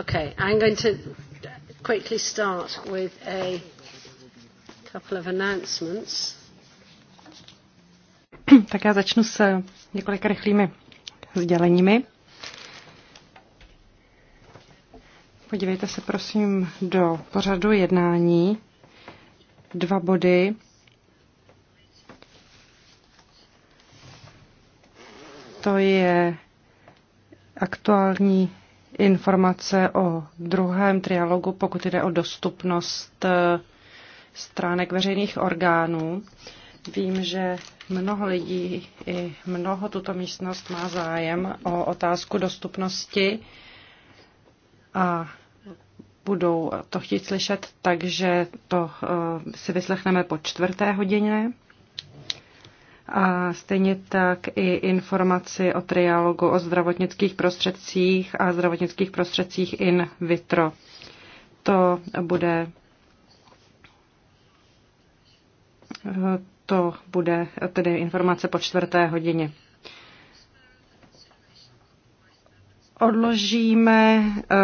Okay, I'm going to quickly start with a couple of announcements. Tak já začnu s několika rychlými sděleními. Podívejte se prosím do pořadu jednání. Dva body. To je aktuální informace o druhém trialogu, pokud jde o dostupnost eh, stránek veřejných orgánů. Vím, že mnoho lidí i mnoho tuto místnost má zájem o otázku dostupnosti a budou to chtít slyšet, takže to eh, si vyslechneme po čtvrté hodině a stejně tak i informaci o triálogu o zdravotnických prostředcích a zdravotnických prostředcích in vitro. To bude to bude tedy informace po čtvrté hodině. Odložíme eh,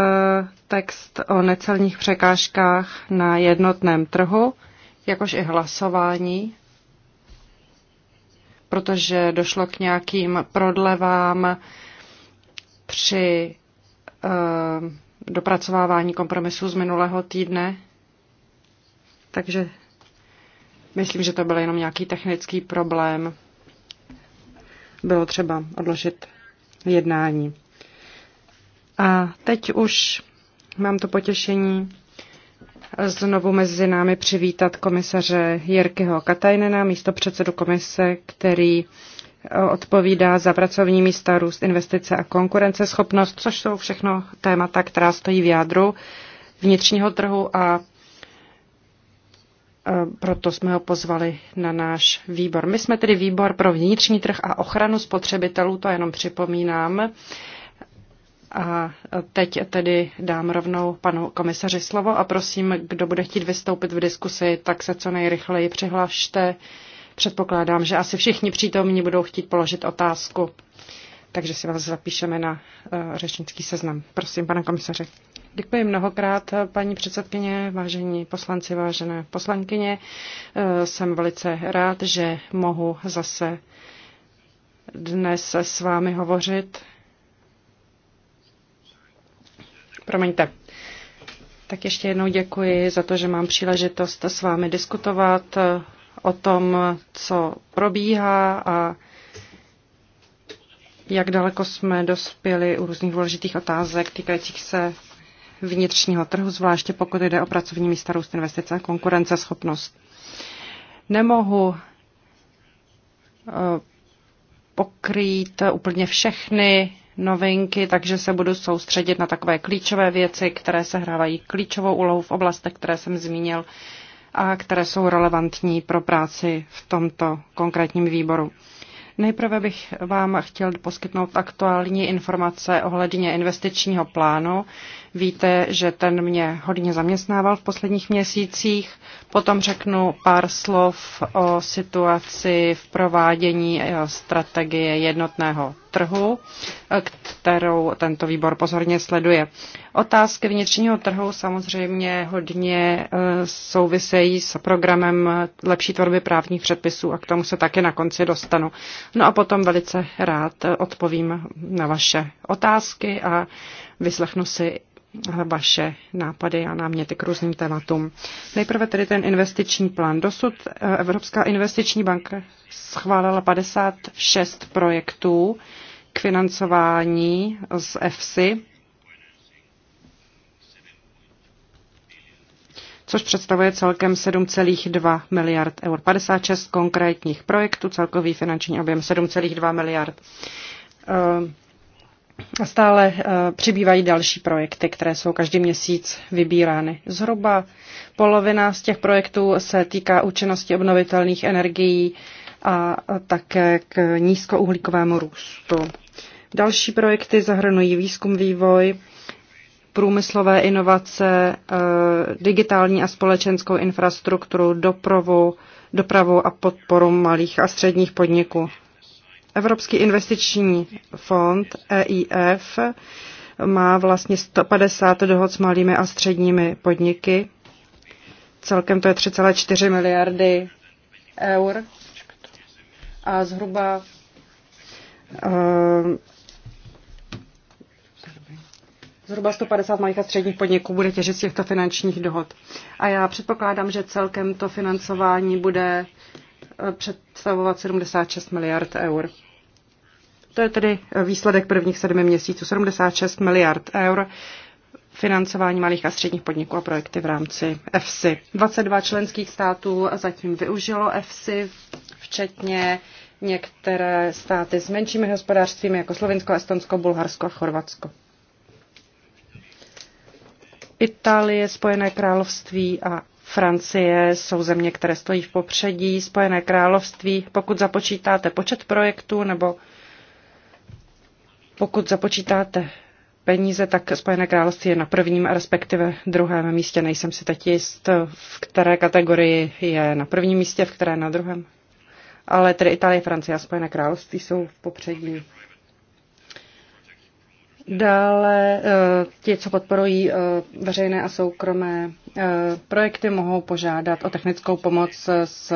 text o necelních překážkách na jednotném trhu, jakož i hlasování protože došlo k nějakým prodlevám při eh, dopracovávání kompromisu z minulého týdne. Takže myslím, že to byl jenom nějaký technický problém. Bylo třeba odložit jednání. A teď už mám to potěšení znovu mezi námi přivítat komisaře Jirkyho Katajnena, místo předsedu komise, který eh, odpovídá za pracovní místa, růst, investice a konkurenceschopnost, což jsou všechno témata, která stojí v jádru vnitřního trhu a eh, proto jsme ho pozvali na náš výbor. My jsme tedy výbor pro vnitřní trh a ochranu spotřebitelů, to jenom připomínám. A teď tedy dám rovnou panu komisaři slovo a prosím, kdo bude chtít vystoupit v diskusi, tak se co nejrychleji přihlašte. Předpokládám, že asi všichni přítomní budou chtít položit otázku, takže si vás zapíšeme na uh, řečnický seznam. Prosím, pane komisaři. Děkuji mnohokrát, paní předsedkyně, vážení poslanci, vážené poslankyně. Eh, jsem velice rád, že mohu zase dnes s vámi hovořit Promiňte. Tak ještě jednou děkuji za to, že mám příležitost s vámi diskutovat eh, o tom, co probíhá a jak daleko jsme dospěli u různých důležitých otázek týkajících se vnitřního trhu, zvláště pokud jde o pracovní místa, růst investice a konkurenceschopnost. Nemohu eh, pokrýt úplně všechny novinky, takže se budu soustředit na takové klíčové věci, které se hrávají klíčovou úlohu v oblastech, které jsem zmínil a které jsou relevantní pro práci v tomto konkrétním výboru. Nejprve bych vám chtěl poskytnout aktuální informace ohledně investičního plánu, Víte, že ten mě hodně zaměstnával v posledních měsících. Potom řeknu pár slov o situaci v provádění eh, strategie jednotného trhu, eh, kterou tento výbor pozorně sleduje. Otázky vnitřního trhu samozřejmě hodně eh, souvisejí s programem lepší tvorby právních předpisů a k tomu se také na konci dostanu. No a potom velice rád odpovím na vaše otázky a vyslechnu si vaše nápady a náměty k různým tématům. Nejprve tedy ten investiční plán. Dosud eh, Evropská investiční banka schválila 56 projektů k financování z EFSI, což představuje celkem 7,2 miliard eur. 56 konkrétních projektů, celkový finanční objem 7,2 miliard. Eh, stále eh, přibývají další projekty, které jsou každý měsíc vybírány. Zhruba polovina z těch projektů se týká účinnosti obnovitelných energií a také k nízkouhlíkovému růstu. Další projekty zahrnují výzkum, vývoj, průmyslové inovace, eh, digitální a společenskou infrastrukturu, dopravu, dopravu a podporu malých a středních podniků. Evropský investiční fond EIF má vlastně 150 dohod s malými a středními podniky. Celkem to je 3,4 miliardy eur a zhruba uh, Zhruba 150 malých a středních podniků bude těžit z těchto finančních dohod. A já předpokládám, že celkem to financování bude eh, představovat 76 miliard eur. To je tedy výsledek prvních sedmi měsíců, 76 miliard eur financování malých a středních podniků a projekty v rámci EFSI. 22 členských států zatím využilo EFSI, včetně některé státy s menšími hospodářstvími, jako Slovinsko, Estonsko, Bulharsko a Chorvatsko. Itálie, Spojené království a Francie jsou země, které stojí v popředí. Spojené království, pokud započítáte počet projektů nebo pokud započítáte peníze, tak Spojené království je na prvním, respektive druhém místě. Nejsem si teď jist, v které kategorii je na prvním místě, v které na druhém. Ale tedy Itálie, Francie a Spojené království jsou v popředí. Dále eh, ti, co podporují eh, veřejné a soukromé eh, projekty, mohou požádat o technickou pomoc z,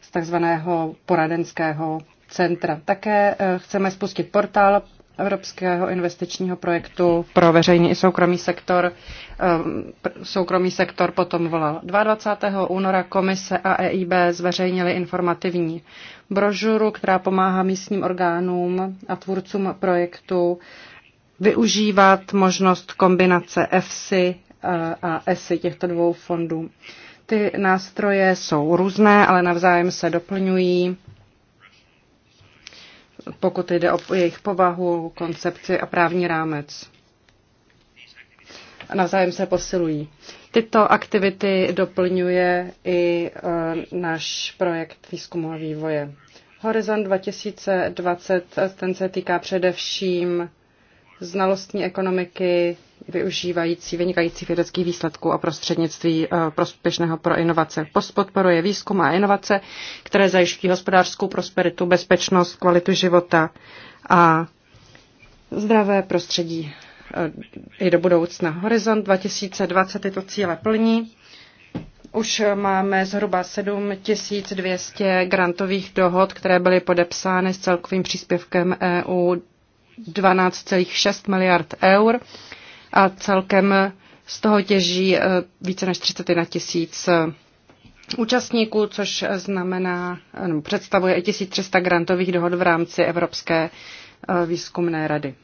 z takzvaného poradenského centra. Také eh, chceme spustit portál Evropského investičního projektu pro veřejný i soukromý sektor. Ehm, soukromý sektor potom volal. 22. února komise a EIB zveřejnili informativní brožuru, která pomáhá místním orgánům a tvůrcům projektu využívat možnost kombinace EFSI eh, a ESI těchto dvou fondů. Ty nástroje jsou různé, ale navzájem se doplňují pokud jde o jejich povahu, koncepci a právní rámec. A navzájem se posilují. Tyto aktivity doplňuje i eh, náš projekt výzkumu a vývoje. Horizont 2020 ten se týká především znalostní ekonomiky, využívající vynikající vědeckých výsledků a prostřednictví eh, prospěšného pro inovace. POST podporuje výzkum a inovace, které zajišťují hospodářskou prosperitu, bezpečnost, kvalitu života a zdravé prostředí eh, i do budoucna. Horizont 2020 tyto cíle plní. Už máme zhruba 7200 grantových dohod, které byly podepsány s celkovým příspěvkem EU 12,6 miliard eur a celkem z toho těží eh, více než 31 tisíc eh, účastníků, což znamená, no, představuje 1300 grantových dohod v rámci Evropské výzkumné rady.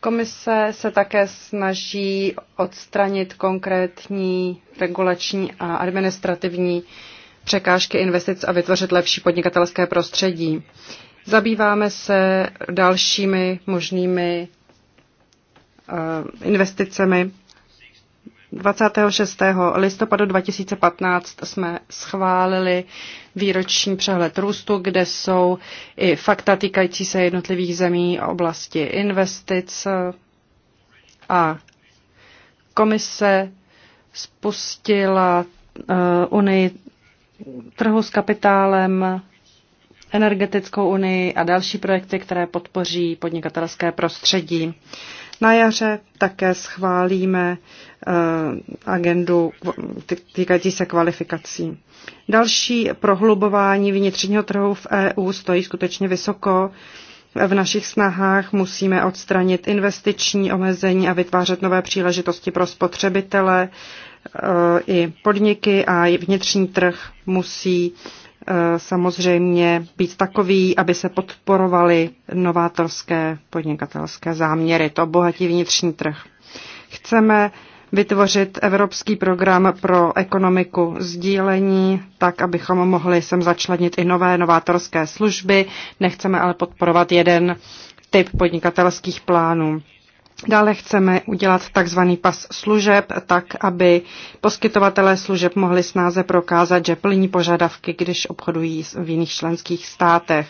Komise se také snaží odstranit konkrétní regulační a administrativní překážky investic a vytvořit lepší podnikatelské prostředí. Zabýváme se dalšími možnými Eh, investicemi. 26. listopadu 2015 jsme schválili výroční přehled růstu, kde jsou i fakta týkající se jednotlivých zemí a oblasti investic. A komise spustila eh, unii trhu s kapitálem, energetickou unii a další projekty, které podpoří podnikatelské prostředí. Na jaře také schválíme eh, agendu týkající se kvalifikací. Další prohlubování vnitřního trhu v EU stojí skutečně vysoko. V našich snahách musíme odstranit investiční omezení a vytvářet nové příležitosti pro spotřebitele eh, i podniky a vnitřní trh musí Eh, samozřejmě být takový, aby se podporovaly novátorské podnikatelské záměry. To bohatí vnitřní trh. Chceme vytvořit evropský program pro ekonomiku sdílení, tak abychom mohli sem začlenit i nové novátorské služby. Nechceme ale podporovat jeden typ podnikatelských plánů. Dále chceme udělat takzvaný pas služeb, tak aby poskytovatelé služeb mohli snáze prokázat, že plní požadavky, když obchodují v jiných členských státech.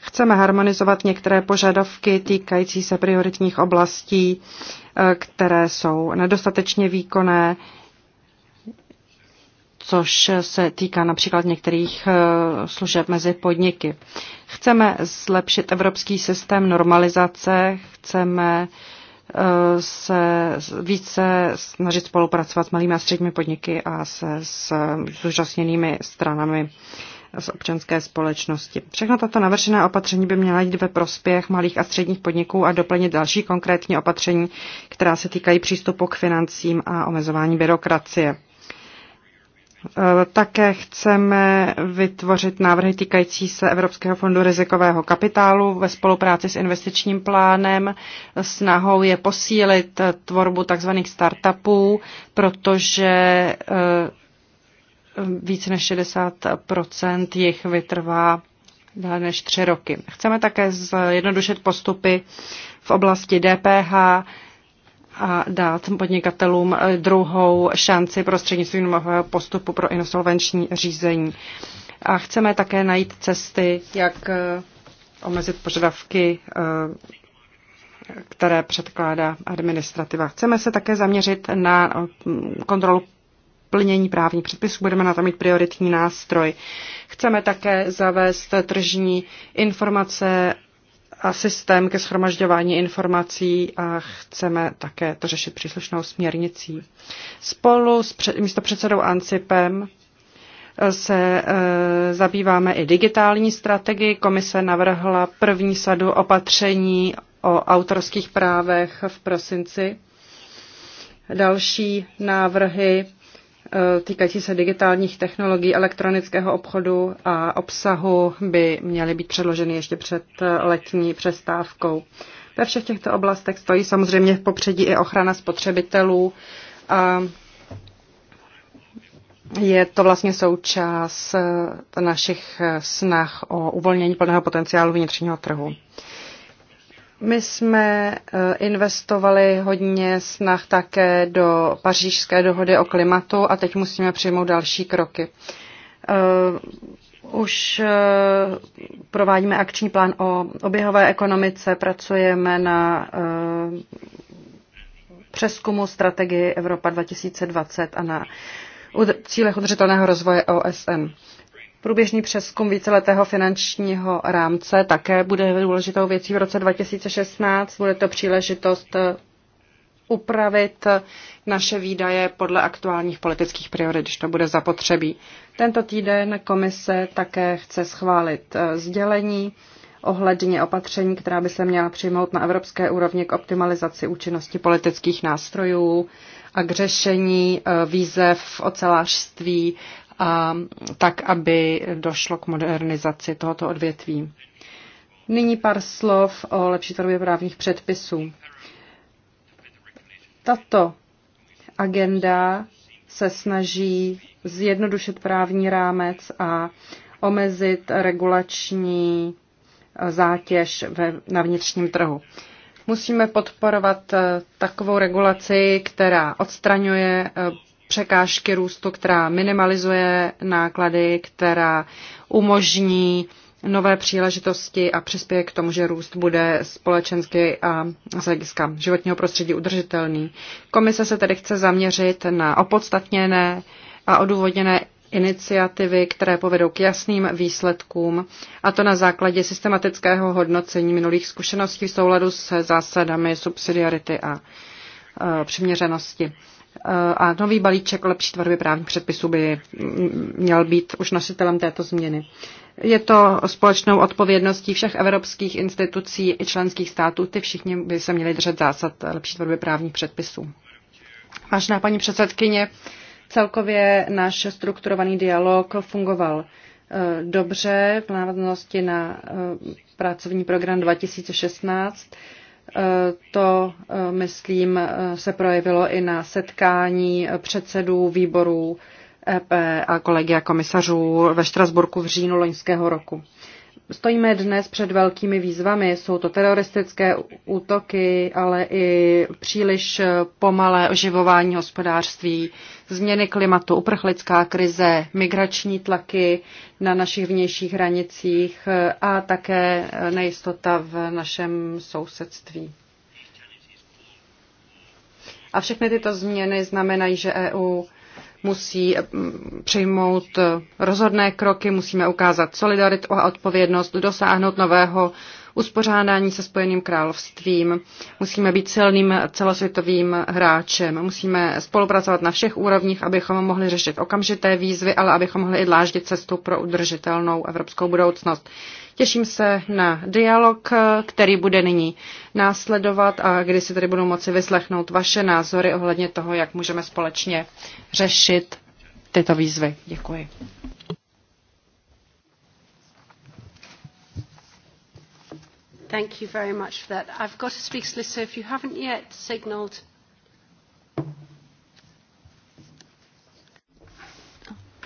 Chceme harmonizovat některé požadavky týkající se prioritních oblastí, e, které jsou nedostatečně výkonné, což se týká například některých e, služeb mezi podniky. Chceme zlepšit evropský systém normalizace, chceme uh, Eh, se více snažit spolupracovat s malými a středními podniky a se s zúčastněnými stranami z občanské společnosti. Všechno tato navržená opatření by měla jít ve prospěch malých a středních podniků a doplnit další konkrétní opatření, která se týkají přístupu k financím a omezování byrokracie. Eh, také chceme vytvořit návrhy týkající se Evropského fondu rizikového kapitálu ve spolupráci s investičním plánem. Snahou je posílit tvorbu tzv. startupů, protože eh, více než 60 jich vytrvá déle než tři roky. Chceme také zjednodušit postupy v oblasti DPH, a dát podnikatelům eh, druhou šanci prostřednictvím nového postupu pro insolvenční řízení. A chceme také najít cesty, jak eh, omezit požadavky, eh, které předkládá administrativa. Chceme se také zaměřit na kontrolu plnění právních předpisů, budeme na to mít prioritní nástroj. Chceme také zavést tržní informace a systém ke schromažďování informací a chceme také to řešit příslušnou směrnicí. Spolu s před, místopředsedou Ancipem eh, se e, zabýváme i digitální strategii. Komise navrhla první sadu opatření o autorských právech v prosinci. Další návrhy Eh, týkající se digitálních technologií, elektronického obchodu a obsahu by měly být předloženy ještě před eh, letní přestávkou. Ve všech těchto oblastech stojí samozřejmě v popředí i ochrana spotřebitelů a je to vlastně součást eh, našich snah o uvolnění plného potenciálu vnitřního trhu. My jsme eh, investovali hodně snah také do pařížské dohody o klimatu a teď musíme přijmout další kroky. Eh, už eh, provádíme akční plán o oběhové ekonomice, pracujeme na přeskumu strategii Evropa 2020 a na cílech udržitelného rozvoje OSN. Průběžný přeskum víceletého finančního rámce také bude důležitou věcí v roce 2016. Bude to příležitost eh, upravit eh, naše výdaje podle aktuálních politických priorit, když to bude zapotřebí. Tento týden komise také chce schválit eh, sdělení ohledně opatření, která by se měla přijmout na evropské úrovni k optimalizaci účinnosti politických nástrojů a k řešení výzev ocelářství a tak, aby došlo k modernizaci tohoto odvětví. Nyní pár slov o lepší tvorbě právních předpisů. Tato agenda se snaží zjednodušit právní rámec a omezit regulační zátěž ve, na vnitřním trhu. Musíme podporovat takovou regulaci, která odstraňuje překážky růstu, která minimalizuje náklady, která umožní nové příležitosti a přispěje k tomu, že růst bude společensky a z hlediska životního prostředí udržitelný. Komise se tedy chce zaměřit na opodstatněné a odůvodněné iniciativy, které povedou k jasným výsledkům, a to na základě systematického hodnocení minulých zkušeností v souladu se zásadami subsidiarity a e, přiměřenosti a nový balíček lepší tvorby právních předpisů by měl být už nositelem této změny. Je to společnou odpovědností všech evropských institucí i členských států. Ty všichni by se měli držet zásad lepší tvorby právních předpisů. Vážná paní předsedkyně, celkově náš strukturovaný dialog fungoval eh, dobře v návaznosti na eh, pracovní program 2016 to, eh, myslím, eh, se projevilo i na setkání předsedů výborů EP a kolegia komisařů ve Štrasburku v říjnu loňského roku. Stojíme dnes před velkými výzvami. Jsou to teroristické útoky, ale i příliš pomalé oživování hospodářství, změny klimatu, uprchlická krize, migrační tlaky na našich vnějších hranicích a také nejistota v našem sousedství. A všechny tyto změny znamenají, že EU musí eh, přijmout eh, rozhodné kroky, musíme ukázat solidaritu a odpovědnost, dosáhnout nového uspořádání se Spojeným královstvím. Musíme být silným celosvětovým hráčem. Musíme spolupracovat na všech úrovních, abychom mohli řešit okamžité výzvy, ale abychom mohli i dláždit cestu pro udržitelnou evropskou budoucnost. Těším se na dialog, který bude nyní následovat a kdy si tady budu moci vyslechnout vaše názory ohledně toho, jak můžeme společně řešit tyto výzvy. Děkuji. Thank you very much for that. I've got a list, so if you haven't yet signalled.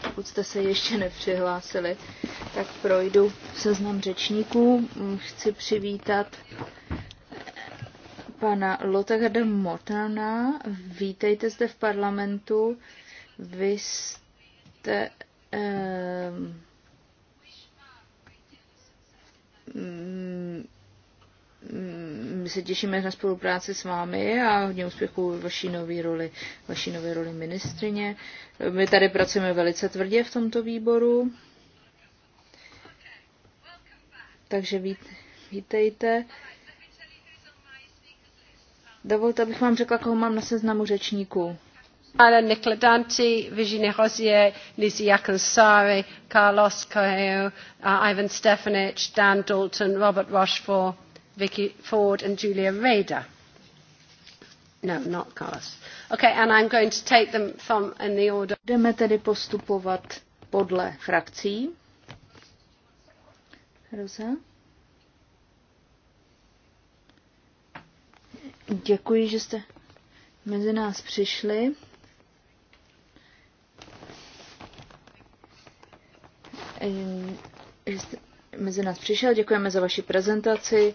Pokud jste se ještě nepřihlásili, tak projdu seznam řečníků. Mm, Chci přivítat pana Lothagarda Mortana. Vítejte zde v parlamentu. Vy jste eh, Mm, my se těšíme na spolupráci s vámi a hodně úspěchů vaší nové roli, vaší nové roli ministrině. My tady pracujeme velice tvrdě v tomto výboru. Takže vítejte. Dovolte, abych vám řekla, koho mám na seznamu řečníků. Anna Nicoladanti, Virginie Rosier, Lizzie Akansari, Carlos Coelho, uh, Ivan Stefanich, Dan Dalton, Robert Rochefort, Vicky Ford and Julia Rader. No, not Carlos. Okay, and I'm going to take them from in the order. Budeme tedy postupovat podle frakcí. Rosa. Děkuji, že jste mezi nás přišli. Že jste mezi nás přišel, děkujeme za vaši prezentaci.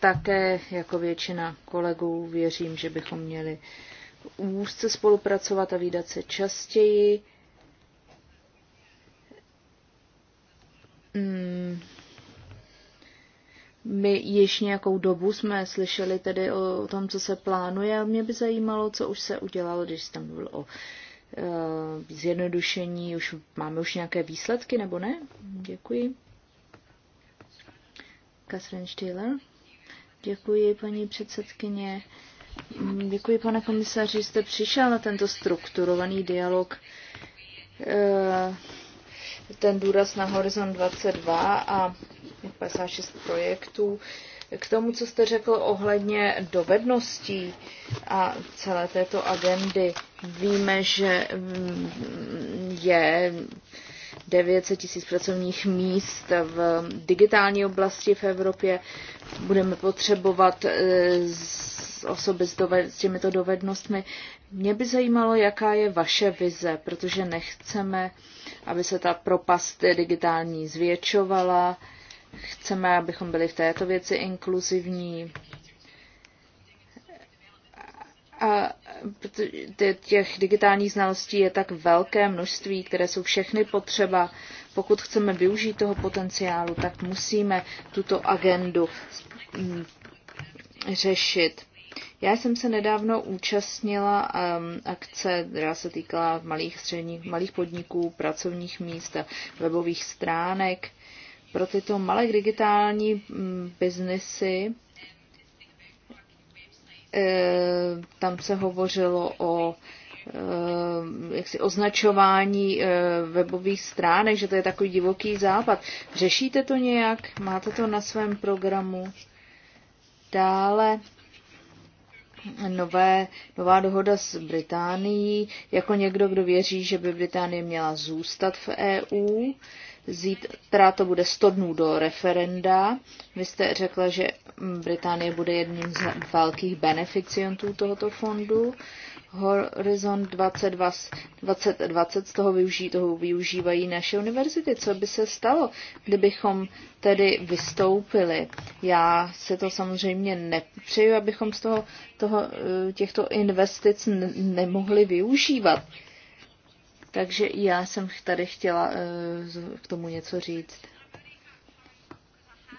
Také jako většina kolegů věřím, že bychom měli úzce spolupracovat a výdat se častěji. Hmm. My již nějakou dobu jsme slyšeli tedy o tom, co se plánuje mě by zajímalo, co už se udělalo, když jste mluvil o eh, zjednodušení. Už máme už nějaké výsledky, nebo ne? Děkuji. Catherine Steeler. Děkuji, paní předsedkyně. Děkuji, pane komisaři, že jste přišel na tento strukturovaný dialog. Eh, ten důraz na Horizon 22 a 56 projektů. K tomu, co jste řekl ohledně dovedností a celé této agendy, víme, že mm, je 900 tisíc pracovních míst v digitální oblasti v Evropě. Budeme potřebovat eh, osoby s, doved, s těmito dovednostmi. Mě by zajímalo, jaká je vaše vize, protože nechceme, aby se ta propast digitální zvětšovala. Chceme, abychom byli v této věci inkluzivní. A těch digitálních znalostí je tak velké množství, které jsou všechny potřeba. Pokud chceme využít toho potenciálu, tak musíme tuto agendu mm, řešit. Já jsem se nedávno účastnila um, akce, která se týkala malých, středních, malých podniků, pracovních míst a webových stránek. Pro tyto malé digitální um, biznesy Eh, tam se hovořilo o eh, jaksi označování eh, webových stránek, že to je takový divoký západ. Řešíte to nějak? Máte to na svém programu? Dále nové, nová dohoda s Británií. Jako někdo, kdo věří, že by Británie měla zůstat v EU, Zítra to bude 100 dnů do referenda. Vy jste řekla, že Británie bude jedním z velkých beneficientů tohoto fondu. Horizon 2020, 2020 z toho, využí, toho využívají naše univerzity. Co by se stalo, kdybychom tedy vystoupili? Já se to samozřejmě nepřeju, abychom z toho, toho eh, těchto investic nemohli využívat. Takže já jsem tady chtěla eh, k tomu něco říct.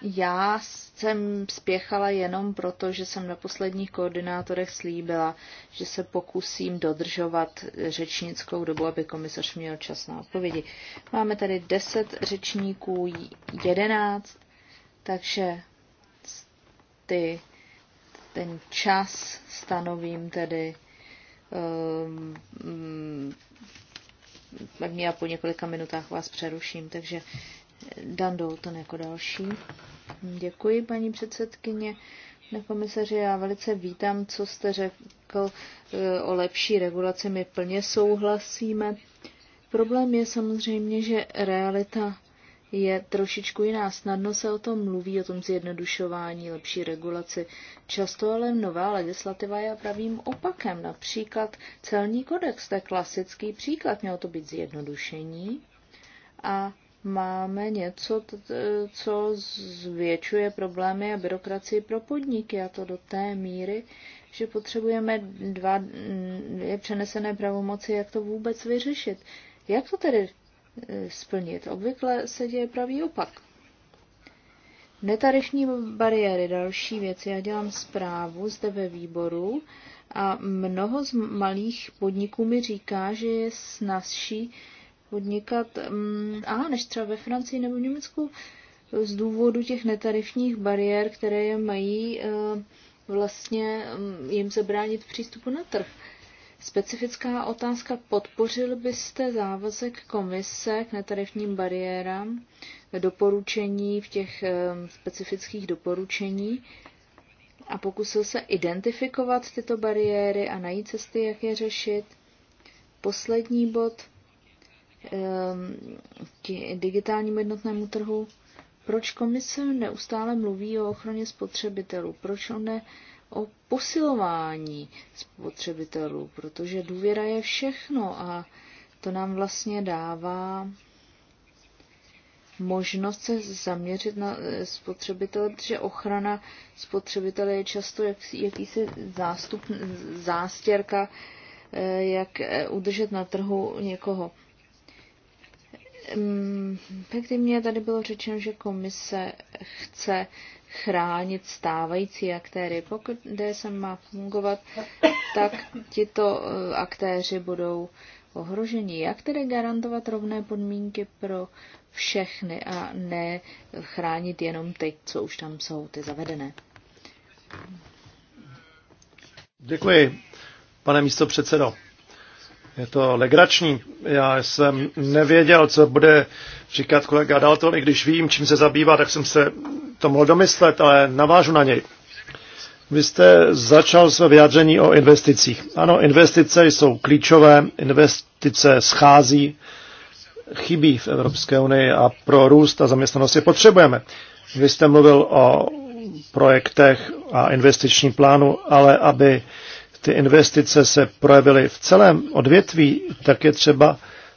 Já jsem spěchala jenom proto, že jsem na posledních koordinátorech slíbila, že se pokusím dodržovat řečnickou dobu, aby komisař měl čas na odpovědi. Máme tady 10 řečníků, 11, takže ty, ten čas stanovím tedy um, padní a po několika minutách vás přeruším. Takže Dan Dalton jako další. Děkuji, paní předsedkyně. Pane komisaři, já velice vítám, co jste řekl eh, o lepší regulaci. My plně souhlasíme. Problém je samozřejmě, že realita je trošičku jiná. Snadno se o tom mluví, o tom zjednodušování, lepší regulaci. Často ale nová legislativa je pravým opakem. Například celní kodex, to je klasický příklad, mělo to být zjednodušení a máme něco, co zvětšuje problémy a byrokracii pro podniky a to do té míry, že potřebujeme dva je přenesené pravomoci, jak to vůbec vyřešit. Jak to tedy Eh, splnit. Obvykle se děje pravý opak. Netarifní bariéry, další věc. Já dělám zprávu zde ve výboru a mnoho z malých podniků mi říká, že je snazší podnikat, mm, a než třeba ve Francii nebo v Německu, z důvodu těch netarifních bariér, které je mají eh, vlastně mm, jim zabránit přístupu na trh. Specifická otázka, podpořil byste závazek komise k netarifním bariérám, doporučení v těch ehm, specifických doporučení a pokusil se identifikovat tyto bariéry a najít cesty, jak je řešit. Poslední bod ehm, k digitálnímu jednotnému trhu. Proč komise neustále mluví o ochraně spotřebitelů? Proč on ne, o posilování spotřebitelů, protože důvěra je všechno a to nám vlastně dává možnost se zaměřit na eh, spotřebitele, protože ochrana spotřebitele je často jak, jakýsi zástup, zástěrka, eh, jak eh, udržet na trhu někoho. Efektivně ehm, tady bylo řečeno, že komise chce chránit stávající aktéry. Pokud DSM má fungovat, tak tito eh, aktéři budou ohroženi. Jak tedy garantovat rovné podmínky pro všechny a ne chránit jenom ty, co už tam jsou, ty zavedené? Děkuji, pane místo předsedo. Je to legrační. Já jsem nevěděl, co bude říkat kolega Dalton, i když vím, čím se zabývá, tak jsem se to mohl domyslet, ale navážu na něj. Vy jste začal své vyjádření o investicích. Ano, investice jsou klíčové, investice schází, chybí v Evropské unii a pro růst a zaměstnanost je potřebujeme. Vy jste mluvil o projektech a investičním plánu, ale aby ty investice se projevily v celém odvětví, tak je třeba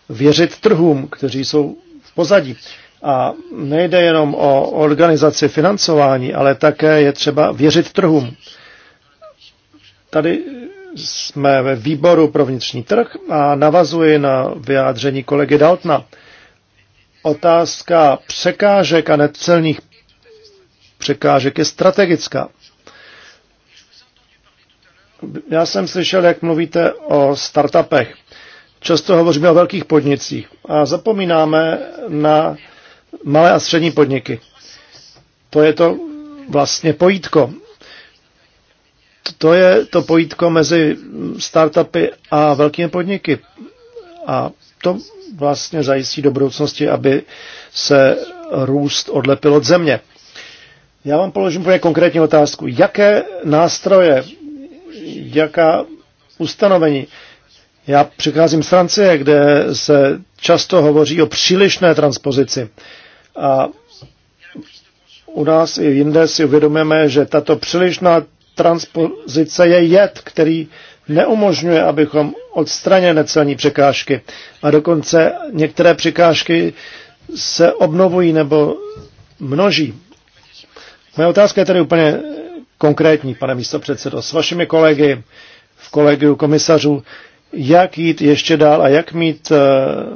věřit trhům, kteří jsou v pozadí. A nejde jenom o organizaci financování, ale také je třeba věřit trhům. Tady jsme ve výboru pro vnitřní trh a navazuji na vyjádření kolegy Daltna. Otázka překážek a necelných překážek je strategická. Já jsem slyšel, jak mluvíte o startupech. Často hovoříme o velkých podnicích a zapomínáme na malé a střední podniky. To je to vlastně pojítko. To je to pojítko mezi startupy a velkými podniky. A to vlastně zajistí do budoucnosti, aby se růst odlepil od země. Já vám položím úplně konkrétní otázku. Jaké nástroje jaká ustanovení. Já přicházím z Francie, kde se často hovoří o přílišné transpozici. A u nás i jinde si uvědomujeme, že tato přílišná transpozice je jed, který neumožňuje, abychom odstranili necelní překážky. A dokonce některé překážky se obnovují nebo množí. Moje otázka je tedy úplně konkrétní, pane místopředsedo, s vašimi kolegy v kolegiu komisařů, jak jít ještě dál a jak mít eh,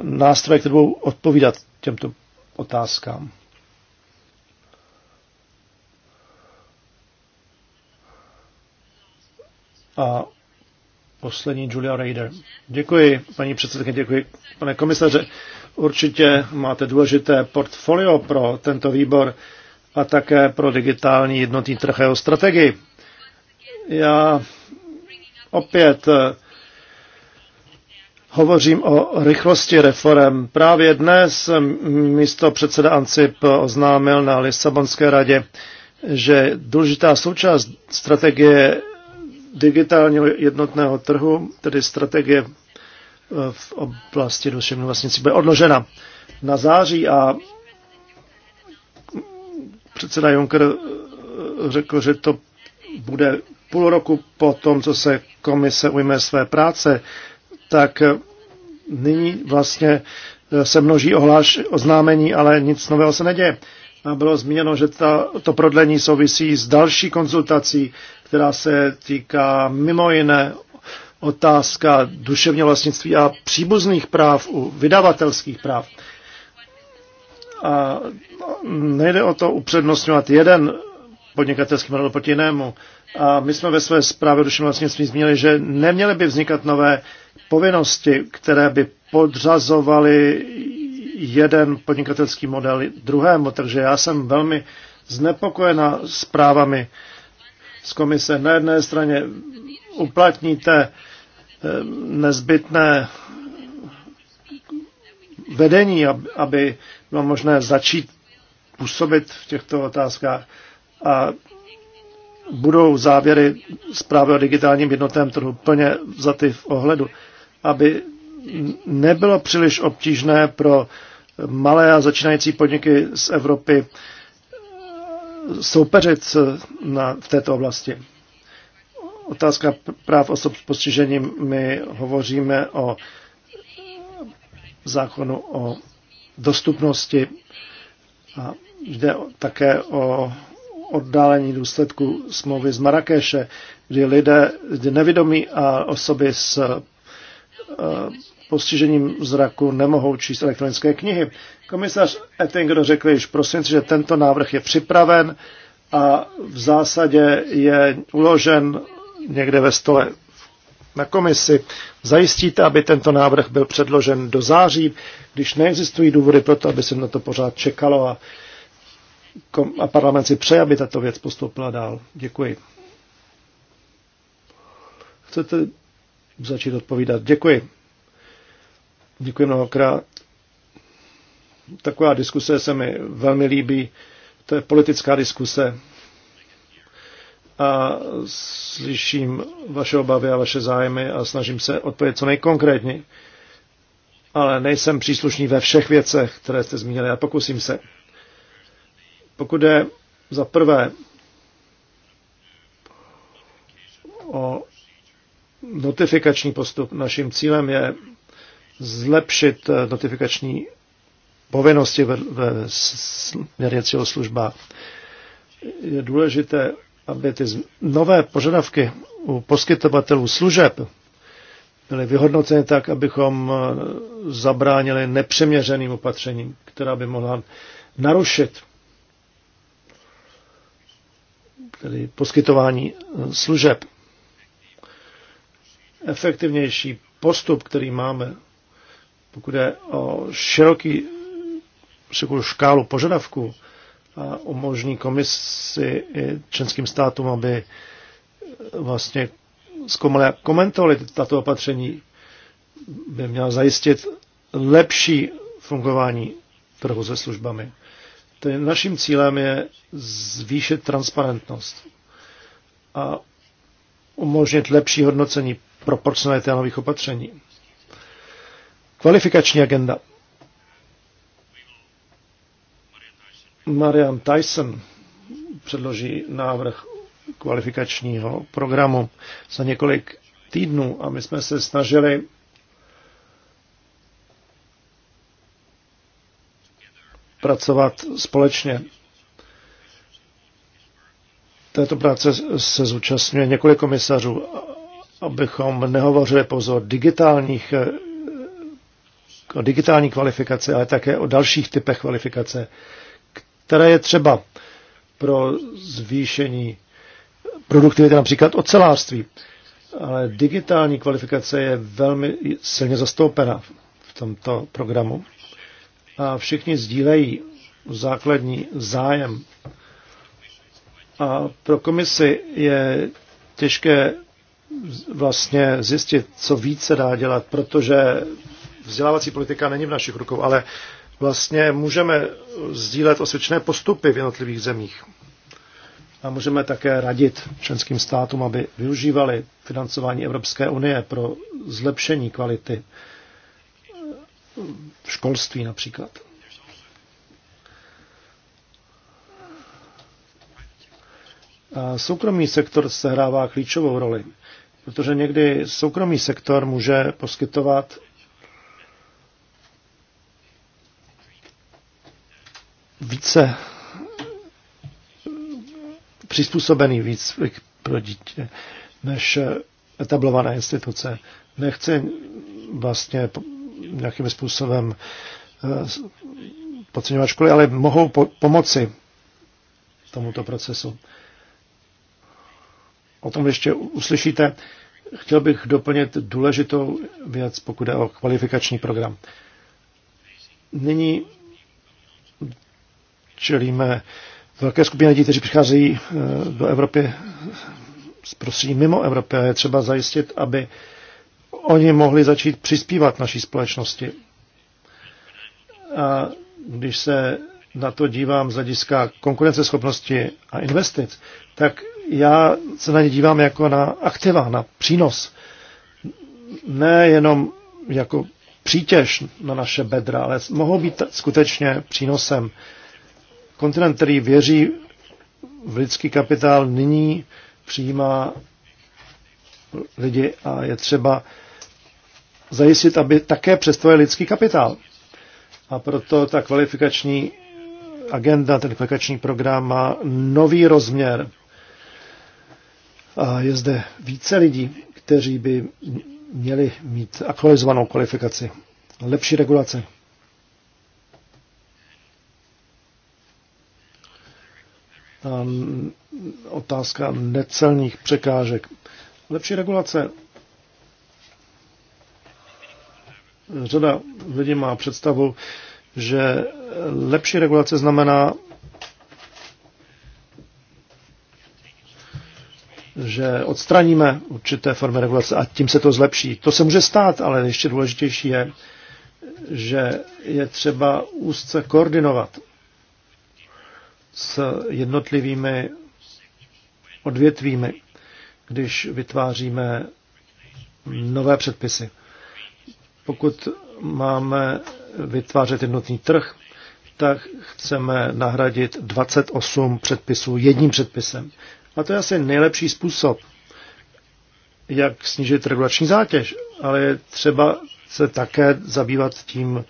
nástroje, které budou odpovídat těmto otázkám. A poslední Julia Raider. Děkuji, paní předsedkyně, děkuji, pane komisaře. Určitě máte důležité portfolio pro tento výbor a také pro digitální jednotný trh jeho strategii. Já opět eh, hovořím o rychlosti reform. Právě dnes místo předseda Ancip oznámil na Lisabonské radě, že důležitá součást strategie digitálního jednotného trhu, tedy strategie eh, v oblasti duševního vlastnictví, bude odložena na září a Předseda Juncker eh, řekl, že to bude půl roku po tom, co se komise ujme své práce, tak eh, nyní vlastně eh, se množí ohláš, oznámení, ale nic nového se neděje. A bylo zmíněno, že ta, to prodlení souvisí s další konzultací, která se týká mimo jiné otázka duševního vlastnictví a příbuzných práv u vydavatelských práv. A nejde o to upřednostňovat jeden podnikatelský model proti jinému. A my jsme ve své zprávě duševního vlastnictví zmínili, že neměly by vznikat nové povinnosti, které by podřazovaly jeden podnikatelský model druhému. Takže já jsem velmi znepokojena zprávami z komise. Na jedné straně uplatníte eh, nezbytné vedení, aby bylo možné začít působit v těchto otázkách a budou závěry zprávy o digitálním jednotném trhu plně vzaty v ohledu, aby nebylo příliš obtížné pro malé a začínající podniky z Evropy soupeřit na, v této oblasti. Otázka práv osob s postižením. My hovoříme o zákonu o dostupnosti a jde také o oddálení důsledku smlouvy z Marrakeše, kdy lidé, kdy nevědomí a osoby s eh, postižením zraku nemohou číst elektronické knihy. Komisař Ettinger řekl již prosinci, že tento návrh je připraven a v zásadě je uložen někde ve stole na komisi. Zajistíte, aby tento návrh byl předložen do září, když neexistují důvody pro to, aby se na to pořád čekalo a, a parlament si přeje, aby tato věc postoupila dál. Děkuji. Chcete začít odpovídat? Děkuji. Děkuji mnohokrát. Taková diskuse se mi velmi líbí. To je politická diskuse a slyším vaše obavy a vaše zájmy a snažím se odpovědět co nejkonkrétněji. Ale nejsem příslušný ve všech věcech, které jste zmínili a pokusím se. Pokud je za prvé o notifikační postup, naším cílem je zlepšit eh, notifikační povinnosti ve, ve směrnici Je důležité aby ty nové požadavky u poskytovatelů služeb byly vyhodnoceny tak, abychom eh, zabránili nepřeměřeným opatřením, která by mohla narušit tedy poskytování eh, služeb. Efektivnější postup, který máme, pokud je o široký škálu požadavků, a umožní komisi i členským státům, aby eh, vlastně zkoumali a komentovali tato opatření, by měla zajistit lepší fungování trhu se službami. Tedy naším cílem je zvýšit transparentnost a umožnit lepší hodnocení proporcionality nových opatření. Kvalifikační agenda. Marian Tyson předloží návrh kvalifikačního programu za několik týdnů a my jsme se snažili pracovat společně. Této práce se zúčastňuje několik komisařů, abychom nehovořili pouze o digitálních o digitální kvalifikaci, ale také o dalších typech kvalifikace, které je třeba pro zvýšení produktivity například ocelářství. Ale digitální kvalifikace je velmi silně zastoupena v tomto programu. A všichni sdílejí základní zájem. A pro komisi je těžké vlastně zjistit, co více dá dělat, protože vzdělávací politika není v našich rukou, ale vlastně můžeme sdílet osvědčené postupy v jednotlivých zemích. A můžeme také radit členským státům, aby využívali financování Evropské unie pro zlepšení kvality v školství například. A soukromý sektor sehrává klíčovou roli, protože někdy soukromý sektor může poskytovat více přizpůsobený víc pro dítě než etablované instituce. Nechci vlastně nějakým způsobem eh, podceňovat školy, ale mohou po- pomoci tomuto procesu. O tom ještě uslyšíte. Chtěl bych doplnit důležitou věc, pokud je o kvalifikační program. Nyní čelíme velké skupině lidí, kteří přicházejí eh, do Evropy z prostředí mimo Evropy a je třeba zajistit, aby oni mohli začít přispívat naší společnosti. A když se na to dívám z hlediska konkurenceschopnosti a investic, tak já se na ně dívám jako na aktiva, na přínos. Ne jenom jako přítěž na naše bedra, ale mohou být skutečně přínosem. Kontinent, který věří v lidský kapitál, nyní přijímá lidi a je třeba zajistit, aby také přestoje lidský kapitál. A proto ta kvalifikační agenda, ten kvalifikační program má nový rozměr. A je zde více lidí, kteří by měli mít aktualizovanou kvalifikaci, lepší regulace. otázka necelních překážek. Lepší regulace. Řada lidí má představu, že lepší regulace znamená, že odstraníme určité formy regulace a tím se to zlepší. To se může stát, ale ještě důležitější je, že je třeba úzce koordinovat s jednotlivými odvětvími, když vytváříme nové předpisy. Pokud máme vytvářet jednotný trh, tak chceme nahradit 28 předpisů jedním předpisem. A to je asi nejlepší způsob, jak snížit regulační zátěž, ale je třeba se také zabývat tím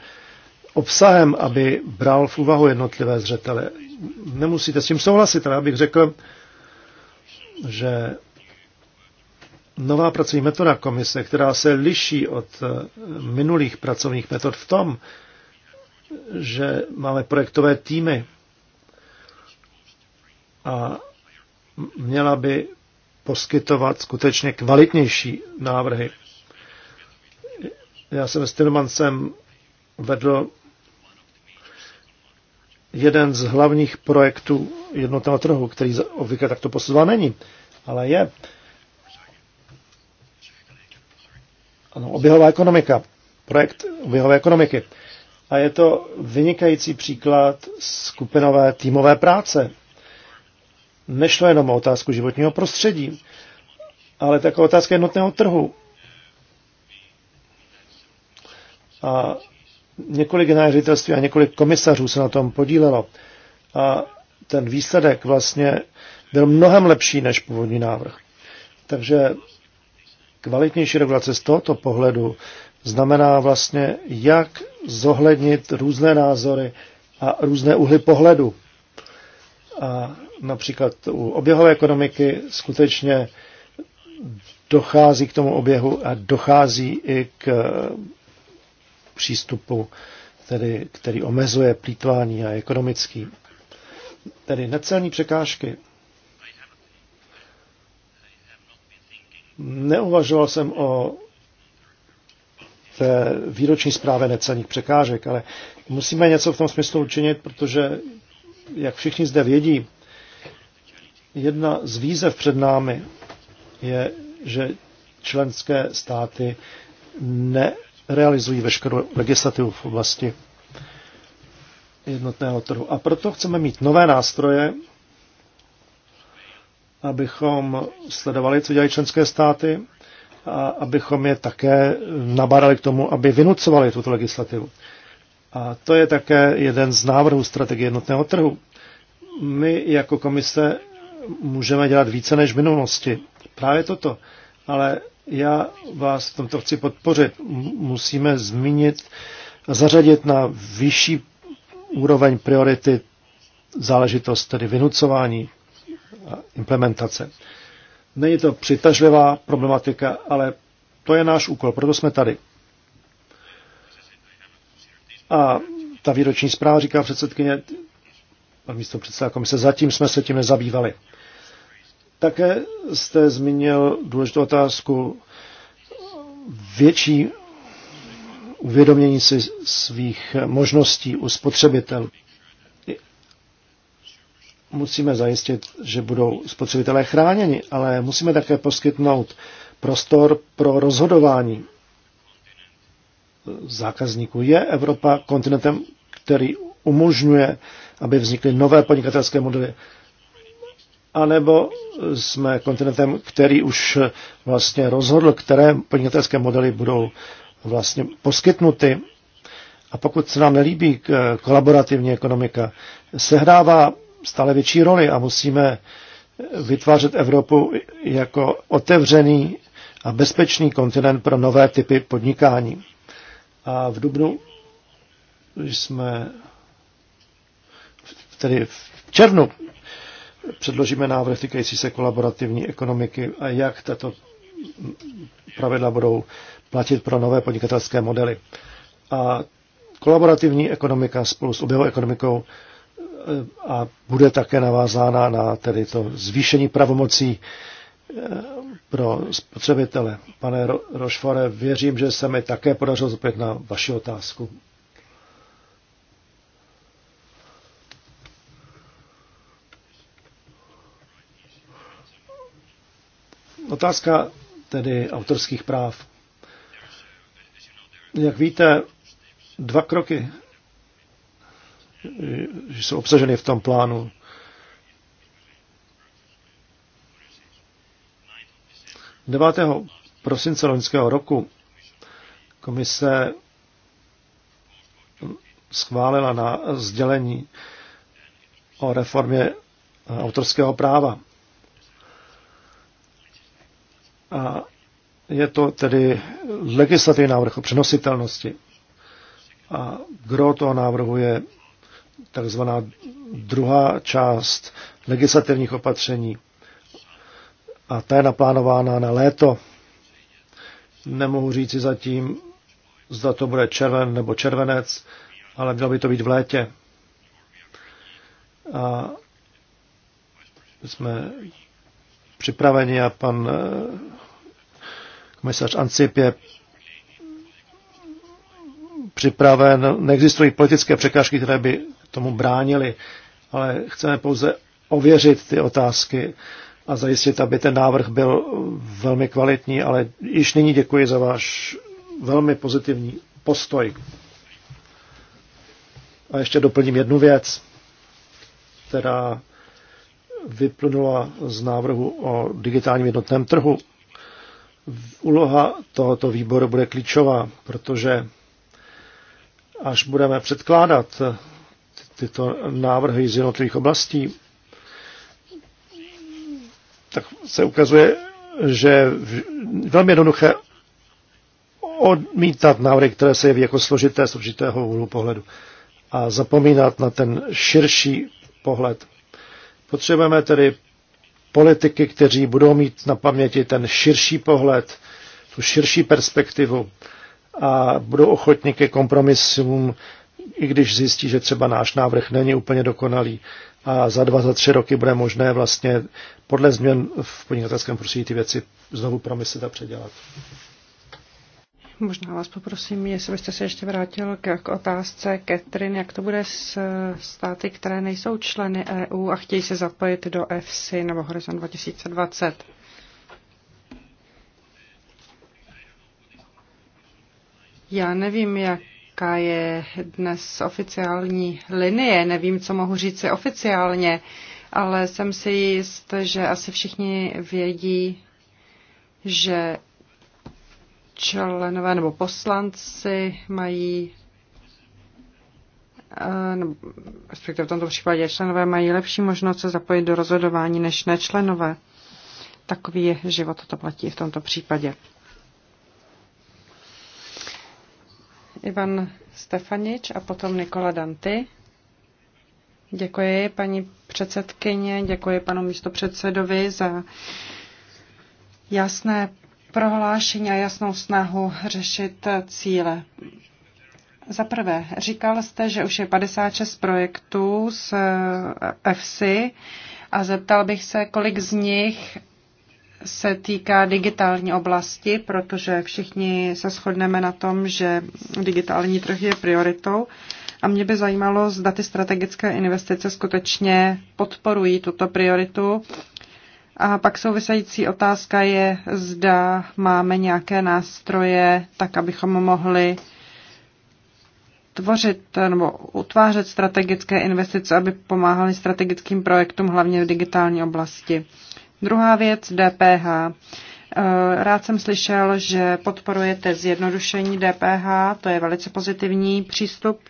obsahem, aby bral v úvahu jednotlivé zřetele nemusíte s tím souhlasit, ale abych řekl, že nová pracovní metoda komise, která se liší od eh, minulých pracovních metod v tom, že máme projektové týmy a měla by poskytovat skutečně kvalitnější návrhy. Já jsem s Tilmancem vedl jeden z hlavních projektů jednotného trhu, který obvykle takto posuzován není, ale je. Ano, oběhová ekonomika. Projekt oběhové ekonomiky. A je to vynikající příklad skupinové týmové práce. Nešlo jenom o otázku životního prostředí, ale také otázka jednotného trhu. A Několik generálitelství a několik komisařů se na tom podílelo. A ten výsledek vlastně byl mnohem lepší než původní návrh. Takže kvalitnější regulace z tohoto pohledu znamená vlastně, jak zohlednit různé názory a různé úhly pohledu. A například u oběhové ekonomiky skutečně dochází k tomu oběhu a dochází i k přístupu, tedy, který omezuje plítvání a ekonomický. Tedy necelní překážky. Neuvažoval jsem o té výroční zprávě necelních překážek, ale musíme něco v tom smyslu učinit, protože, jak všichni zde vědí, jedna z výzev před námi je, že členské státy ne realizují veškerou legislativu v oblasti jednotného trhu. A proto chceme mít nové nástroje, abychom sledovali, co dělají členské státy a abychom je také nabádali k tomu, aby vynucovali tuto legislativu. A to je také jeden z návrhů strategie jednotného trhu. My jako komise můžeme dělat více než v minulosti. Právě toto. Ale já vás v tomto chci podpořit. Musíme zmínit, zařadit na vyšší úroveň priority záležitost, tedy vynucování a implementace. Není to přitažlivá problematika, ale to je náš úkol, proto jsme tady. A ta výroční zpráva říká předsedkyně, a místo předseda komise, zatím jsme se tím nezabývali. Také jste zmínil důležitou otázku větší uvědomění si svých možností u spotřebitelů. Musíme zajistit, že budou spotřebitelé chráněni, ale musíme také poskytnout prostor pro rozhodování zákazníků. Je Evropa kontinentem, který umožňuje, aby vznikly nové podnikatelské modely anebo jsme kontinentem, který už vlastně rozhodl, které podnikatelské modely budou vlastně poskytnuty. A pokud se nám nelíbí eh, kolaborativní ekonomika, sehrává stále větší roli a musíme vytvářet Evropu jako otevřený a bezpečný kontinent pro nové typy podnikání. A v Dubnu jsme, tedy v červnu, předložíme návrh týkající se kolaborativní ekonomiky a jak tato pravidla budou platit pro nové podnikatelské modely. A kolaborativní ekonomika spolu s oběhou ekonomikou eh, a bude také navázána na tedy to zvýšení pravomocí eh, pro spotřebitele. Pane Rošfore, věřím, že se mi také podařilo zopět na vaši otázku. Otázka tedy autorských práv. Jak víte, dva kroky jsou obsaženy v tom plánu. Devátého prosince loňského roku komise schválila na sdělení o reformě autorského práva. A je to tedy legislativní návrh o přenositelnosti. A gro toho návrhu je takzvaná druhá část legislativních opatření. A ta je naplánována na léto. Nemohu říci zatím, zda to bude červen nebo červenec, ale mělo by to být v létě. A jsme připraveni a pan eh, komisař Ancip je připraven. Neexistují politické překážky, které by tomu bránily, ale chceme pouze ověřit ty otázky a zajistit, aby ten návrh byl velmi kvalitní, ale již nyní děkuji za váš velmi pozitivní postoj. A ještě doplním jednu věc, která vyplnula z návrhu o digitálním jednotném trhu. Úloha tohoto výboru bude klíčová, protože až budeme předkládat tyto návrhy z jednotlivých oblastí, tak se ukazuje, že velmi jednoduché odmítat návrhy, které se jeví jako složité z určitého úhlu pohledu a zapomínat na ten širší pohled. Potřebujeme tedy politiky, kteří budou mít na paměti ten širší pohled, tu širší perspektivu a budou ochotni ke kompromisům, i když zjistí, že třeba náš návrh není úplně dokonalý a za dva, za tři roky bude možné vlastně podle změn v podnikatelském prostředí ty věci znovu promyslet a předělat. Možná vás poprosím, jestli byste se ještě vrátil k, k otázce Katrin, jak to bude s státy, které nejsou členy EU a chtějí se zapojit do EFSI nebo Horizon 2020. Já nevím, jaká je dnes oficiální linie, nevím, co mohu říct si oficiálně, ale jsem si jist, že asi všichni vědí, že členové nebo poslanci mají eh, nebo respektive v tomto případě členové mají lepší možnost se zapojit do rozhodování než nečlenové. Takový je život, to platí v tomto případě. Ivan Stefanič a potom Nikola Danty. Děkuji paní předsedkyně, děkuji panu místopředsedovi za jasné prohlášení a jasnou snahu řešit cíle. Za prvé, říkal jste, že už je 56 projektů z EFSI eh, a zeptal bych se, kolik z nich se týká digitální oblasti, protože všichni se shodneme na tom, že digitální trh je prioritou. A mě by zajímalo, zda ty strategické investice skutečně podporují tuto prioritu a pak související otázka je, zda máme nějaké nástroje, tak abychom mohli tvořit nebo utvářet strategické investice, aby pomáhali strategickým projektům, hlavně v digitální oblasti. Druhá věc, DPH. E, rád jsem slyšel, že podporujete zjednodušení DPH, to je velice pozitivní přístup.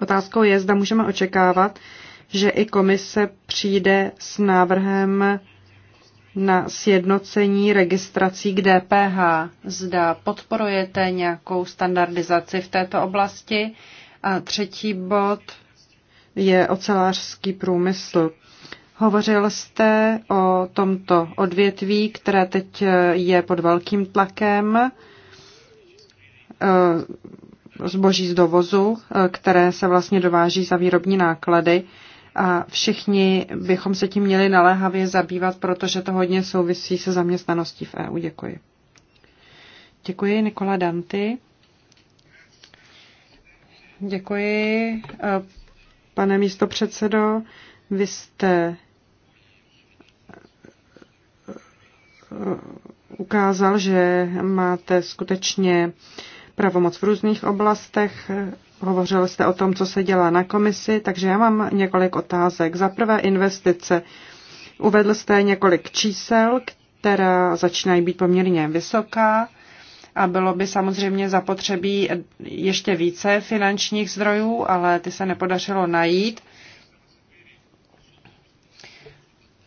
Otázkou je, zda můžeme očekávat, že i komise přijde s návrhem na sjednocení registrací k DPH. Zda podporujete nějakou standardizaci v této oblasti. A třetí bod je ocelářský průmysl. Hovořil jste o tomto odvětví, které teď je pod velkým tlakem eh, zboží z dovozu, eh, které se vlastně dováží za výrobní náklady a všichni bychom se tím měli naléhavě zabývat, protože to hodně souvisí se zaměstnaností v EU. Děkuji. Děkuji Nikola Danty. Děkuji, eh, pane místo předsedo. Vy jste eh, ukázal, že máte skutečně pravomoc v různých oblastech Hovořil jste o tom, co se dělá na komisi, takže já mám několik otázek. Za prvé investice. Uvedl jste několik čísel, která začínají být poměrně vysoká a bylo by samozřejmě zapotřebí ještě více finančních zdrojů, ale ty se nepodařilo najít.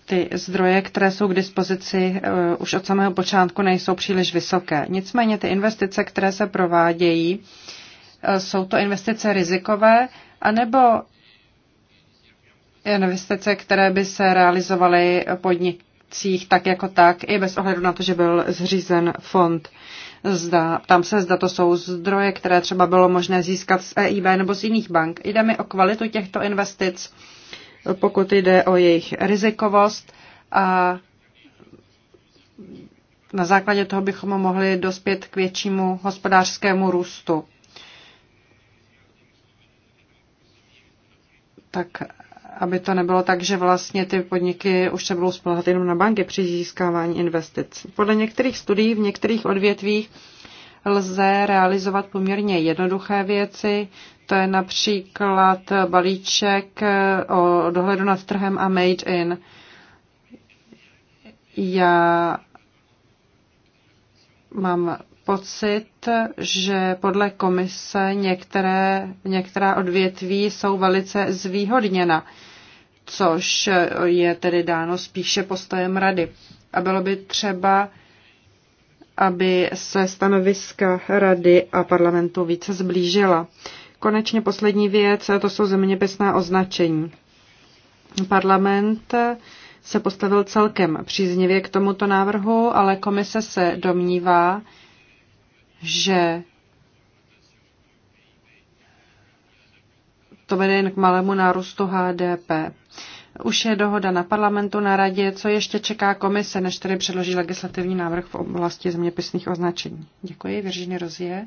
Ty zdroje, které jsou k dispozici eh, už od samého počátku, nejsou příliš vysoké. Nicméně ty investice, které se provádějí, Eh, jsou to investice rizikové, anebo investice, které by se realizovaly podnicích tak jako tak, i bez ohledu na to, že byl zřízen fond. Zda, tam se zda to jsou zdroje, které třeba bylo možné získat z EIB nebo z jiných bank. Jde mi o kvalitu těchto investic, pokud jde o jejich rizikovost a na základě toho bychom mohli dospět k většímu hospodářskému růstu. tak aby to nebylo tak, že vlastně ty podniky už se budou spolehat jenom na banky při získávání investic. Podle některých studií v některých odvětvích lze realizovat poměrně jednoduché věci. To je například balíček eh, o dohledu nad trhem a made in. Já mám pocit, že podle komise některé, některá odvětví jsou velice zvýhodněna, což je tedy dáno spíše postojem rady. A bylo by třeba, aby se stanoviska rady a parlamentu více zblížila. Konečně poslední věc, to jsou zeměpisná označení. Parlament se postavil celkem příznivě k tomuto návrhu, ale komise se domnívá, že to vede jen k malému nárůstu HDP. Už je dohoda na parlamentu, na radě, co ještě čeká komise, než tedy předloží legislativní návrh v oblasti zeměpisných označení. Děkuji, Viržiny Rozie.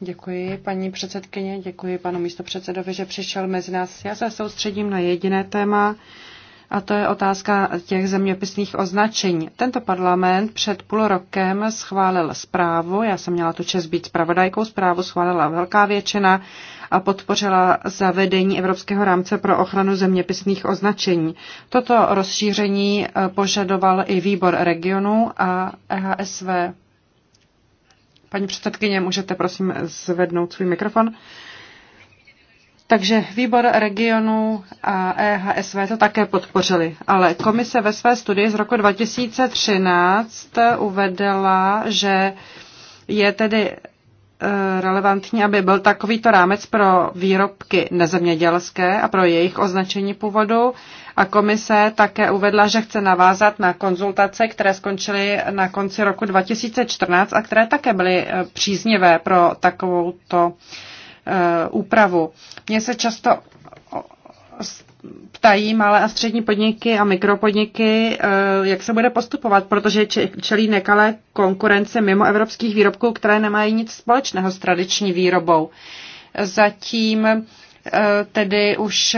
Děkuji, paní předsedkyně, děkuji panu místopředsedovi, že přišel mezi nás. Já se soustředím na jediné téma, a to je otázka těch zeměpisných označení. Tento parlament před půl rokem schválil zprávu, já jsem měla tu čest být zpravodajkou, zprávu schválila velká většina a podpořila zavedení Evropského rámce pro ochranu zeměpisných označení. Toto rozšíření eh, požadoval i výbor regionu a EHSV. Paní předsedkyně, můžete prosím zvednout svůj mikrofon. Uh, takže výbor regionu a EHSV to také podpořili, ale komise ve své studii z roku 2013 uvedla, že je tedy e, relevantní, aby byl takovýto rámec pro výrobky nezemědělské a pro jejich označení původu. A komise také uvedla, že chce navázat na konzultace, které skončily na konci roku 2014 a které také byly e, příznivé pro takovouto Eh, úpravu. Mně se často ptají malé a střední podniky a mikropodniky, eh, jak se bude postupovat, protože čelí nekalé konkurence mimo evropských výrobků, které nemají nic společného s tradiční výrobou. Zatím eh, tedy už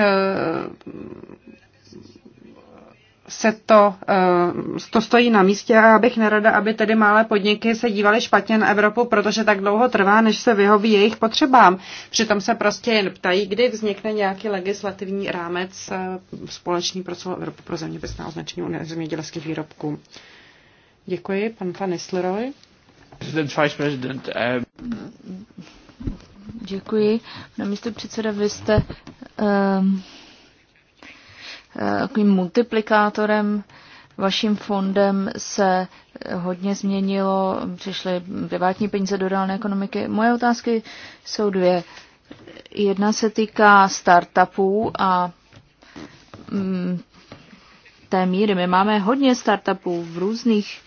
se to, eh, to stojí na místě a já bych nerada, aby tedy malé podniky se dívaly špatně na Evropu, protože tak dlouho trvá, než se vyhoví jejich potřebám. Přitom se prostě jen ptají, kdy vznikne nějaký legislativní rámec eh, společný pro celou Evropu pro zeměpisná označení zemědělských výrobků. Děkuji, pan president, Nistelrooy. Eh, Děkuji. Na místo předseda, vy jste um takovým multiplikátorem. Vaším fondem se hodně změnilo, přišly privátní peníze do reálné ekonomiky. Moje otázky jsou dvě. Jedna se týká startupů a mm, té míry. My máme hodně startupů v různých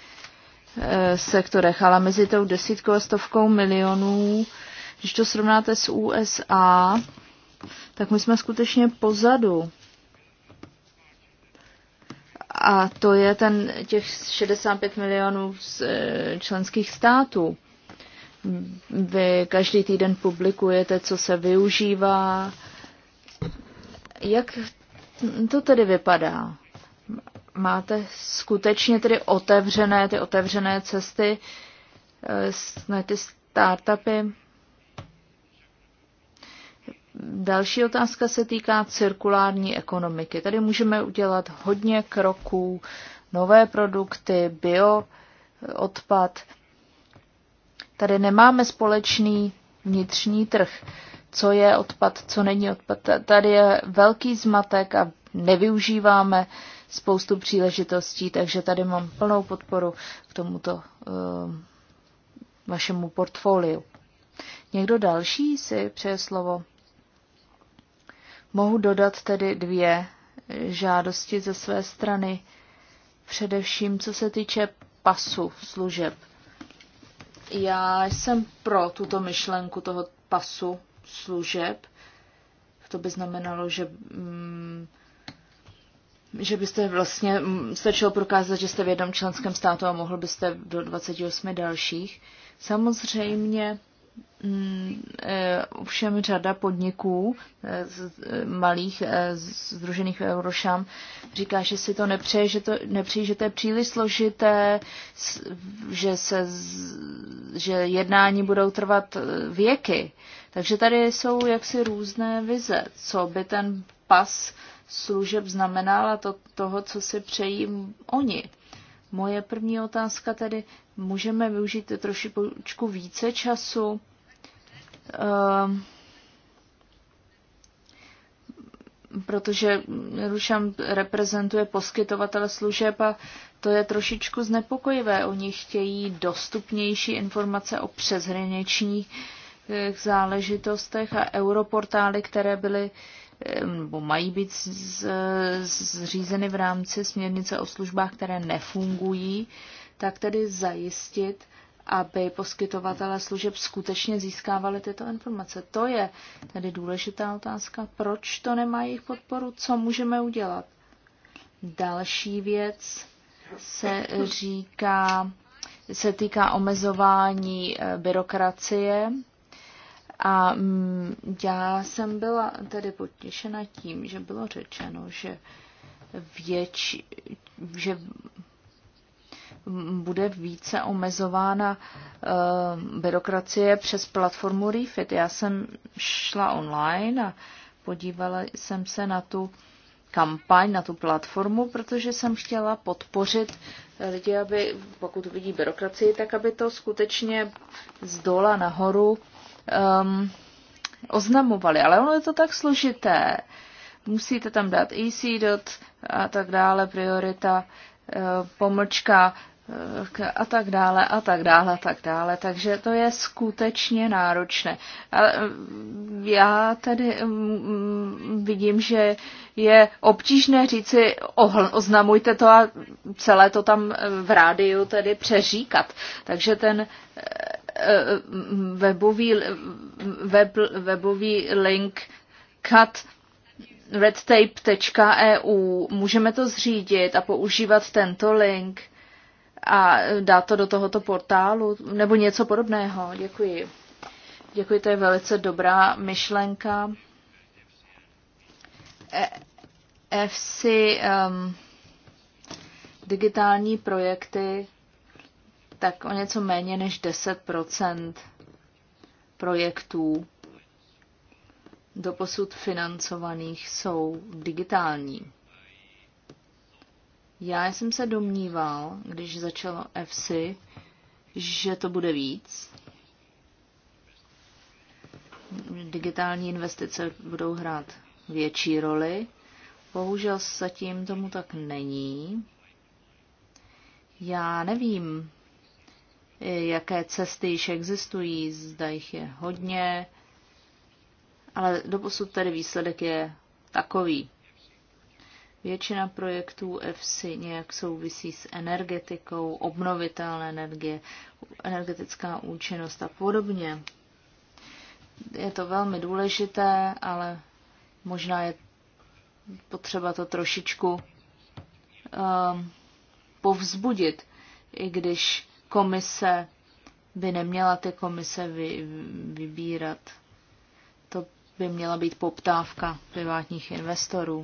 e, sektorech, ale mezi tou desítkou a stovkou milionů, když to srovnáte s USA, tak my jsme skutečně pozadu. A to je ten, těch 65 milionů z eh, členských států. Vy každý týden publikujete, co se využívá. Jak to tedy vypadá? Máte skutečně tedy otevřené, ty otevřené cesty, eh, ty startupy? Další otázka se týká cirkulární ekonomiky. Tady můžeme udělat hodně kroků, nové produkty, bioodpad. Tady nemáme společný vnitřní trh, co je odpad, co není odpad. Tady je velký zmatek a nevyužíváme spoustu příležitostí, takže tady mám plnou podporu k tomuto uh, vašemu portfoliu. Někdo další si přeje slovo? Mohu dodat tedy dvě žádosti ze své strany, především co se týče pasu služeb. Já jsem pro tuto myšlenku toho pasu služeb. To by znamenalo, že, mm, že byste vlastně mm, stačilo prokázat, že jste v jednom členském státu a mohl byste do 28 dalších. Samozřejmě Mm, eh, ovšem řada podniků eh, malých eh, združených Eurošam říká, že si to nepřeje, že to, nepřeje, že to je příliš složité, že, se, že jednání budou trvat věky. Takže tady jsou jaksi různé vize, co by ten pas služeb znamenal a to, toho, co si přejí oni. Moje první otázka tedy, můžeme využít trošičku více času? Ehm, protože Rušan reprezentuje poskytovatele služeb a to je trošičku znepokojivé. Oni chtějí dostupnější informace o přeshraničních eh, záležitostech a europortály, které byly nebo mají být zřízeny v rámci směrnice o službách, které nefungují, tak tedy zajistit, aby poskytovatele služeb skutečně získávali tyto informace. To je tedy důležitá otázka. Proč to nemá jejich podporu? Co můžeme udělat? Další věc se říká, se týká omezování eh, byrokracie a mm, já jsem byla tedy potěšena tím, že bylo řečeno, že věč, že bude více omezována uh, byrokracie přes platformu Refit. Já jsem šla online a podívala jsem se na tu kampaň, na tu platformu, protože jsem chtěla podpořit lidi, aby pokud vidí byrokracii, tak aby to skutečně z dola nahoru um, oznamovali. Ale ono je to tak složité. Musíte tam dát EC dot a tak dále, priorita, eh, pomlčka eh, a tak dále, a tak dále, a tak dále. Takže to je skutečně náročné. Eh, já tady mm, mm, vidím, že je obtížné říci, oznamujte to a celé to tam v rádiu tedy přeříkat. Takže ten Eh, webový, web, webový link cut redtape.eu. E Můžeme to zřídit a používat tento link a dát to do tohoto portálu nebo něco podobného. Děkuji. Děkuji, to je velice dobrá myšlenka. EFSI, um, ehm, digitální projekty, tak o něco méně než 10 projektů doposud financovaných jsou digitální. Já jsem se domníval, když začalo FC, že to bude víc. Digitální investice budou hrát větší roli. Bohužel zatím tomu tak není. Já nevím, jaké cesty již existují, zda jich je hodně, ale doposud tedy výsledek je takový. Většina projektů EFSI nějak souvisí s energetikou, obnovitelné energie, energetická účinnost a podobně. Je to velmi důležité, ale možná je potřeba to trošičku um, povzbudit, i když komise by neměla ty komise vy, vybírat. To by měla být poptávka privátních investorů.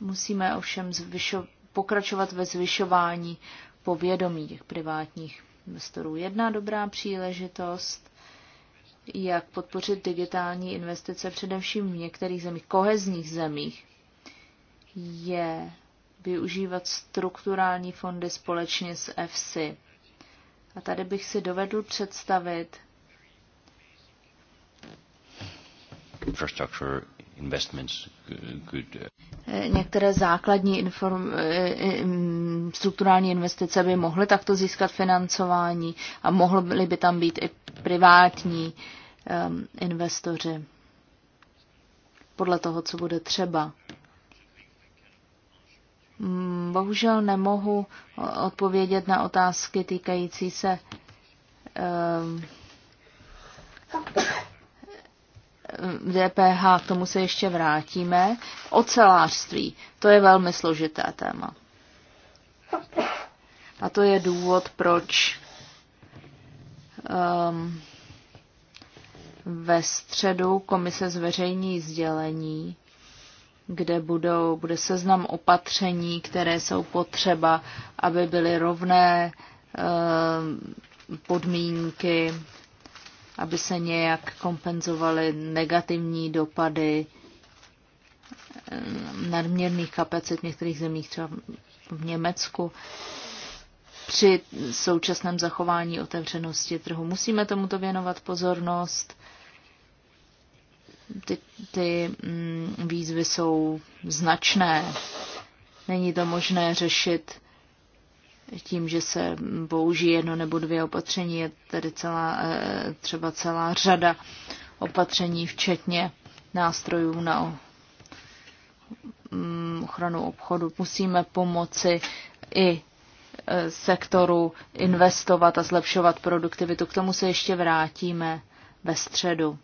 Musíme ovšem zvyšo, pokračovat ve zvyšování povědomí těch privátních investorů. Jedna dobrá příležitost, jak podpořit digitální investice především v některých zemích, kohezních zemích, je využívat strukturální fondy společně s EFSI. A tady bych si dovedl představit, infrastructure investments could... Uh, uh, eh, některé základní inform, eh, eh, mm, strukturální investice by mohly takto získat financování a mohly by tam být i privátní ehm, investoři podle toho, co bude třeba. Mm, bohužel nemohu odpovědět na otázky týkající se ehm, ehm, DPH, k tomu se ještě vrátíme. Ocelářství, to je velmi složité téma. A to je důvod, proč um, ve středu komise zveřejní sdělení kde budou, bude seznam opatření, které jsou potřeba, aby byly rovné eh, podmínky, aby se nějak kompenzovaly negativní dopady eh, nadměrných kapacit v některých zemích, třeba v Německu, při současném zachování otevřenosti trhu. Musíme tomuto věnovat pozornost ty, ty mm, výzvy jsou značné. Není to možné řešit tím, že se použijí jedno nebo dvě opatření. Je tedy celá, eh, třeba celá řada opatření, včetně nástrojů na mm, ochranu obchodu. Musíme pomoci i eh, sektoru investovat a zlepšovat produktivitu. K tomu se ještě vrátíme ve středu.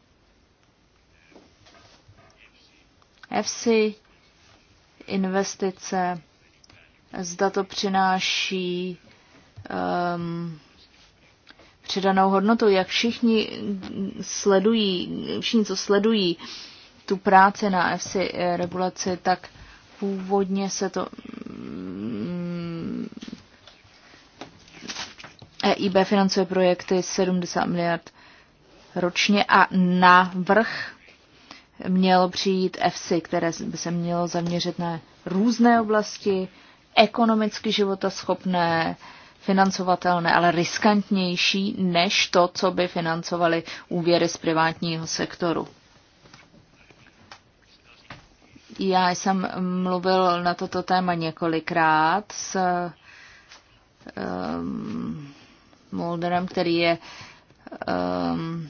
EFSI, investice, zda to přináší um, přidanou hodnotu, jak všichni sledují, všichni, co sledují tu práci na EFSI regulaci, tak původně se to mm, EIB financuje projekty 70 miliard ročně a na vrch měl přijít EFSI, které by se mělo zaměřit na různé oblasti, ekonomicky životaschopné, financovatelné, ale riskantnější než to, co by financovaly úvěry z privátního sektoru. Já jsem mluvil na toto téma několikrát s um, Mulderem, který je um,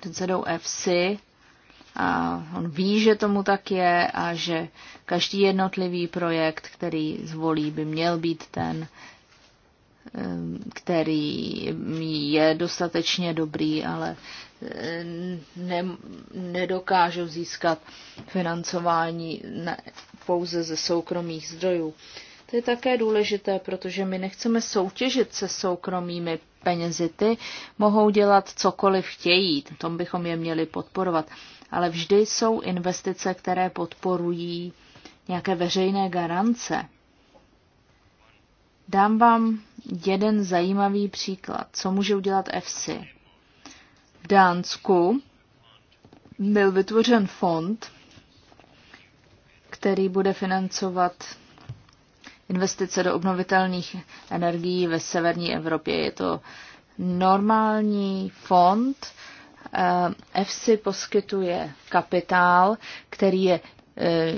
předsedou EFSI a on ví, že tomu tak je a že každý jednotlivý projekt, který zvolí, by měl být ten, který je dostatečně dobrý, ale ne, nedokážou získat financování ne, pouze ze soukromých zdrojů. To je také důležité, protože my nechceme soutěžit se soukromými penězity, mohou dělat cokoliv chtějí, tom bychom je měli podporovat ale vždy jsou investice, které podporují nějaké veřejné garance. Dám vám jeden zajímavý příklad, co může udělat EFSI. V Dánsku byl vytvořen fond, který bude financovat investice do obnovitelných energií ve severní Evropě. Je to normální fond, EFSI eh, poskytuje kapitál, který je eh,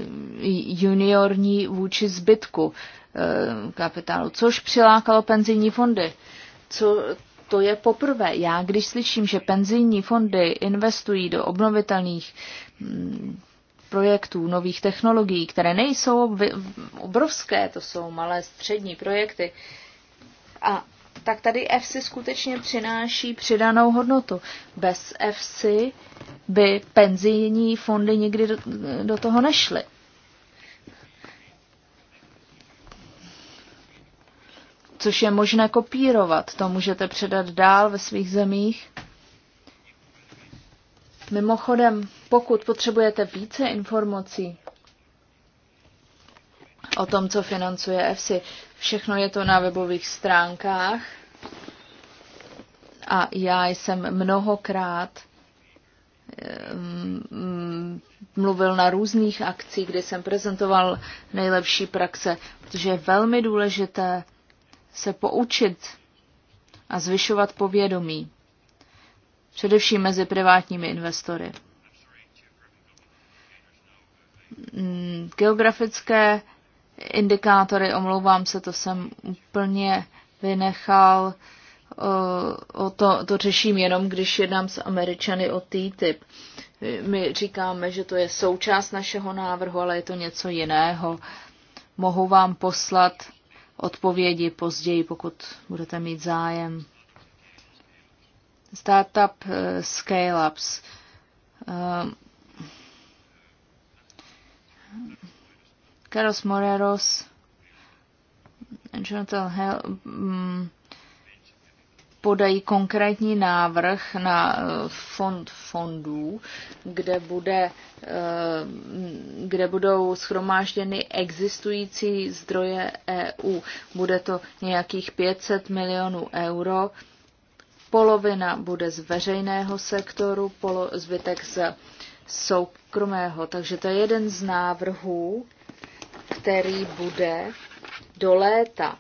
juniorní vůči zbytku eh, kapitálu, což přilákalo penzijní fondy. Co, to je poprvé. Já, když slyším, že penzijní fondy investují do obnovitelných hm, projektů, nových technologií, které nejsou obrovské, to jsou malé střední projekty, a tak tady EFSI skutečně přináší přidanou hodnotu. Bez EFSI by penzijní fondy nikdy do, do toho nešly. Což je možné kopírovat. To můžete předat dál ve svých zemích. Mimochodem, pokud potřebujete více informací o tom, co financuje EFSI. Všechno je to na webových stránkách a já jsem mnohokrát ehm, mluvil na různých akcích, kde jsem prezentoval nejlepší praxe, protože je velmi důležité se poučit a zvyšovat povědomí, především mezi privátními investory. Ehm, geografické indikátory, omlouvám se, to jsem úplně vynechal. O to, to řeším jenom, když jednám s Američany o TTIP. My říkáme, že to je součást našeho návrhu, ale je to něco jiného. Mohu vám poslat odpovědi později, pokud budete mít zájem. Startup eh, scale-ups. Eh, Carlos Moreros, Jonathan Hell, mm, podají konkrétní návrh na eh, fond fondů, kde, bude, eh, kde budou schromážděny existující zdroje EU. Bude to nějakých 500 milionů euro. Polovina bude z veřejného sektoru, polo, zbytek z soukromého. Takže to je jeden z návrhů, který bude do léta.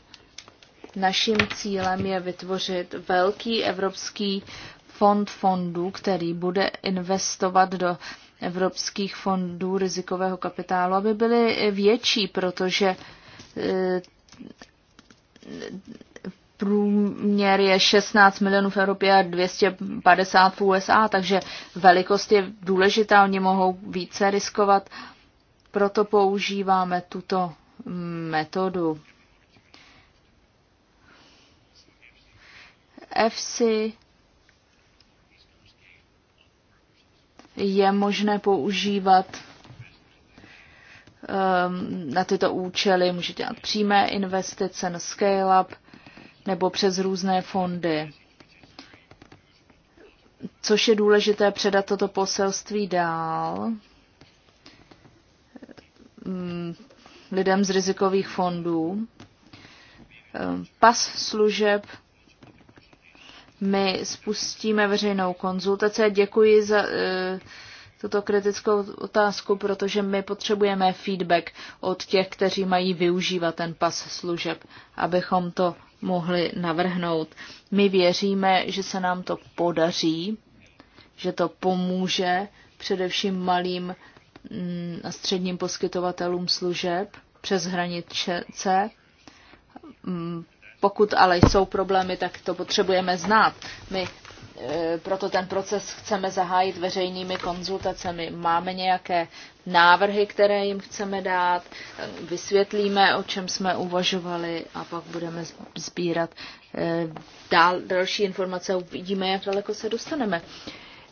Naším cílem je vytvořit velký evropský fond fondů, který bude investovat do evropských fondů rizikového kapitálu, aby byly větší, protože e, průměr je 16 milionů v Evropě a 250 v USA, takže velikost je důležitá, oni mohou více riskovat. Proto používáme tuto metodu. FC je možné používat ehm, na tyto účely. Můžete dělat přímé investice na scale-up nebo přes různé fondy. Což je důležité předat toto poselství dál. Mm, lidem z rizikových fondů, ehm, pas služeb, my spustíme veřejnou konzultaci. Děkuji za e, tuto kritickou otázku, protože my potřebujeme feedback od těch, kteří mají využívat ten pas služeb, abychom to mohli navrhnout. My věříme, že se nám to podaří, že to pomůže především malým Mm, a středním poskytovatelům služeb přes hranice. Mm, pokud ale jsou problémy, tak to potřebujeme znát. My e, proto ten proces chceme zahájit veřejnými konzultacemi. Máme nějaké návrhy, které jim chceme dát, e, vysvětlíme, o čem jsme uvažovali a pak budeme sbírat e, dál další informace a uvidíme, jak daleko se dostaneme.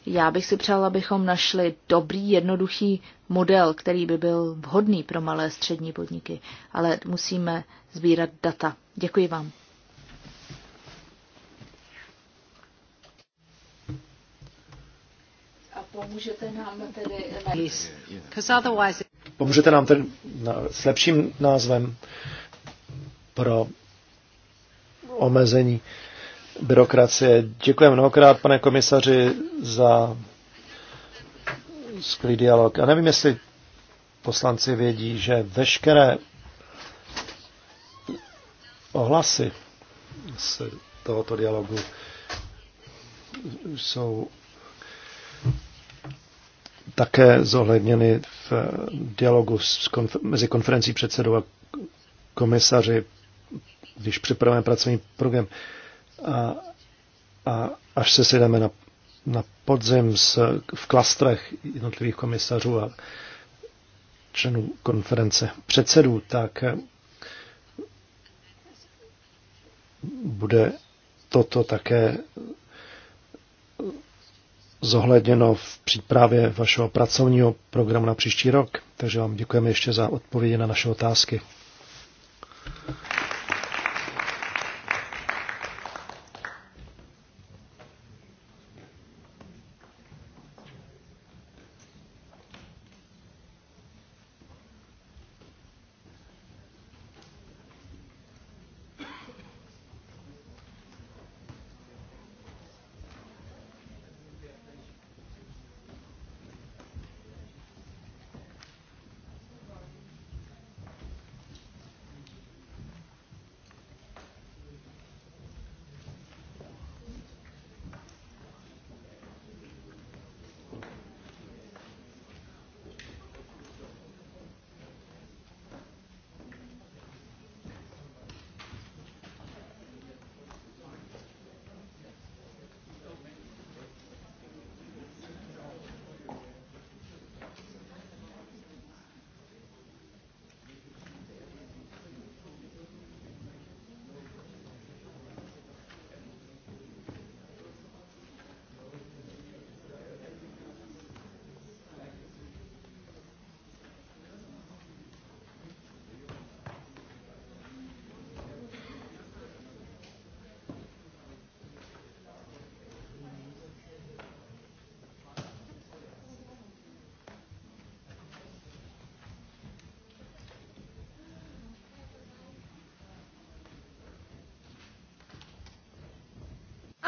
Já bych si přála, abychom našli dobrý, jednoduchý model, který by byl vhodný pro malé střední podniky, ale musíme sbírat data. Děkuji vám. pomůžete nám tedy... Pomůžete nám tedy s lepším názvem pro omezení byrokracie. Děkuji mnohokrát, pane komisaři, za skvělý dialog. A nevím, jestli poslanci vědí, že veškeré ohlasy z tohoto dialogu jsou také zohledněny v dialogu s konf- mezi konferencí předsedů a komisaři, když připravujeme pracovní program. A, a až se sedeme na na podzim s, v klastrech jednotlivých komisařů a členů konference předsedů, tak eh, bude toto také eh, zohledněno v přípravě vašeho pracovního programu na příští rok. Takže vám děkujeme ještě za odpovědi na naše otázky.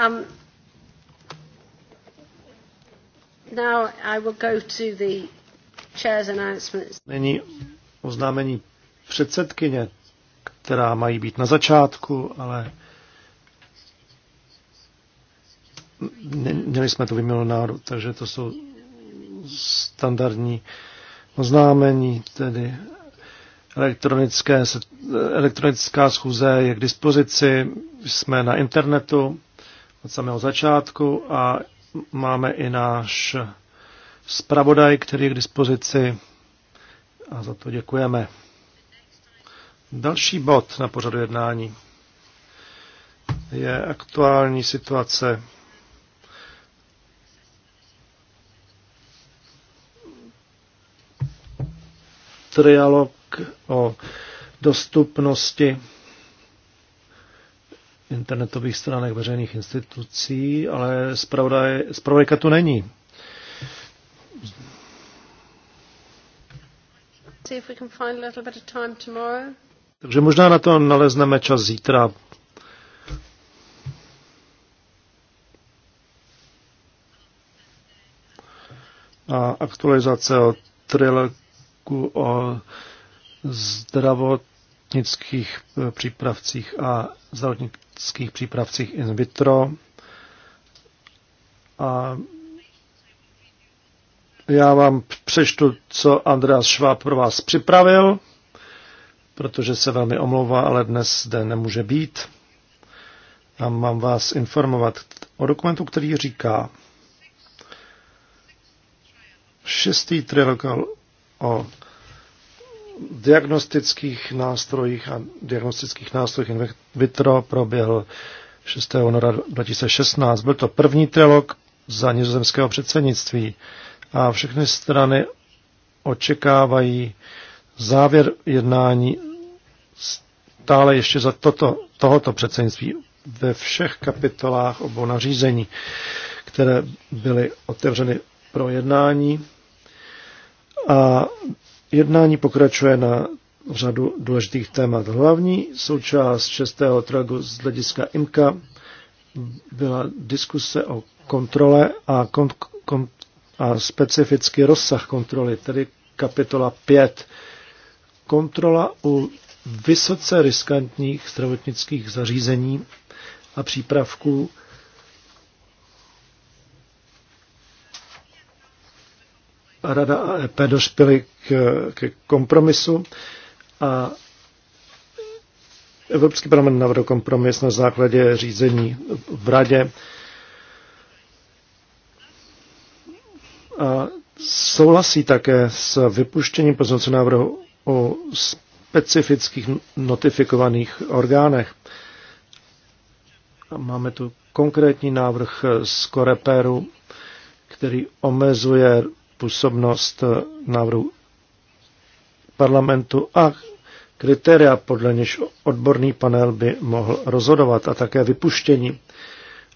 Um, now I will go to the chair's announcements. Nyní oznámení předsedkyně, která mají být na začátku, ale měli jsme to vyměnu náru, takže to jsou standardní oznámení, tedy elektronické, elektronická schůze je k dispozici, jsme na internetu, od samého začátku a máme i náš zpravodaj, který je k dispozici a za to děkujeme. Další bod na pořadu jednání je aktuální situace trialog o dostupnosti internetových stránek veřejných institucí, ale zpravodaj, zpravodajka tu není. Takže možná na to nalezneme čas zítra. A aktualizace o trilogu o zdravotnických přípravcích a zdravotnických genetických přípravcích in vitro. A já vám přečtu, co Andreas Schwab pro vás připravil, protože se velmi omlouvá, ale dnes zde nemůže být. A mám vás informovat o dokumentu, který říká šestý trilog o diagnostických nástrojích a diagnostických nástrojích in vitro proběhl 6. února 2016. Byl to první trilog za nizozemského předsednictví a všechny strany očekávají závěr jednání stále ještě za toto, tohoto předsednictví ve všech kapitolách obou nařízení, které byly otevřeny pro jednání. A Jednání pokračuje na řadu důležitých témat. Hlavní součást šestého tragu z hlediska IMKA byla diskuse o kontrole a, kont- kont- a specifický rozsah kontroly, tedy kapitola 5. Kontrola u vysoce riskantních zdravotnických zařízení a přípravků Rada a EP dospěly k, k kompromisu a Evropský parlament navrhl kompromis na základě řízení v radě. A souhlasí také s vypuštěním pozornosti návrhu o specifických notifikovaných orgánech. A máme tu konkrétní návrh z Koreperu, který omezuje působnost eh, návrhu parlamentu a kritéria, podle něž odborný panel by mohl rozhodovat a také vypuštění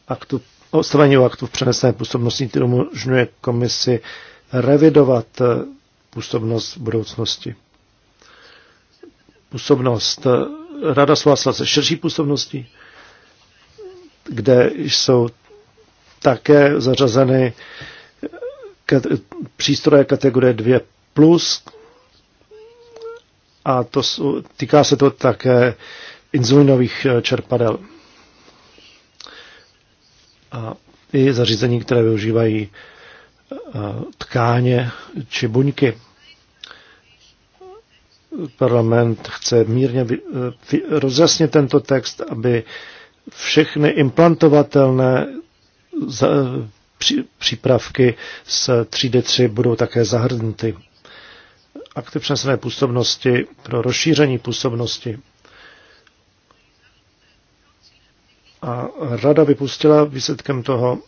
aktu, odstavení aktu v přenesené působnosti, který umožňuje komisi revidovat eh, působnost v budoucnosti. Působnost. Eh, Rada souhlasila se širší působností, kde jsou také zařazeny přístroje kategorie 2 plus a to, týká se to také inzulinových eh, čerpadel. A i zařízení, které využívají eh, tkáně či buňky. Parlament chce mírně rozjasnit tento text, aby všechny implantovatelné přípravky z d 3 budou také zahrnuty. Akty přenesené působnosti pro rozšíření působnosti. A rada vypustila výsledkem toho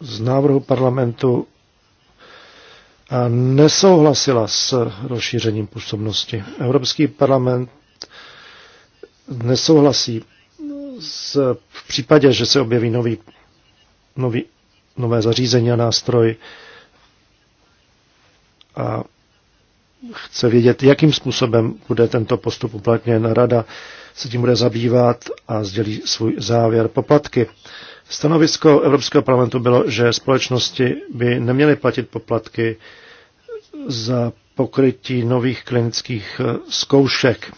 z návrhu parlamentu a nesouhlasila s rozšířením působnosti. Evropský parlament nesouhlasí s, v případě, že se objeví nový, nový, nové zařízení a nástroj a chce vědět, jakým způsobem bude tento postup uplatněn. Rada se tím bude zabývat a sdělí svůj závěr poplatky. Stanovisko Evropského parlamentu bylo, že společnosti by neměly platit poplatky za pokrytí nových klinických zkoušek.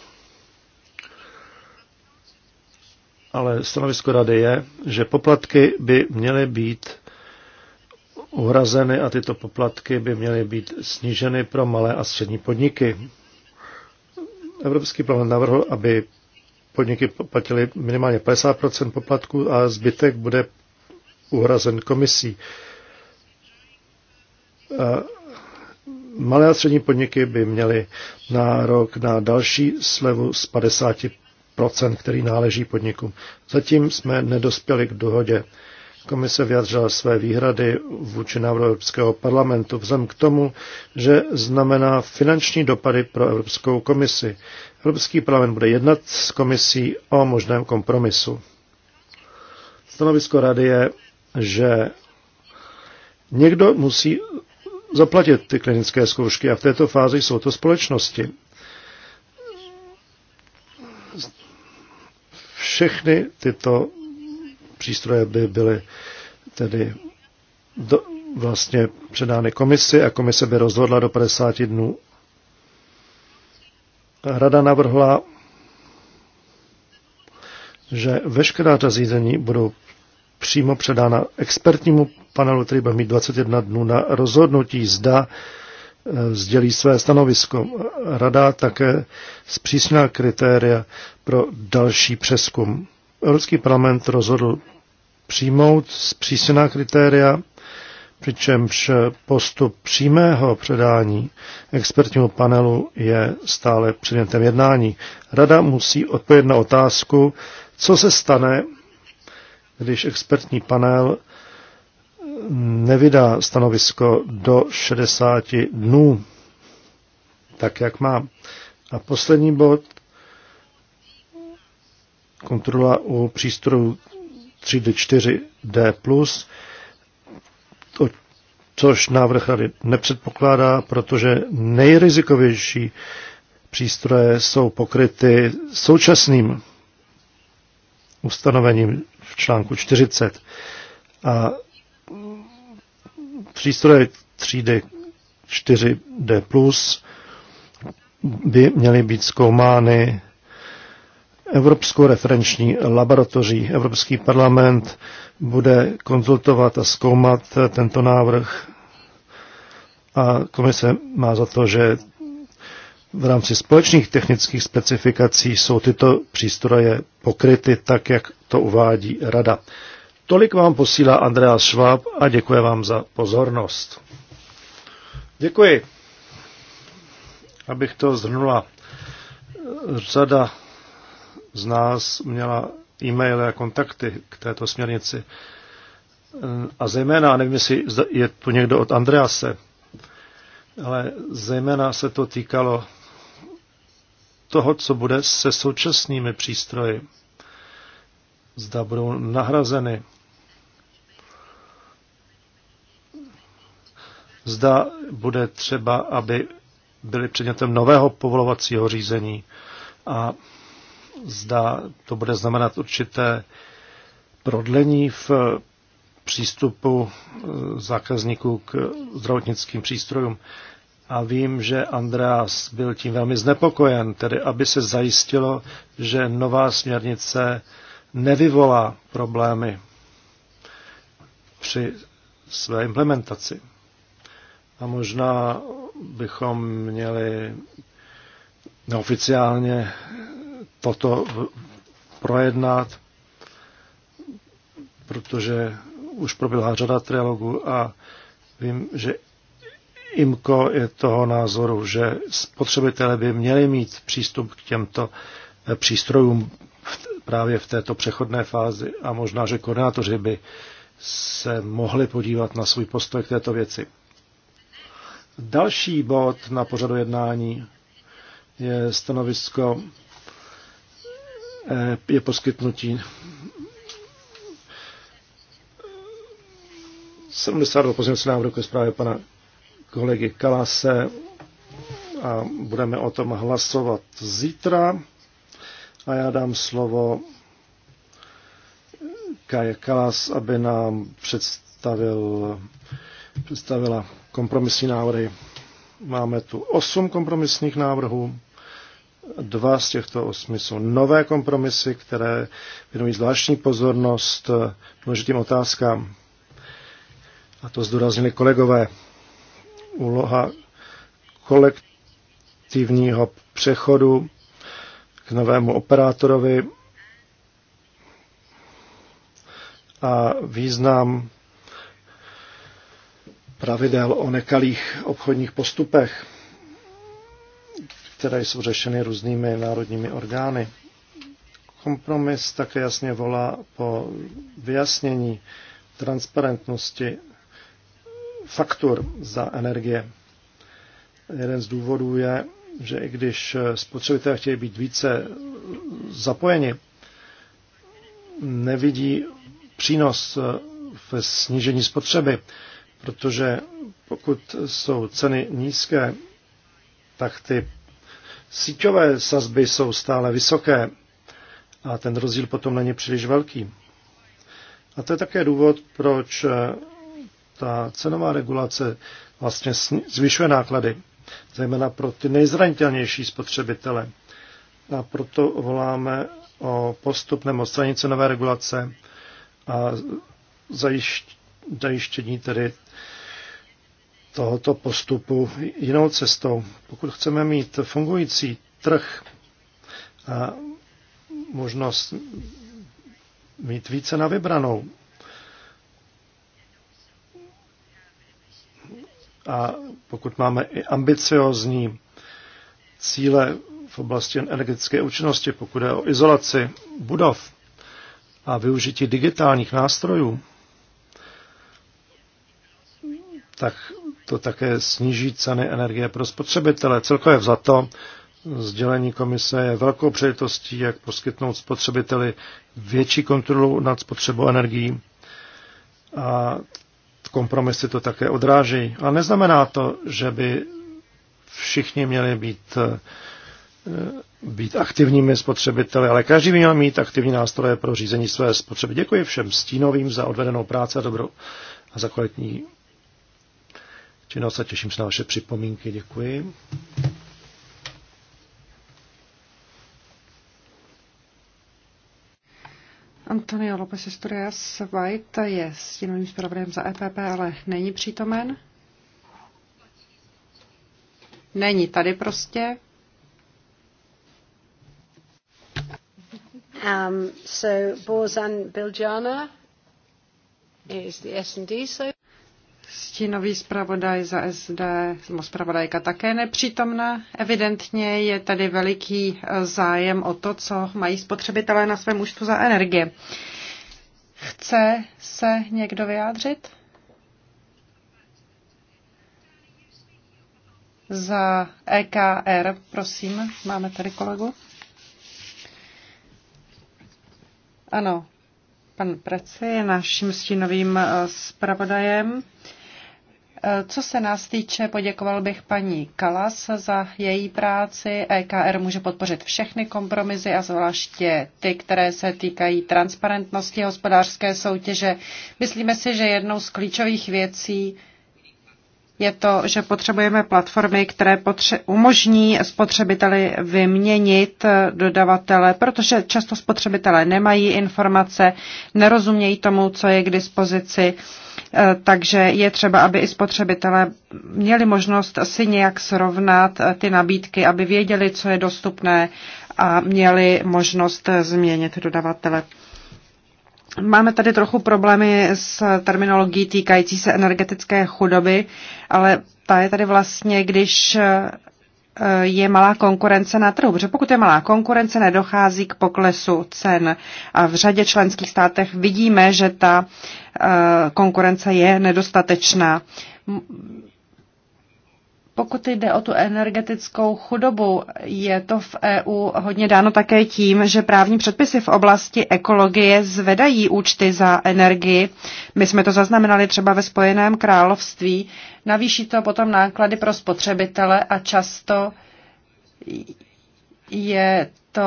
ale stanovisko rady je, že poplatky by měly být uhrazeny a tyto poplatky by měly být sníženy pro malé a střední podniky. Evropský plán navrhl, aby podniky platily minimálně 50% poplatků a zbytek bude uhrazen komisí. A malé a střední podniky by měly nárok na další slevu z 50 procent, který náleží podnikům. Zatím jsme nedospěli k dohodě. Komise vyjadřila své výhrady vůči návrhu Evropského parlamentu vzhledem k tomu, že znamená finanční dopady pro Evropskou komisi. Evropský parlament bude jednat s komisí o možném kompromisu. Stanovisko rady je, že někdo musí zaplatit ty klinické zkoušky a v této fázi jsou to společnosti. Všechny tyto přístroje by byly tedy do, vlastně předány komisi a komise by rozhodla do 50 dnů. Rada navrhla, že veškerá zařízení budou přímo předána expertnímu panelu, který bude mít 21 dnů na rozhodnutí, zda e, sdělí své stanovisko. Rada také zpřísnila kritéria pro další přeskum. Evropský parlament rozhodl přijmout zpřísněná kritéria, přičemž postup přímého předání expertnímu panelu je stále předmětem jednání. Rada musí odpovědět na otázku, co se stane, když expertní panel nevydá stanovisko do 60 dnů, tak jak má. A poslední bod kontrola u přístrojů 3D, 4D+, to, což návrh rady nepředpokládá, protože nejrizikovější přístroje jsou pokryty současným ustanovením v článku 40. A přístroje 3D, 4D+, by měly být zkoumány Evropskou referenční laboratoří. Evropský parlament bude konzultovat a zkoumat tento návrh a komise má za to, že v rámci společných technických specifikací jsou tyto přístroje pokryty tak, jak to uvádí Rada. Tolik vám posílá Andreas Schwab a děkuji vám za pozornost. Děkuji. Abych to zhrnula, řada z nás měla e-maily a kontakty k této směrnici. A zejména, nevím, jestli je tu někdo od Andrease, ale zejména se to týkalo toho, co bude se současnými přístroji. Zda budou nahrazeny. Zda bude třeba, aby byly předmětem nového povolovacího řízení. A zda to bude znamenat určité prodlení v přístupu eh, zákazníků k zdravotnickým přístrojům. A vím, že Andreas byl tím velmi znepokojen, tedy aby se zajistilo, že nová směrnice nevyvolá problémy při své implementaci. A možná bychom měli neoficiálně toto projednat, protože už proběhla řada trialogů a vím, že IMKO je toho názoru, že spotřebitelé by měli mít přístup k těmto eh, přístrojům právě v této přechodné fázi a možná, že koordinátoři by se mohli podívat na svůj postoj k této věci. Další bod na pořadu jednání je stanovisko Eh, je poskytnutí 72 pozměnce návrhu ke zprávě pana kolegy Kalase a budeme o tom hlasovat zítra. A já dám slovo Kaje Kalas, aby nám představil, představila kompromisní návrhy. Máme tu osm kompromisních návrhů. Dva z těchto osmi jsou nové kompromisy, které věnují zvláštní pozornost důležitým otázkám. A to zdůraznili kolegové. Úloha kolektivního přechodu k novému operátorovi a význam pravidel o nekalých obchodních postupech které jsou řešeny různými národními orgány. Kompromis také jasně volá po vyjasnění transparentnosti faktur za energie. Jeden z důvodů je, že i když spotřebitelé chtějí být více zapojeni, nevidí přínos ve snížení spotřeby, protože pokud jsou ceny nízké, tak ty síťové sazby jsou stále vysoké a ten rozdíl potom není příliš velký. A to je také důvod, proč eh, ta cenová regulace vlastně zvyšuje náklady, zejména pro ty nejzranitelnější spotřebitele. A proto voláme o postupném odstranění cenové regulace a zajišť, zajištění tedy tohoto postupu jinou cestou. Pokud chceme mít fungující trh a možnost mít více na vybranou a pokud máme i ambiciozní cíle v oblasti energetické účinnosti, pokud je o izolaci budov a využití digitálních nástrojů, tak to také sníží ceny energie pro spotřebitele. Celkově za to sdělení komise je velkou přejitostí, jak poskytnout spotřebiteli větší kontrolu nad spotřebou energií a kompromisy to také odrážejí. A neznamená to, že by všichni měli být, eh, být aktivními spotřebiteli, ale každý by měl mít aktivní nástroje pro řízení své spotřeby. Děkuji všem stínovým za odvedenou práci a dobrou a za kvalitní činnost a těším se na vaše připomínky. Děkuji. Antonio López Estorias White je stínovým zpravodajem za EPP, ale není přítomen. Není tady prostě. Um, so Bozan Biljana is the S&D, so stínový zpravodaj za SD, zpravodajka také nepřítomná. Evidentně je tady veliký eh, zájem o to, co mají spotřebitelé na svém účtu za energie. Chce se někdo vyjádřit? Za EKR, prosím, máme tady kolegu. Ano, pan Preci je naším stínovým eh, zpravodajem. Co se nás týče, poděkoval bych paní Kalas za její práci. EKR může podpořit všechny kompromisy a zvláště ty, které se týkají transparentnosti hospodářské soutěže. Myslíme si, že jednou z klíčových věcí je to, že potřebujeme platformy, které potře- umožní spotřebiteli vyměnit eh, dodavatele, protože často spotřebitelé nemají informace, nerozumějí tomu, co je k dispozici. Uh, Eh, takže je třeba, aby i spotřebitelé měli možnost si nějak srovnat eh, ty nabídky, aby věděli, co je dostupné a měli možnost eh, změnit dodavatele. Máme tady trochu problémy s terminologií týkající se energetické chudoby, ale ta je tady vlastně, když Eh, je malá konkurence na trhu, protože pokud je malá konkurence, nedochází k poklesu cen. A v řadě členských státech vidíme, že ta eh, konkurence je nedostatečná. Pokud jde o tu energetickou chudobu, je to v EU hodně dáno také tím, že právní předpisy v oblasti ekologie zvedají účty za energii. My jsme to zaznamenali třeba ve Spojeném království. Navýší to potom náklady pro spotřebitele a často je to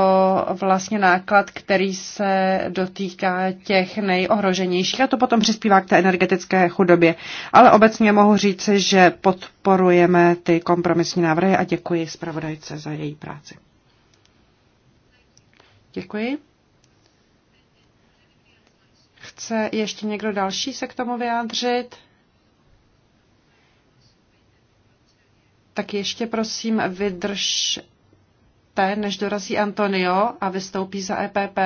vlastně náklad, který se dotýká těch nejohroženějších a to potom přispívá k té energetické chudobě. Ale obecně mohu říct, že podporujeme ty kompromisní návrhy a děkuji zpravodajce za její práci. Děkuji. Chce ještě někdo další se k tomu vyjádřit? Tak ještě prosím vydrž než dorazí Antonio a vystoupí za EPP?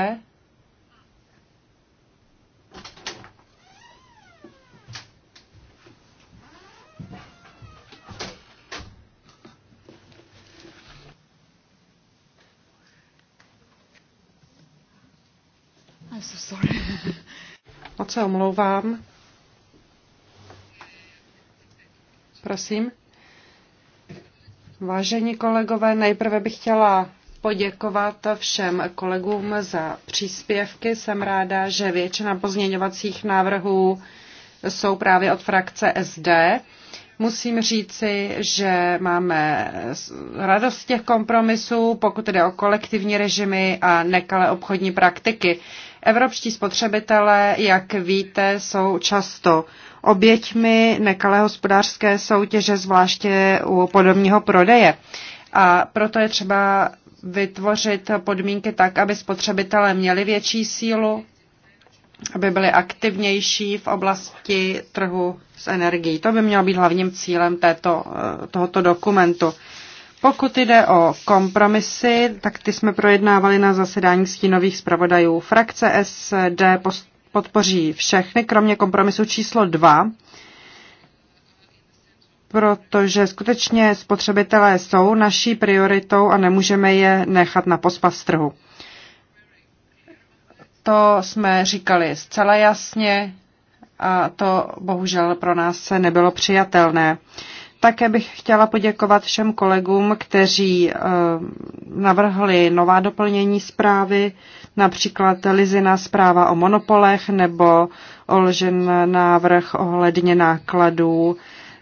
Moc se omlouvám. Prosím. Vážení kolegové, nejprve bych chtěla poděkovat všem kolegům za příspěvky. Jsem ráda, že většina pozměňovacích návrhů jsou právě od frakce SD. Musím říci, že máme radost těch kompromisů, pokud jde o kolektivní režimy a nekalé obchodní praktiky. Evropští spotřebitelé, jak víte, jsou často oběťmi nekalé hospodářské soutěže, zvláště u podobního prodeje. A proto je třeba vytvořit podmínky tak, aby spotřebitelé měli větší sílu, aby byli aktivnější v oblasti trhu s energií. To by mělo být hlavním cílem této, tohoto dokumentu. Pokud jde o kompromisy, tak ty jsme projednávali na zasedání stínových zpravodajů. Frakce SD podpoří všechny, kromě kompromisu číslo 2, protože skutečně spotřebitelé jsou naší prioritou a nemůžeme je nechat na pospas trhu. To jsme říkali zcela jasně a to bohužel pro nás se nebylo přijatelné. Také bych chtěla poděkovat všem kolegům, kteří eh, navrhli nová doplnění zprávy, například Lizina zpráva o monopolech nebo Olžen návrh ohledně nákladů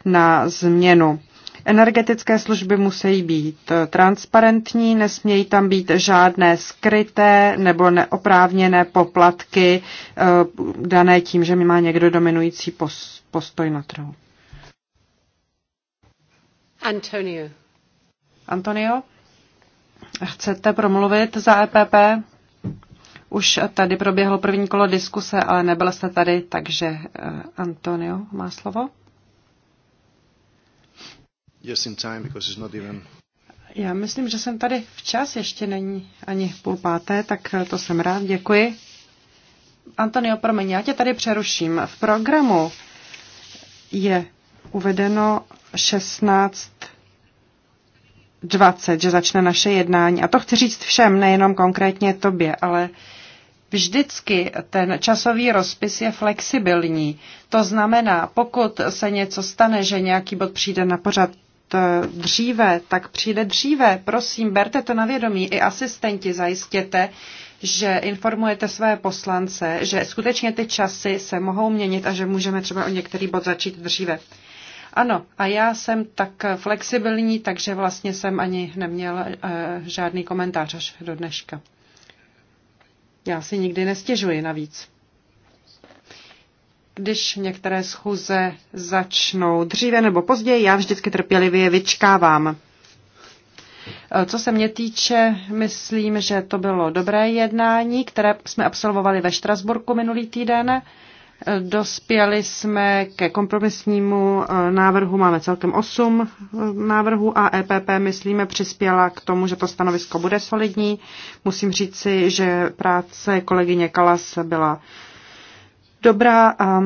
na změnu. Energetické služby musí být eh, transparentní, nesmějí tam být žádné skryté nebo neoprávněné poplatky eh, dané tím, že mi má někdo dominující postoj na trhu. Antonio. Antonio, chcete promluvit za EPP? Už tady proběhlo první kolo diskuse, ale nebyl jste tady, takže eh, Antonio má slovo. Just in time, because it's not even... Já myslím, že jsem tady včas, ještě není ani půl páté, tak eh, to jsem rád, děkuji. Antonio, promiň, já tě tady přeruším. V programu je uvedeno 16 20, že začne naše jednání. A to chci říct všem, nejenom konkrétně tobě, ale vždycky ten časový rozpis je flexibilní. To znamená, pokud se něco stane, že nějaký bod přijde na pořad eh, dříve, tak přijde dříve. Prosím, berte to na vědomí. I asistenti zajistěte, že informujete své poslance, že skutečně ty časy se mohou měnit a že můžeme třeba o některý bod začít dříve. Ano, a já jsem tak flexibilní, takže vlastně jsem ani neměl eh, žádný komentář až do dneška. Já si nikdy nestěžuji navíc. Když některé schůze začnou dříve nebo později, já vždycky trpělivě vyčkávám. Eh, co se mě týče, myslím, že to bylo dobré jednání, které jsme absolvovali ve Štrasburku minulý týden. Dospěli jsme ke kompromisnímu eh, návrhu, máme celkem 8 eh, návrhů a EPP, myslíme, přispěla k tomu, že to stanovisko bude solidní. Musím říci, že práce kolegyně Kalas byla dobrá a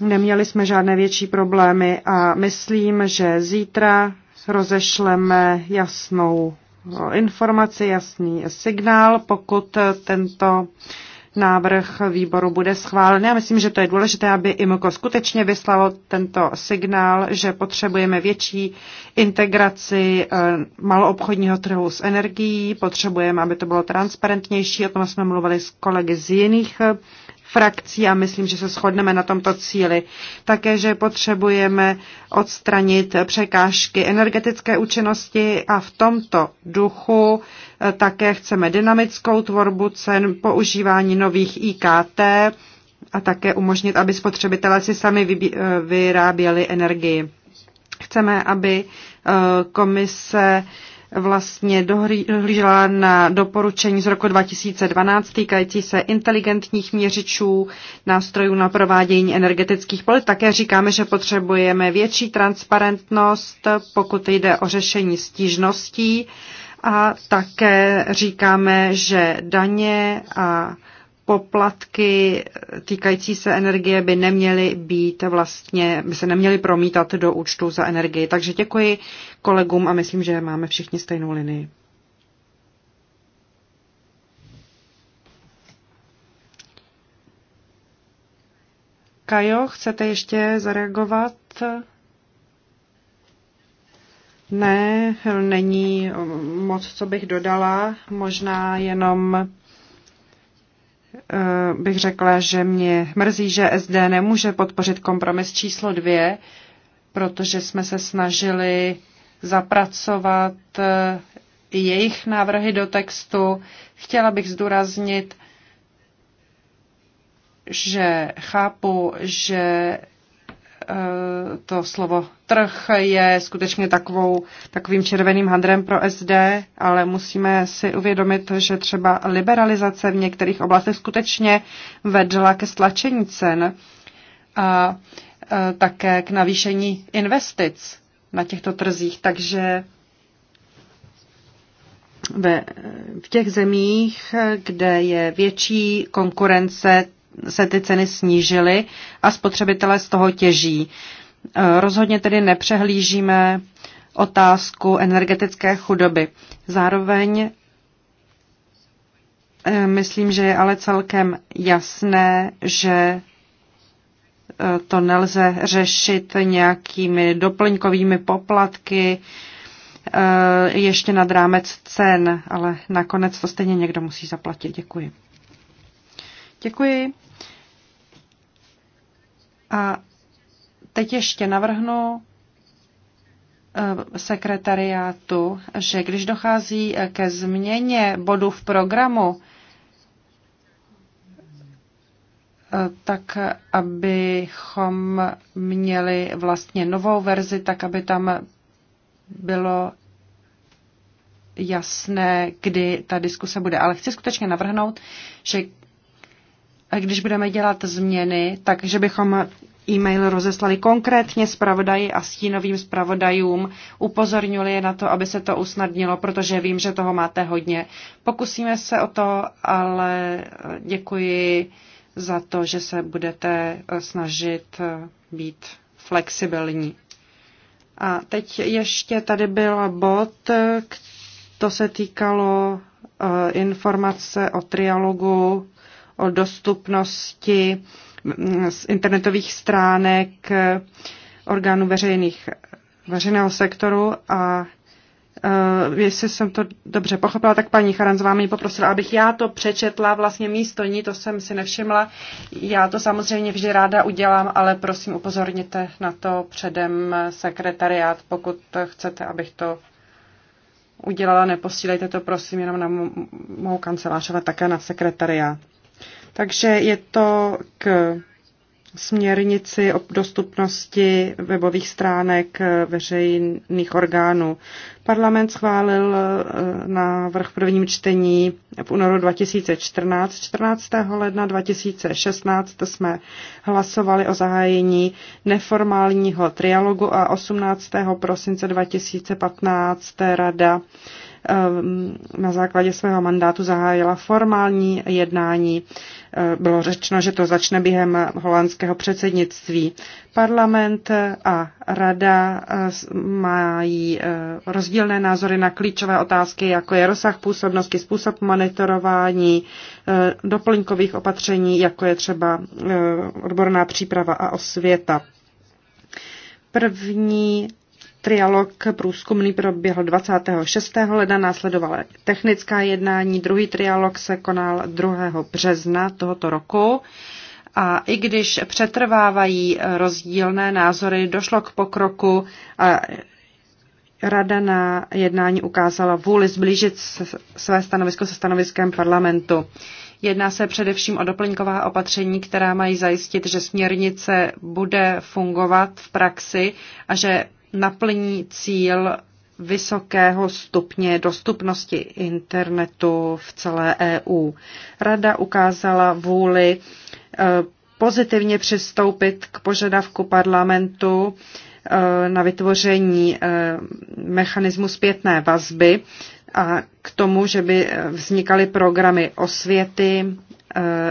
neměli jsme žádné větší problémy a myslím, že zítra rozešleme jasnou eh, informaci, jasný signál, pokud tento návrh výboru bude schválen. Já myslím, že to je důležité, aby IMOKO skutečně vyslalo tento signál, že potřebujeme větší integraci eh, maloobchodního trhu s energií, potřebujeme, aby to bylo transparentnější, o tom jsme mluvili s kolegy z jiných eh, frakcí a myslím, že se shodneme na tomto cíli. Také, že potřebujeme odstranit překážky energetické účinnosti a v tomto duchu eh, také chceme dynamickou tvorbu cen, používání nových IKT a také umožnit, aby spotřebitelé si sami eh, vyráběli energii. Chceme, aby eh, komise vlastně dohlížela na doporučení z roku 2012 týkající se inteligentních měřičů, nástrojů na provádění energetických polit. Také říkáme, že potřebujeme větší transparentnost, pokud jde o řešení stížností a také říkáme, že daně a poplatky týkající se energie by neměly být vlastně, by se neměly promítat do účtu za energii. Takže děkuji kolegům a myslím, že máme všichni stejnou linii. Kajo, chcete ještě zareagovat? Ne, není moc, co bych dodala. Možná jenom Eh, bych řekla, že mě mrzí, že SD nemůže podpořit kompromis číslo dvě, protože jsme se snažili zapracovat eh, jejich návrhy do textu. Chtěla bych zdůraznit, že chápu, že Eh, to slovo trh je skutečně takovou, takovým červeným handrem pro SD, ale musíme si uvědomit, že třeba liberalizace v některých oblastech skutečně vedla ke stlačení cen a eh, také k navýšení investic na těchto trzích. Takže ve, v těch zemích, kde je větší konkurence, se ty ceny snížily a spotřebitelé z toho těží. E, rozhodně tedy nepřehlížíme otázku energetické chudoby. Zároveň e, myslím, že je ale celkem jasné, že e, to nelze řešit nějakými doplňkovými poplatky, ještě nad rámec cen, ale nakonec to stejně někdo musí zaplatit. Děkuji. Děkuji. A teď ještě navrhnu eh, sekretariátu, že když dochází eh, ke změně bodu v programu, eh, tak abychom měli vlastně novou verzi, tak aby tam bylo jasné, kdy ta diskuse bude. Ale chci skutečně navrhnout, že když budeme dělat změny, takže bychom e-mail rozeslali konkrétně zpravodaji a stínovým zpravodajům, upozornili je na to, aby se to usnadnilo, protože vím, že toho máte hodně. Pokusíme se o to, ale děkuji za to, že se budete snažit být flexibilní. A teď ještě tady byl bod, to se týkalo eh, informace o trialogu o dostupnosti z internetových stránek orgánů veřejných, veřejného sektoru a Uh, jestli jsem to dobře pochopila, tak paní z vámi poprosila, abych já to přečetla vlastně místo ní, to jsem si nevšimla. Já to samozřejmě vždy ráda udělám, ale prosím upozorněte na to předem sekretariát, pokud chcete, abych to udělala, neposílejte to prosím jenom na mou kancelář, ale také na sekretariát. Takže je to k směrnici o dostupnosti webových stránek veřejných orgánů. Parlament schválil eh, na vrch prvním čtení v únoru 2014. 14. ledna 2016 jsme hlasovali o zahájení neformálního trialogu a 18. prosince 2015 rada Ehm, na základě svého mandátu zahájila formální jednání. Ehm, bylo řečeno, že to začne během holandského předsednictví. Parlament a rada ehm, mají rozdílné názory na klíčové otázky, jako je rozsah působnosti, způsob monitorování, doplňkových opatření, jako je třeba odborná příprava a osvěta. První Trialog průzkumný proběhl 26. ledna, následovala technická jednání, druhý trialog se konal 2. března tohoto roku. A i když přetrvávají rozdílné názory, došlo k pokroku a Rada na jednání ukázala vůli zblížit své stanovisko se stanoviskem parlamentu. Jedná se především o doplňková opatření, která mají zajistit, že směrnice bude fungovat v praxi a že naplní cíl vysokého stupně dostupnosti internetu v celé EU. Rada ukázala vůli eh, pozitivně přistoupit k požadavku parlamentu eh, na vytvoření eh, mechanismu zpětné vazby a k tomu, že by vznikaly programy osvěty,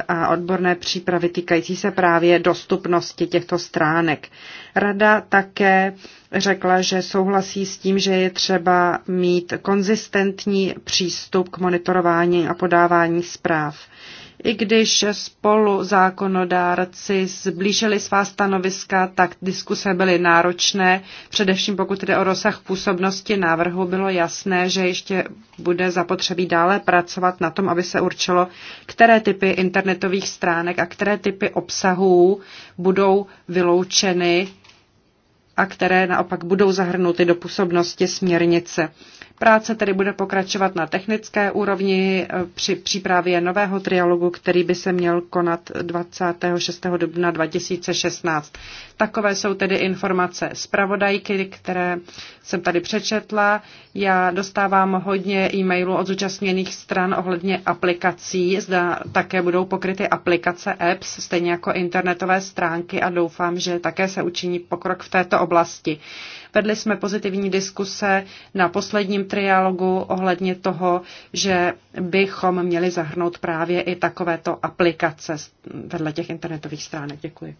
a odborné přípravy týkající se právě dostupnosti těchto stránek. Rada také řekla, že souhlasí s tím, že je třeba mít konzistentní přístup k monitorování a podávání zpráv. I když spolu zákonodárci zblížili svá stanoviska, tak diskuse byly náročné. Především pokud jde o rozsah působnosti návrhu, bylo jasné, že ještě bude zapotřebí dále pracovat na tom, aby se určilo, které typy internetových stránek a které typy obsahů budou vyloučeny a které naopak budou zahrnuty do působnosti směrnice. Práce tedy bude pokračovat na technické úrovni eh, při přípravě nového trialogu, který by se měl konat 26. dubna 2016. Takové jsou tedy informace pravodajky, které jsem tady přečetla. Já dostávám hodně e-mailů od zúčastněných stran ohledně aplikací. Zda také budou pokryty aplikace apps, stejně jako internetové stránky a doufám, že také se učiní pokrok v této oblasti. Vedli jsme pozitivní diskuse na posledním trialogu ohledně toho, že bychom měli zahrnout právě i takovéto aplikace vedle těch internetových stránek. Děkuji.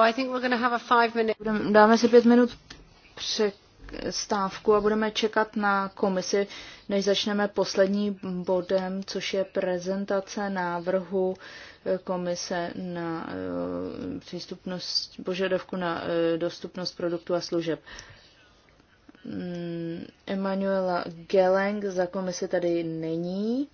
I think we're have a five minute... Dáme si pět minut přestávku a budeme čekat na komisi, než začneme posledním bodem, což je prezentace návrhu eh, komise na eh, přístupnost, požadavku na eh, dostupnost produktů a služeb. Mm, Emanuela Geleng za komisi tady není.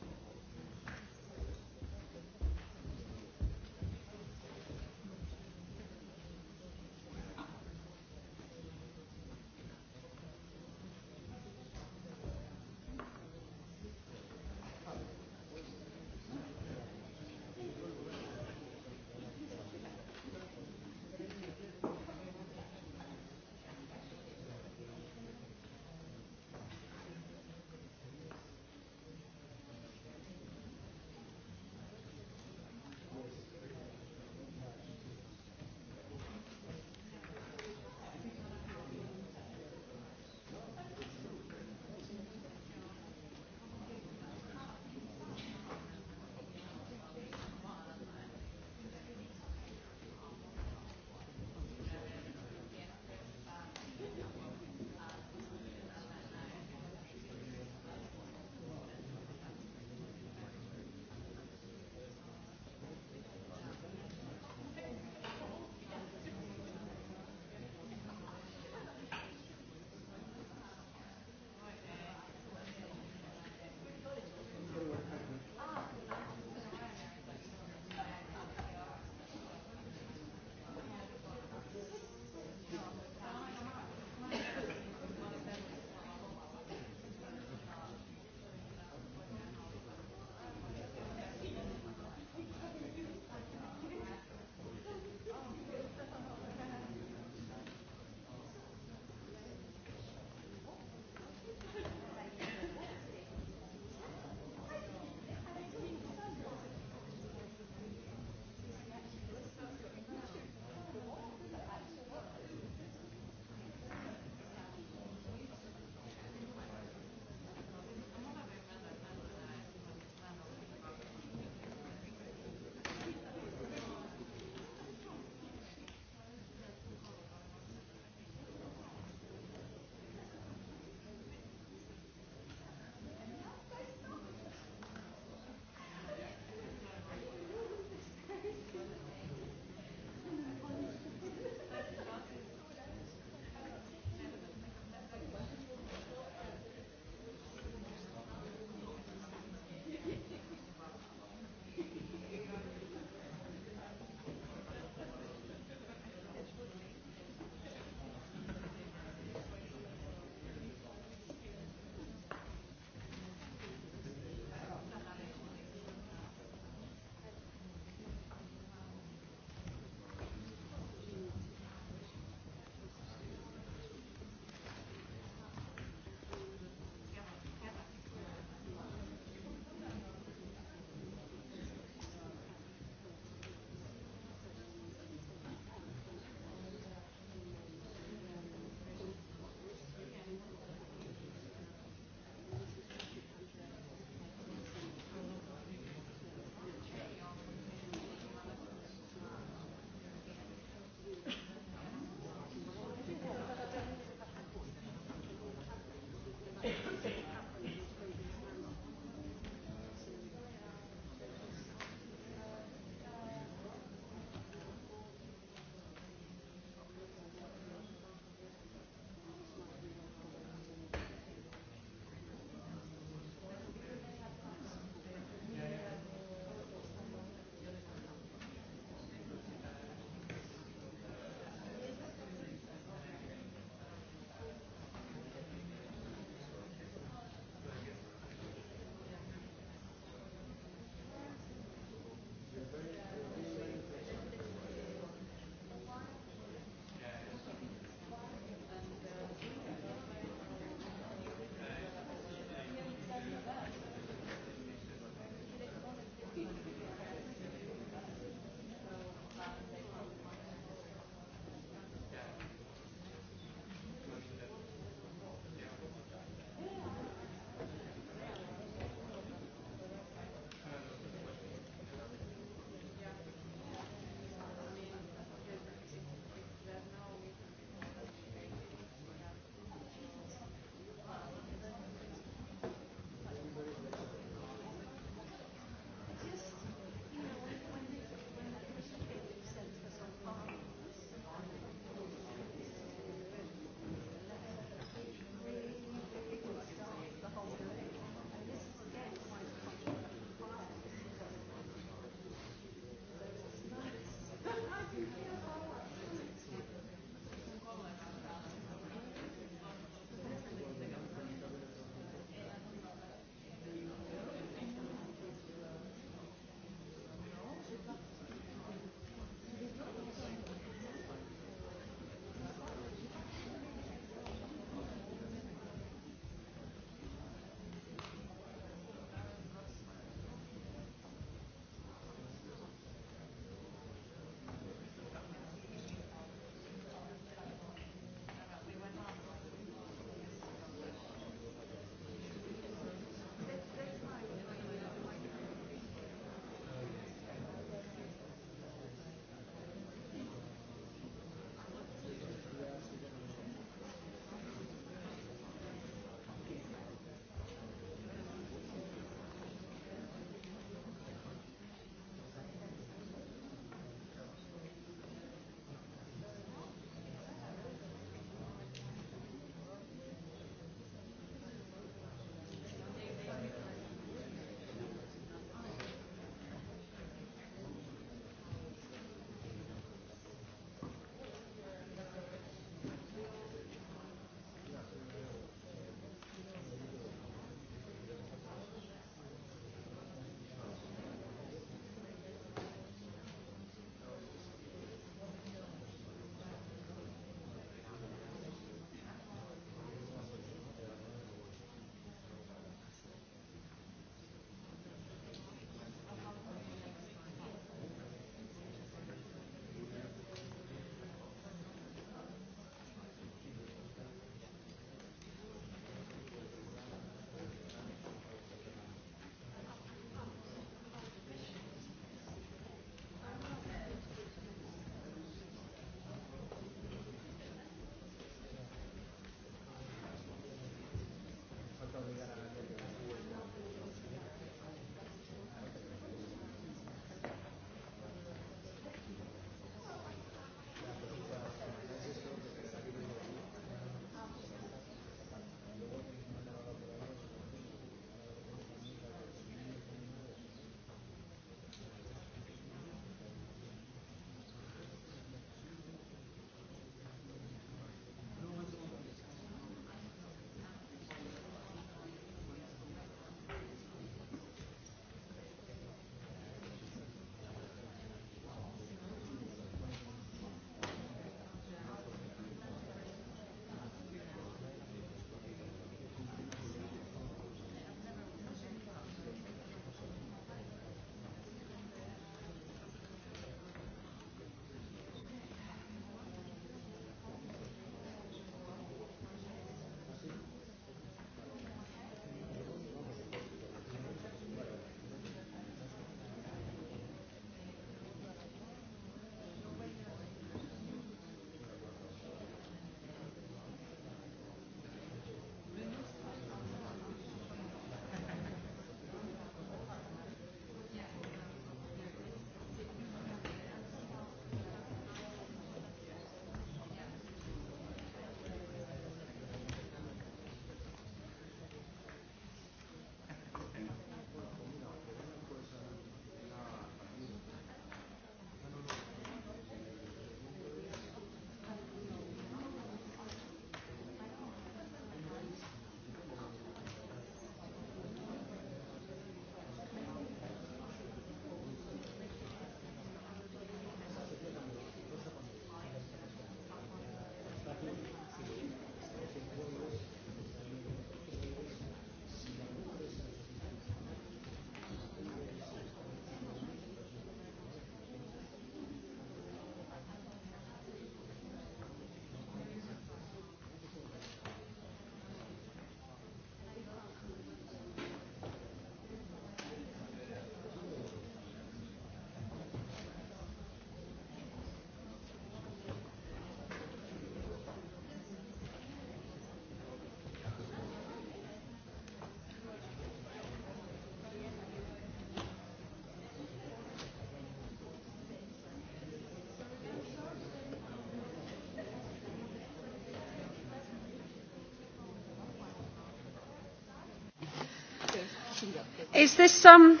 Is this um,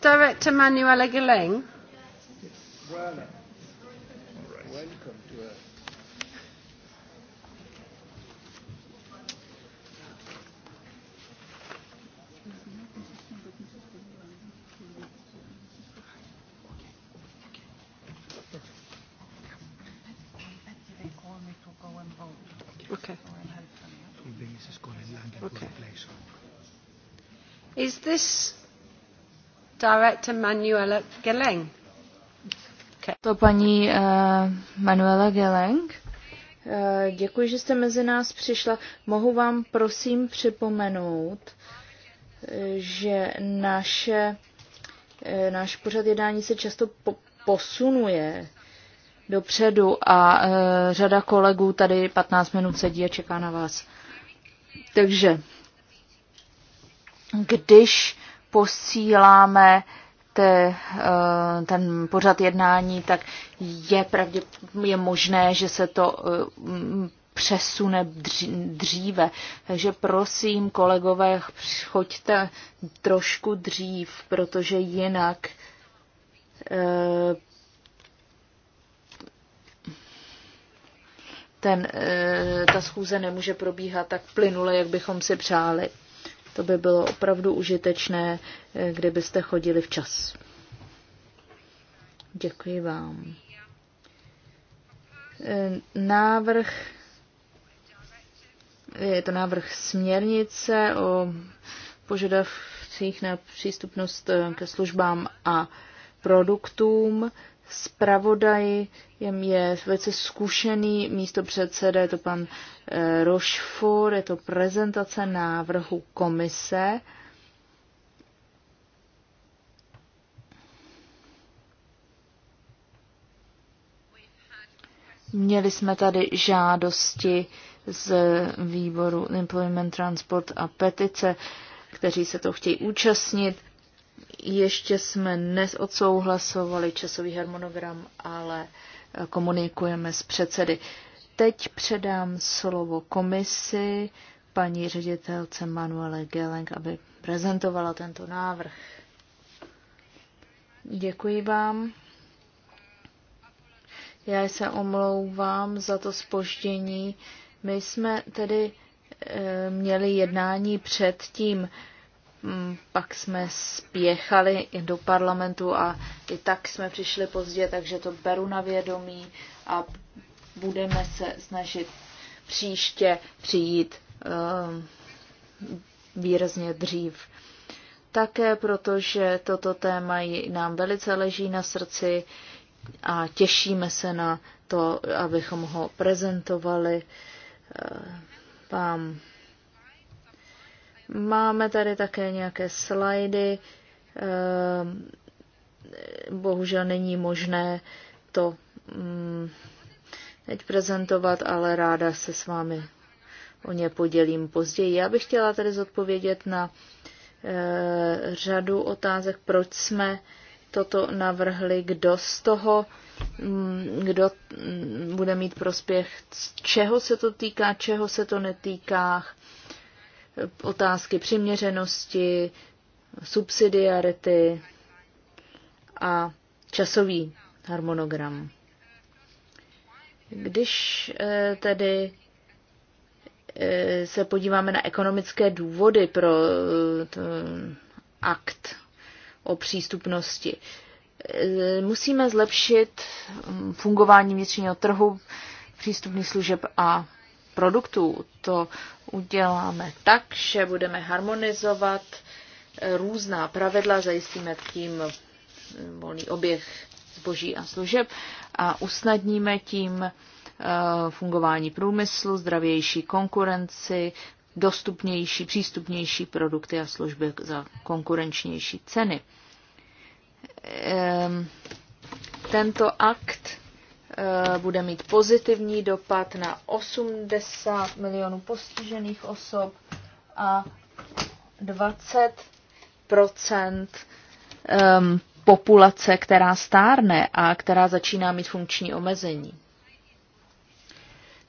Director Manuela Gilling? Yes. Well, welcome to a Is this Director Manuela Geleng? Okay. To paní uh, Manuela Geleng. Uh, děkuji, že jste mezi nás přišla. Mohu vám prosím připomenout, eh, že naše, náš pořad jednání se často po, posunuje dopředu a uh, řada kolegů tady 15 minut sedí a čeká na vás. Takže když posíláme te, eh, ten pořad jednání, tak je, pravdě, je možné, že se to eh, mm, přesune dříve. Takže prosím, kolegové, choďte trošku dřív, protože jinak eh, ten, ta schůze nemůže probíhat tak plynule, jak bychom si přáli. To by bylo opravdu užitečné, eh, kdybyste chodili včas. Děkuji vám. Eh, návrh je to návrh směrnice o požadavcích na přístupnost eh, ke službám a produktům zpravodaj je velice zkušený místo předseda, je to pan eh, Rochefort, je to prezentace návrhu komise. Měli jsme tady žádosti z výboru Employment Transport a petice, kteří se to chtějí účastnit. Ještě jsme neodsouhlasovali časový harmonogram, ale eh, komunikujeme s předsedy. Teď předám slovo komisi paní ředitelce Manuele Geleng, aby prezentovala tento návrh. Děkuji vám. Já se omlouvám za to spoždění. My jsme tedy e, měli jednání před tím Mm, pak jsme spěchali do parlamentu a i tak jsme přišli pozdě, takže to beru na vědomí a budeme se snažit příště přijít eh, výrazně dřív. Také protože toto téma nám velice leží na srdci a těšíme se na to, abychom ho prezentovali eh, vám. Máme tady také nějaké slajdy. Ehm, bohužel není možné to mm, teď prezentovat, ale ráda se s vámi o ně podělím později. Já bych chtěla tady zodpovědět na eh, řadu otázek, proč jsme toto navrhli, kdo z toho, mm, kdo mm, bude mít prospěch, čeho se to týká, čeho se to netýká, otázky přiměřenosti, subsidiarity a časový harmonogram. Když eh, tedy eh, se podíváme na ekonomické důvody pro eh, akt o přístupnosti, musíme zlepšit fungování vnitřního trhu, přístupných služeb a produktů. To uděláme tak, že budeme harmonizovat eh, různá pravidla, zajistíme tím volný oběh zboží a služeb a usnadníme tím eh, fungování průmyslu, zdravější konkurenci, dostupnější, přístupnější produkty a služby za konkurenčnější ceny. Ehm, tento akt Eh, bude mít pozitivní dopad na 80 milionů postižených osob a 20 ehm, populace, která stárne a která začíná mít funkční omezení.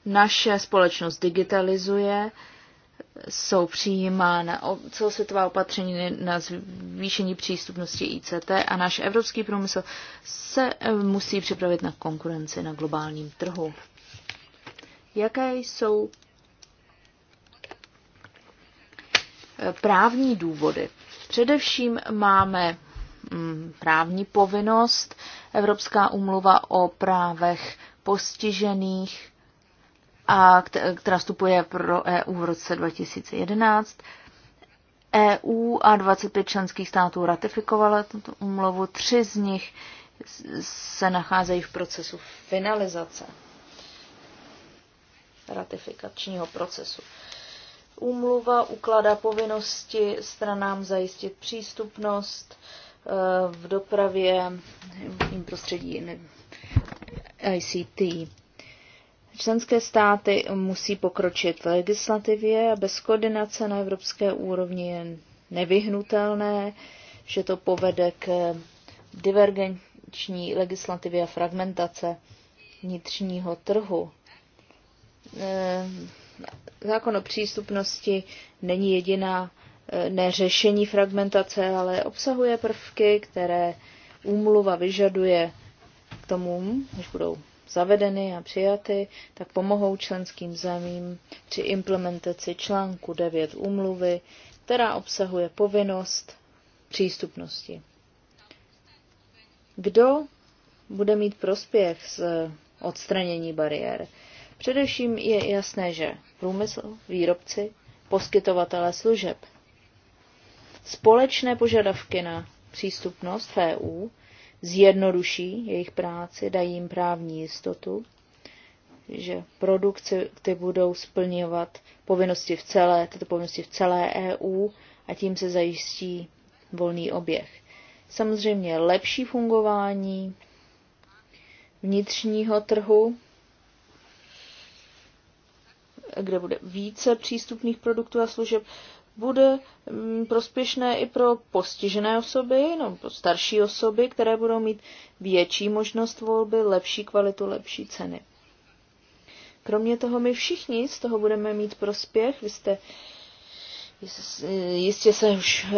Naše společnost digitalizuje, jsou přijímána celosvětová opatření na zvýšení přístupnosti ICT a náš evropský průmysl se eh, musí připravit na konkurenci na globálním trhu. Jaké jsou eh, právní důvody? Především máme mm, právní povinnost, Evropská umluva o právech postižených a která vstupuje pro EU v roce 2011. EU a 25 členských států ratifikovala tuto umluvu, tři z nich se nacházejí v procesu finalizace ratifikačního procesu. Úmluva ukládá povinnosti stranám zajistit přístupnost eh, v dopravě, v prostředí ICT. Členské státy musí pokročit v legislativě a bez koordinace na evropské úrovni je nevyhnutelné, že to povede k divergenční legislativě a fragmentace vnitřního trhu. Eh, zákon o přístupnosti není jediná eh, neřešení fragmentace, ale obsahuje prvky, které úmluva vyžaduje k tomu, než budou zavedeny a přijaty, tak pomohou členským zemím při implementaci článku 9 úmluvy, která obsahuje povinnost přístupnosti. Kdo bude mít prospěch z odstranění bariér? Především je jasné, že průmysl, výrobci, poskytovatelé služeb. Společné požadavky na přístupnost v EU zjednoduší jejich práci, dají jim právní jistotu, že produkce, které budou splňovat povinnosti v celé, tyto povinnosti v celé EU a tím se zajistí volný oběh. Samozřejmě lepší fungování vnitřního trhu, kde bude více přístupných produktů a služeb, bude mm, prospěšné i pro postižené osoby, no, pro starší osoby, které budou mít větší možnost volby, lepší kvalitu, lepší ceny. Kromě toho my všichni z toho budeme mít prospěch. Vy jste jistě se už eh,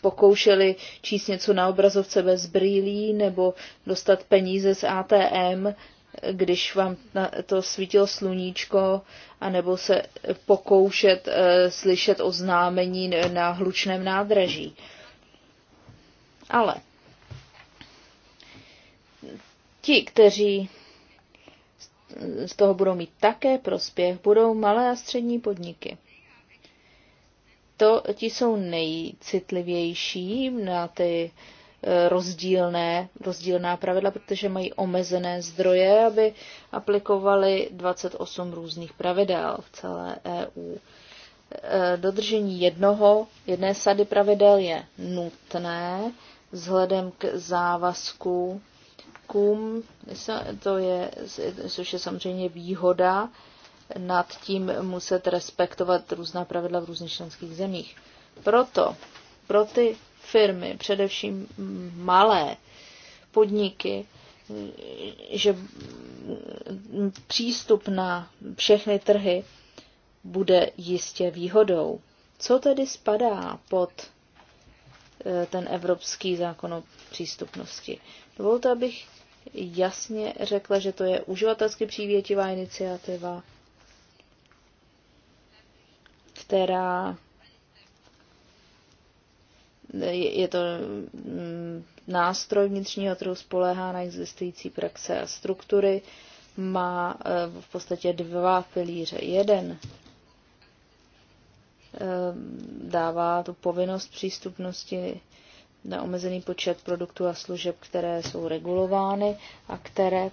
pokoušeli číst něco na obrazovce bez brýlí nebo dostat peníze z ATM když vám to svítilo sluníčko, anebo se pokoušet eh, slyšet oznámení na hlučném nádraží. Ale ti, kteří z toho budou mít také prospěch, budou malé a střední podniky. To ti jsou nejcitlivější na ty uh, Eh, rozdílné, rozdílná pravidla, protože mají omezené zdroje, aby aplikovali 28 různých pravidel v celé EU. Eh, dodržení jednoho, jedné sady pravidel je nutné vzhledem k závazku kum, to je, což je samozřejmě výhoda, nad tím muset respektovat různá pravidla v různých členských zemích. Proto pro ty firmy, především malé podniky, že přístup na všechny trhy bude jistě výhodou. Co tedy spadá pod eh, ten evropský zákon o přístupnosti? Dovolte, abych jasně řekla, že to je uživatelsky přívětivá iniciativa, která je to mm, nástroj vnitřního trhu, spolehá na existující praxe a struktury, má eh, v podstatě dva pilíře. Jeden eh, dává tu povinnost přístupnosti na omezený počet produktů a služeb, které jsou regulovány a které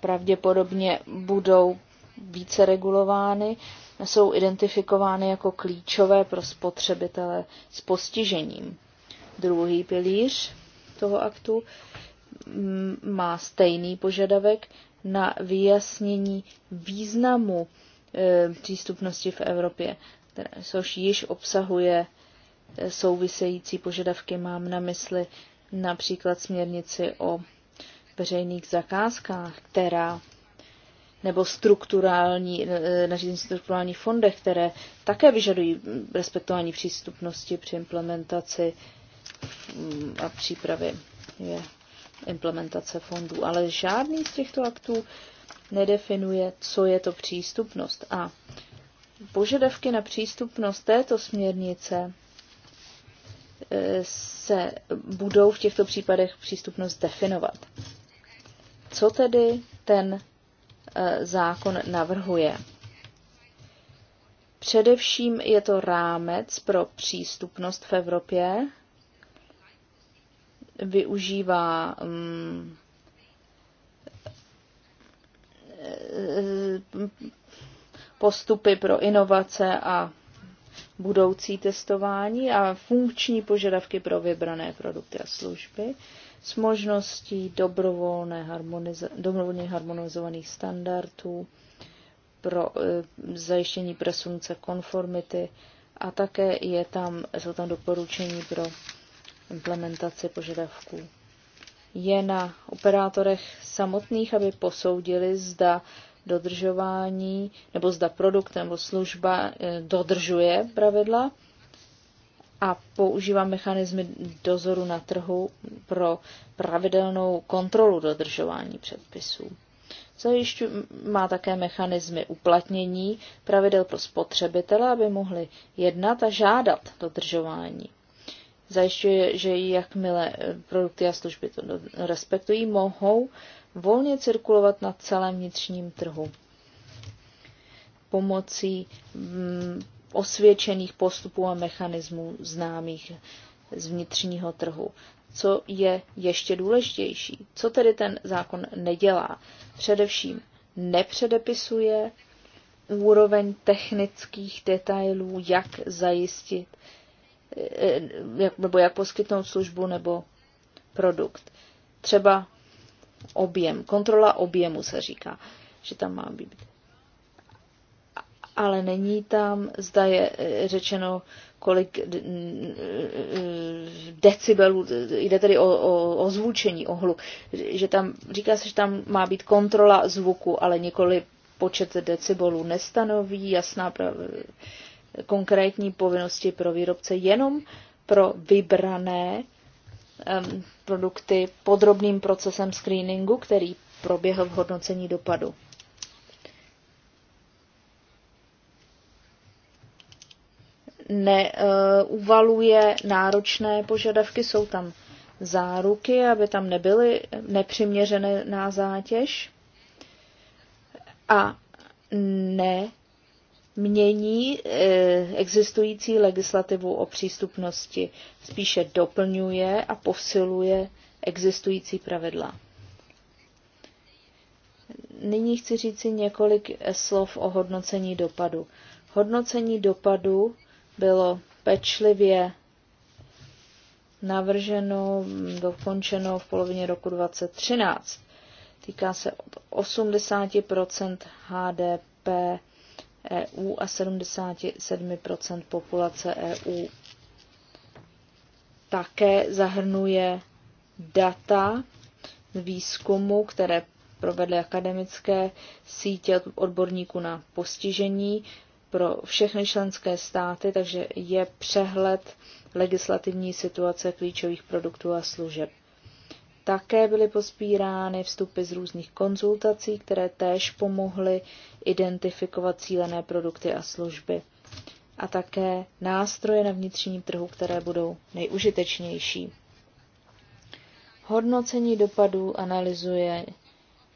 pravděpodobně budou více regulovány jsou identifikovány jako klíčové pro spotřebitele s postižením. Druhý pilíř toho aktu mm, má stejný požadavek na vyjasnění významu e, přístupnosti v Evropě, což již obsahuje e, související požadavky. Mám na mysli například směrnici o veřejných zakázkách, která nebo strukturální, eh, nařízení strukturálních fondech, které také vyžadují respektování přístupnosti při implementaci mm, a přípravě je implementace fondů. Ale žádný z těchto aktů nedefinuje, co je to přístupnost. A požadavky na přístupnost této směrnice eh, se budou v těchto případech přístupnost definovat. Co tedy ten Eh, zákon navrhuje. Především je to rámec pro přístupnost v Evropě, využívá um, postupy pro inovace a budoucí testování a funkční požadavky pro vybrané produkty a služby s možností dobrovolné harmonizo- dobrovolně harmonizovaných standardů pro e, zajištění presunce konformity a také je tam, jsou tam doporučení pro implementaci požadavků. Je na operátorech samotných, aby posoudili, zda dodržování nebo zda produkt nebo služba e, dodržuje pravidla a používá mechanismy dozoru na trhu pro pravidelnou kontrolu dodržování předpisů. Zajišťu, má také mechanismy uplatnění pravidel pro spotřebitele, aby mohli jednat a žádat dodržování. Zajišťuje, že jakmile produkty a služby to respektují, mohou volně cirkulovat na celém vnitřním trhu pomocí mm, osvědčených postupů a mechanismů známých z vnitřního trhu. Co je ještě důležitější? Co tedy ten zákon nedělá? Především nepředepisuje úroveň technických detailů, jak zajistit, eh, jak, nebo jak poskytnout službu nebo produkt. Třeba objem, kontrola objemu se říká, že tam má být ale není tam, zda je eh, řečeno, kolik eh, decibelů, jde tedy o, o, o zvučení, o hluk, že tam, říká se, že tam má být kontrola zvuku, ale nikoli počet decibelů nestanoví jasná konkrétní povinnosti pro výrobce, jenom pro vybrané um, produkty podrobným procesem screeningu, který proběhl v hodnocení dopadu. neuvaluje náročné požadavky, jsou tam záruky, aby tam nebyly nepřiměřené na zátěž a ne mění eh, existující legislativu o přístupnosti, spíše doplňuje a posiluje existující pravidla. Nyní chci říci několik slov o hodnocení dopadu. Hodnocení dopadu bylo pečlivě navrženo, dokončeno v polovině roku 2013. Týká se 80 HDP EU a 77 populace EU. Také zahrnuje data výzkumu, které provedly akademické sítě odborníků na postižení pro všechny členské státy, takže je přehled legislativní situace klíčových produktů a služeb. Také byly pospírány vstupy z různých konzultací, které též pomohly identifikovat cílené produkty a služby a také nástroje na vnitřním trhu, které budou nejužitečnější. Hodnocení dopadů analyzuje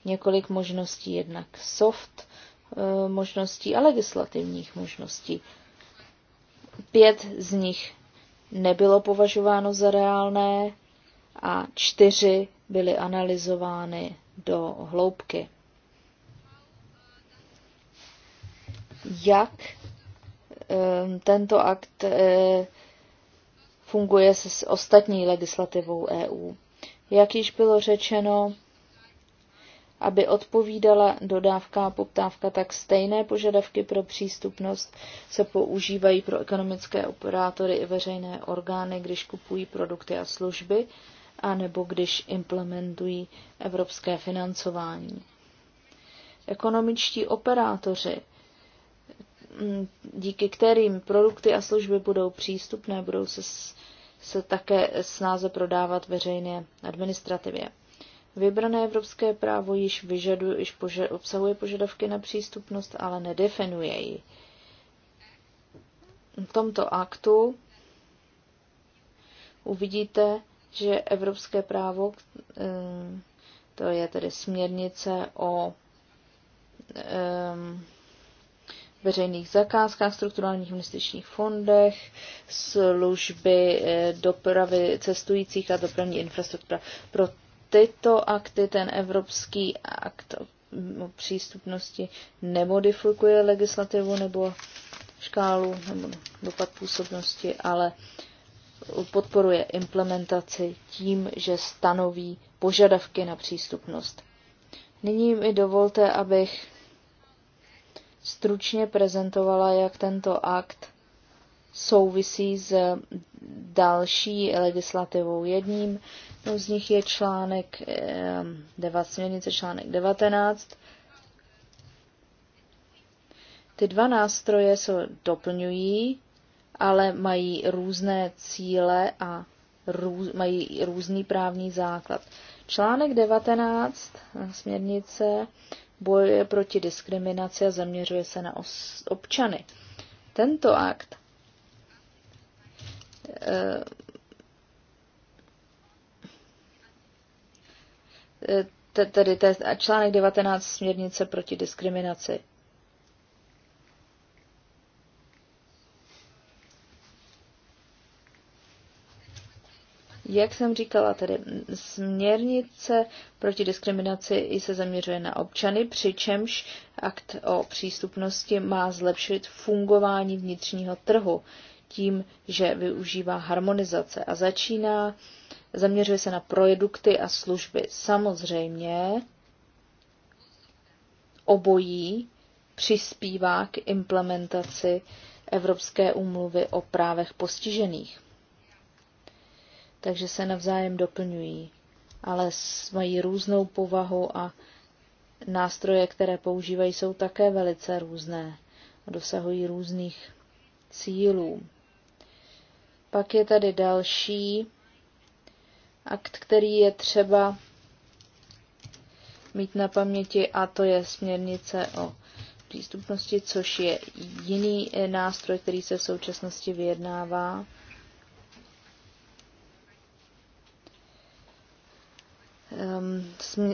několik možností, jednak soft Eh, možností a legislativních možností. Pět z nich nebylo považováno za reálné a čtyři byly analyzovány do hloubky. Jak eh, tento akt eh, funguje s ostatní legislativou EU? Jak již bylo řečeno, aby odpovídala dodávka a poptávka, tak stejné požadavky pro přístupnost se používají pro ekonomické operátory i veřejné orgány, když kupují produkty a služby a nebo když implementují evropské financování. Ekonomičtí operátoři, mm, díky kterým produkty a služby budou přístupné, budou se, se také snáze prodávat veřejné administrativě. Vybrané evropské právo již, vyžaduje, již pože, obsahuje požadavky na přístupnost, ale nedefinuje ji. V tomto aktu uvidíte, že evropské právo, ehm, to je tedy směrnice o ehm, veřejných zakázkách, strukturálních investičních fondech, služby eh, dopravy cestujících a dopravní infrastruktura. Pro tyto akty, ten evropský akt o přístupnosti nemodifikuje legislativu nebo škálu nebo dopad působnosti, ale podporuje implementaci tím, že stanoví požadavky na přístupnost. Nyní mi dovolte, abych stručně prezentovala, jak tento akt souvisí s další legislativou. Jedním z nich je článek 19, eh, směrnice článek 19. Ty dva nástroje se doplňují, ale mají různé cíle a růz, mají různý právní základ. Článek 19 směrnice boje proti diskriminaci a zaměřuje se na os, občany. Tento akt Eh, tedy to je článek 19 směrnice proti diskriminaci. Jak jsem říkala, tedy směrnice proti diskriminaci i se zaměřuje na občany, přičemž akt o přístupnosti má zlepšit fungování vnitřního trhu tím, že využívá harmonizace a začíná, zaměřuje se na produkty a služby. Samozřejmě obojí přispívá k implementaci Evropské úmluvy o právech postižených. Takže se navzájem doplňují, ale mají různou povahu a nástroje, které používají, jsou také velice různé a dosahují různých cílů. Pak je tady další akt, který je třeba mít na paměti, a to je směrnice o přístupnosti, což je jiný eh, nástroj, který se v současnosti vyjednává Ehm,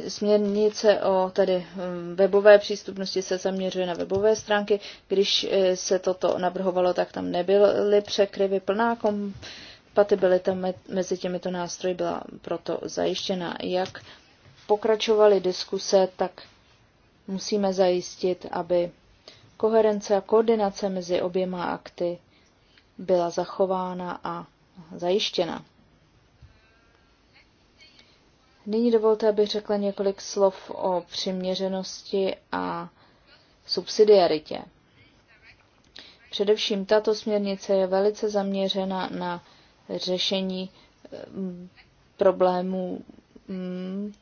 směrnice o tedy ehm, webové přístupnosti se zaměřuje na webové stránky. Když eh, se toto navrhovalo, tak tam nebyly překryvy. Plná kompatibilita mezi těmito nástroji byla proto zajištěna. Jak pokračovaly diskuse, tak musíme zajistit, aby koherence a koordinace mezi oběma akty byla zachována a zajištěna. Nyní dovolte, abych řekla několik slov o přiměřenosti a subsidiaritě. Především tato směrnice je velice zaměřena na řešení mm, problémů mm,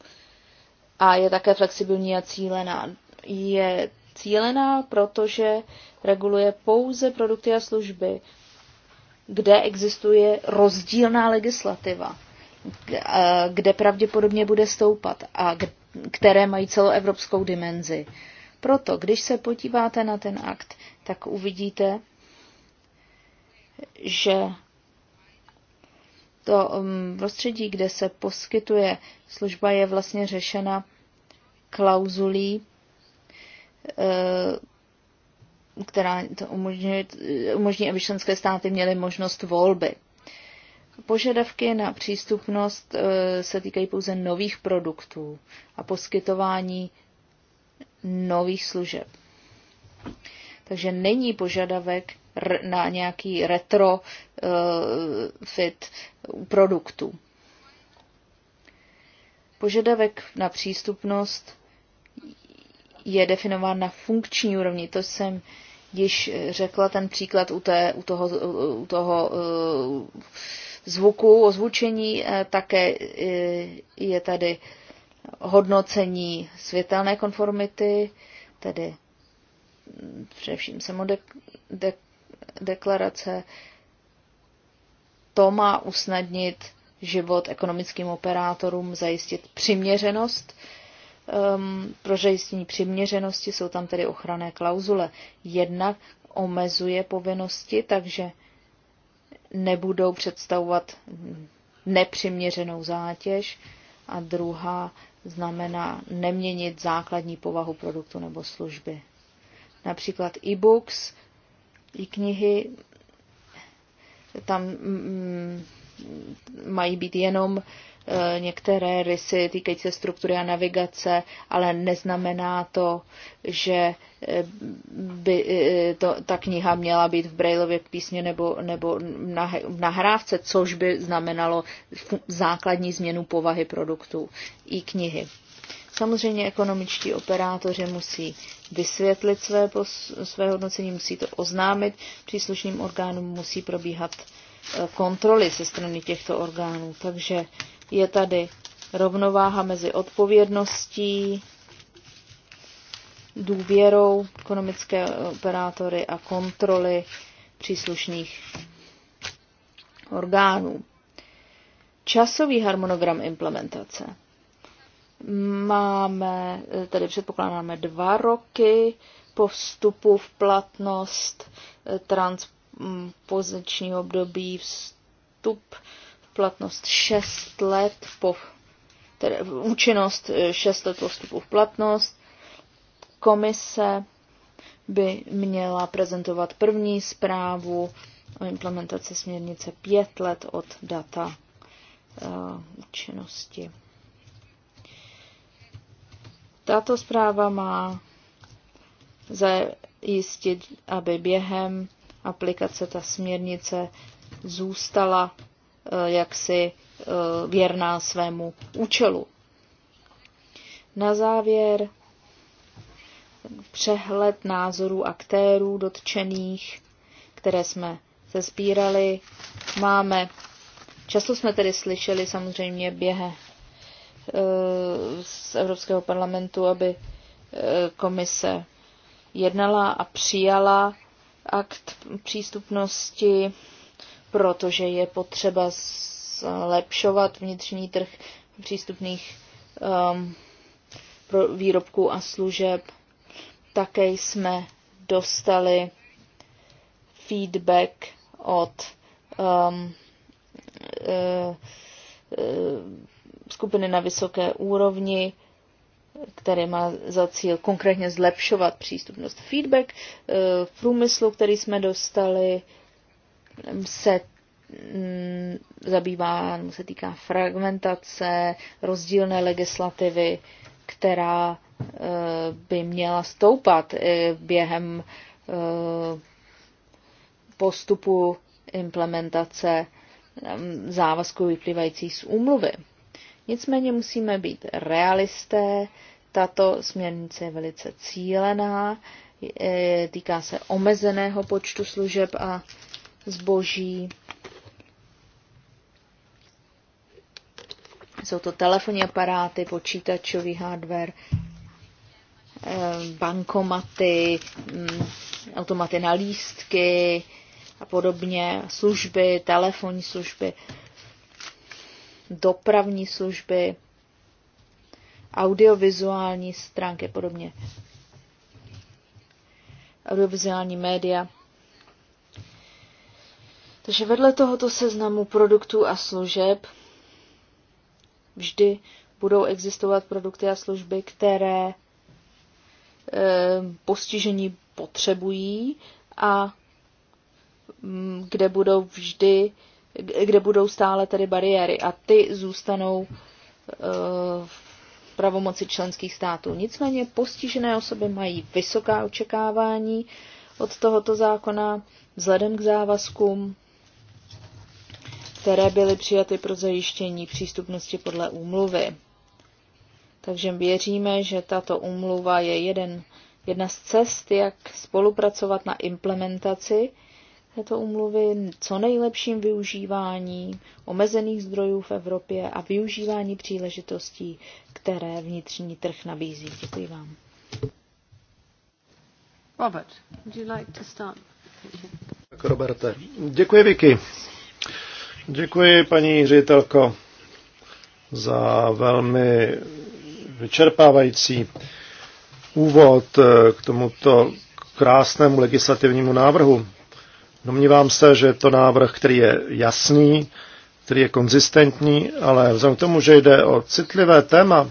a je také flexibilní a cílená. Je cílená, protože reguluje pouze produkty a služby, kde existuje rozdílná legislativa kde pravděpodobně bude stoupat a které mají celoevropskou dimenzi. Proto, když se podíváte na ten akt, tak uvidíte, že to um, prostředí, kde se poskytuje služba, je vlastně řešena klauzulí, eh, která to umožňuje, umožní, aby členské státy měly možnost volby. Požadavky na přístupnost e, se týkají pouze nových produktů a poskytování nových služeb. Takže není požadavek na nějaký retro e, fit produktů. Požadavek na přístupnost je definován na funkční úrovni. To jsem již řekla ten příklad u, té, u toho, u toho e, zvuku, ozvučení, eh, také eh, je tady hodnocení světelné konformity, tedy především samodeklarace. To má usnadnit život ekonomickým operátorům, zajistit přiměřenost. Um, pro zajištění přiměřenosti jsou tam tedy ochranné klauzule. Jednak omezuje povinnosti, takže nebudou představovat nepřiměřenou zátěž a druhá znamená neměnit základní povahu produktu nebo služby. Například e-books, e knihy, tam mm, mm, mají být jenom Eh, některé rysy týkající se struktury a navigace, ale neznamená to, že eh, by eh, to, ta kniha měla být v Braillově písně nebo, nebo v nahrávce, což by znamenalo základní změnu povahy produktů i knihy. Samozřejmě ekonomičtí operátoři musí vysvětlit své, své hodnocení, musí to oznámit příslušným orgánům, musí probíhat kontroly ze strany těchto orgánů. Takže je tady rovnováha mezi odpovědností, důvěrou ekonomické operátory a kontroly příslušných orgánů. Časový harmonogram implementace. Máme, tedy předpokládáme dva roky po vstupu v platnost transpozičního období vstup platnost 6 let po tedy účinnost 6 eh, let postupu v platnost. Komise by měla prezentovat první zprávu o implementaci směrnice 5 let od data uh, účinnosti. Tato zpráva má zajistit, aby během aplikace ta směrnice zůstala Eh, jaksi eh, věrná svému účelu. Na závěr přehled názorů aktérů dotčených, které jsme sezbírali. Máme, často jsme tedy slyšeli samozřejmě běhe eh, z Evropského parlamentu, aby komise jednala a přijala akt přístupnosti protože je potřeba zlepšovat vnitřní trh přístupných um, pro výrobků a služeb. Také jsme dostali feedback od um, uh, uh, skupiny na vysoké úrovni, které má za cíl konkrétně zlepšovat přístupnost. Feedback uh, v průmyslu, který jsme dostali, se mm, zabývá, se týká fragmentace, rozdílné legislativy, která eh, by měla stoupat eh, během eh, postupu implementace mm, závazků vyplývajících z úmluvy. Nicméně musíme být realisté, tato směrnice je velice cílená, týká se omezeného počtu služeb a zboží. Jsou to telefonní aparáty, počítačový hardware, eh, bankomaty, mm, automaty na lístky a podobně, služby, telefonní služby, dopravní služby, audiovizuální stránky a podobně. Audiovizuální média takže vedle tohoto seznamu produktů a služeb vždy budou existovat produkty a služby, které e, postižení potřebují a mm, kde budou vždy, kde budou stále tedy bariéry a ty zůstanou eh, v pravomoci členských států. Nicméně postižené osoby mají vysoká očekávání od tohoto zákona vzhledem k závazkům které byly přijaty pro zajištění přístupnosti podle úmluvy. Takže věříme, že tato úmluva je jeden, jedna z cest, jak spolupracovat na implementaci této úmluvy, co nejlepším využívání omezených zdrojů v Evropě a využívání příležitostí, které vnitřní trh nabízí. Děkuji vám. Robert, would you like to start? Tak Roberte, děkuji Vicky. Děkuji, paní ředitelko, za velmi vyčerpávající úvod eh, k tomuto krásnému legislativnímu návrhu. Domnívám se, že je to návrh, který je jasný, který je konzistentní, ale vzhledem k tomu, že jde o citlivé téma,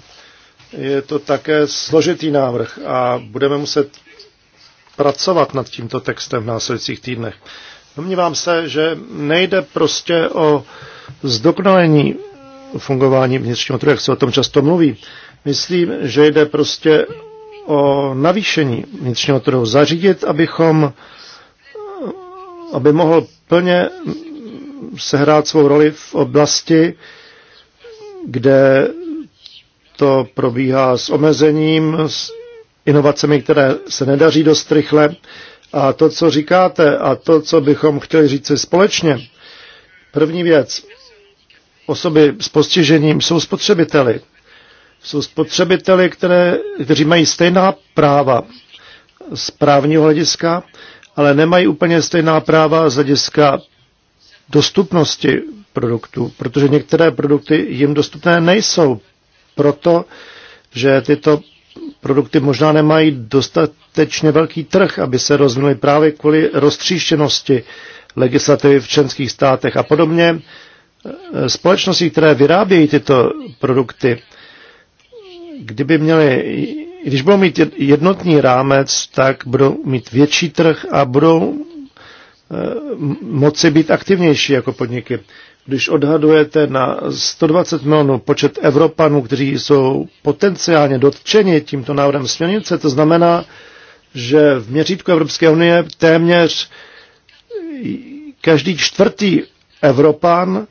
je to také složitý návrh a budeme muset pracovat nad tímto textem v následujících týdnech. Domnívám se, že nejde prostě o zdokonalení fungování vnitřního trhu, jak se o tom často mluví. Myslím, že jde prostě o navýšení vnitřního trhu, zařídit, abychom, aby mohl plně sehrát svou roli v oblasti, kde to probíhá s omezením, s inovacemi, které se nedaří dost rychle a to, co říkáte a to, co bychom chtěli říct společně. První věc. Osoby s postižením jsou spotřebiteli. Jsou spotřebiteli, které, kteří mají stejná práva z právního hlediska, ale nemají úplně stejná práva z hlediska dostupnosti produktů, protože některé produkty jim dostupné nejsou, proto, že tyto produkty možná nemají dostatečně velký trh, aby se rozvinuly právě kvůli roztříštěnosti legislativy v členských státech a podobně. Společnosti, které vyrábějí tyto produkty, kdyby měly, když budou mít jednotný rámec, tak budou mít větší trh a budou eh, moci být aktivnější jako podniky když odhadujete na 120 milionů počet Evropanů, kteří jsou potenciálně dotčeni tímto návrhem směrnice, to znamená, že v měřítku Evropské unie téměř každý čtvrtý Evropan,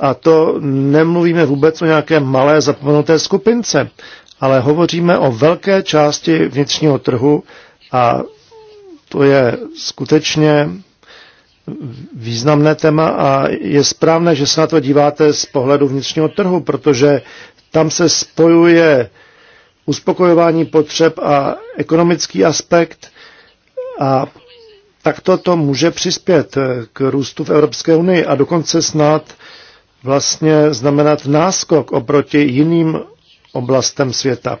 a to nemluvíme vůbec o nějaké malé zapomenuté skupince, ale hovoříme o velké části vnitřního trhu a to je skutečně významné téma a je správné, že se na to díváte z pohledu vnitřního trhu, protože tam se spojuje uspokojování potřeb a ekonomický aspekt a takto to může přispět k růstu v Evropské unii a dokonce snad vlastně znamenat náskok oproti jiným oblastem světa.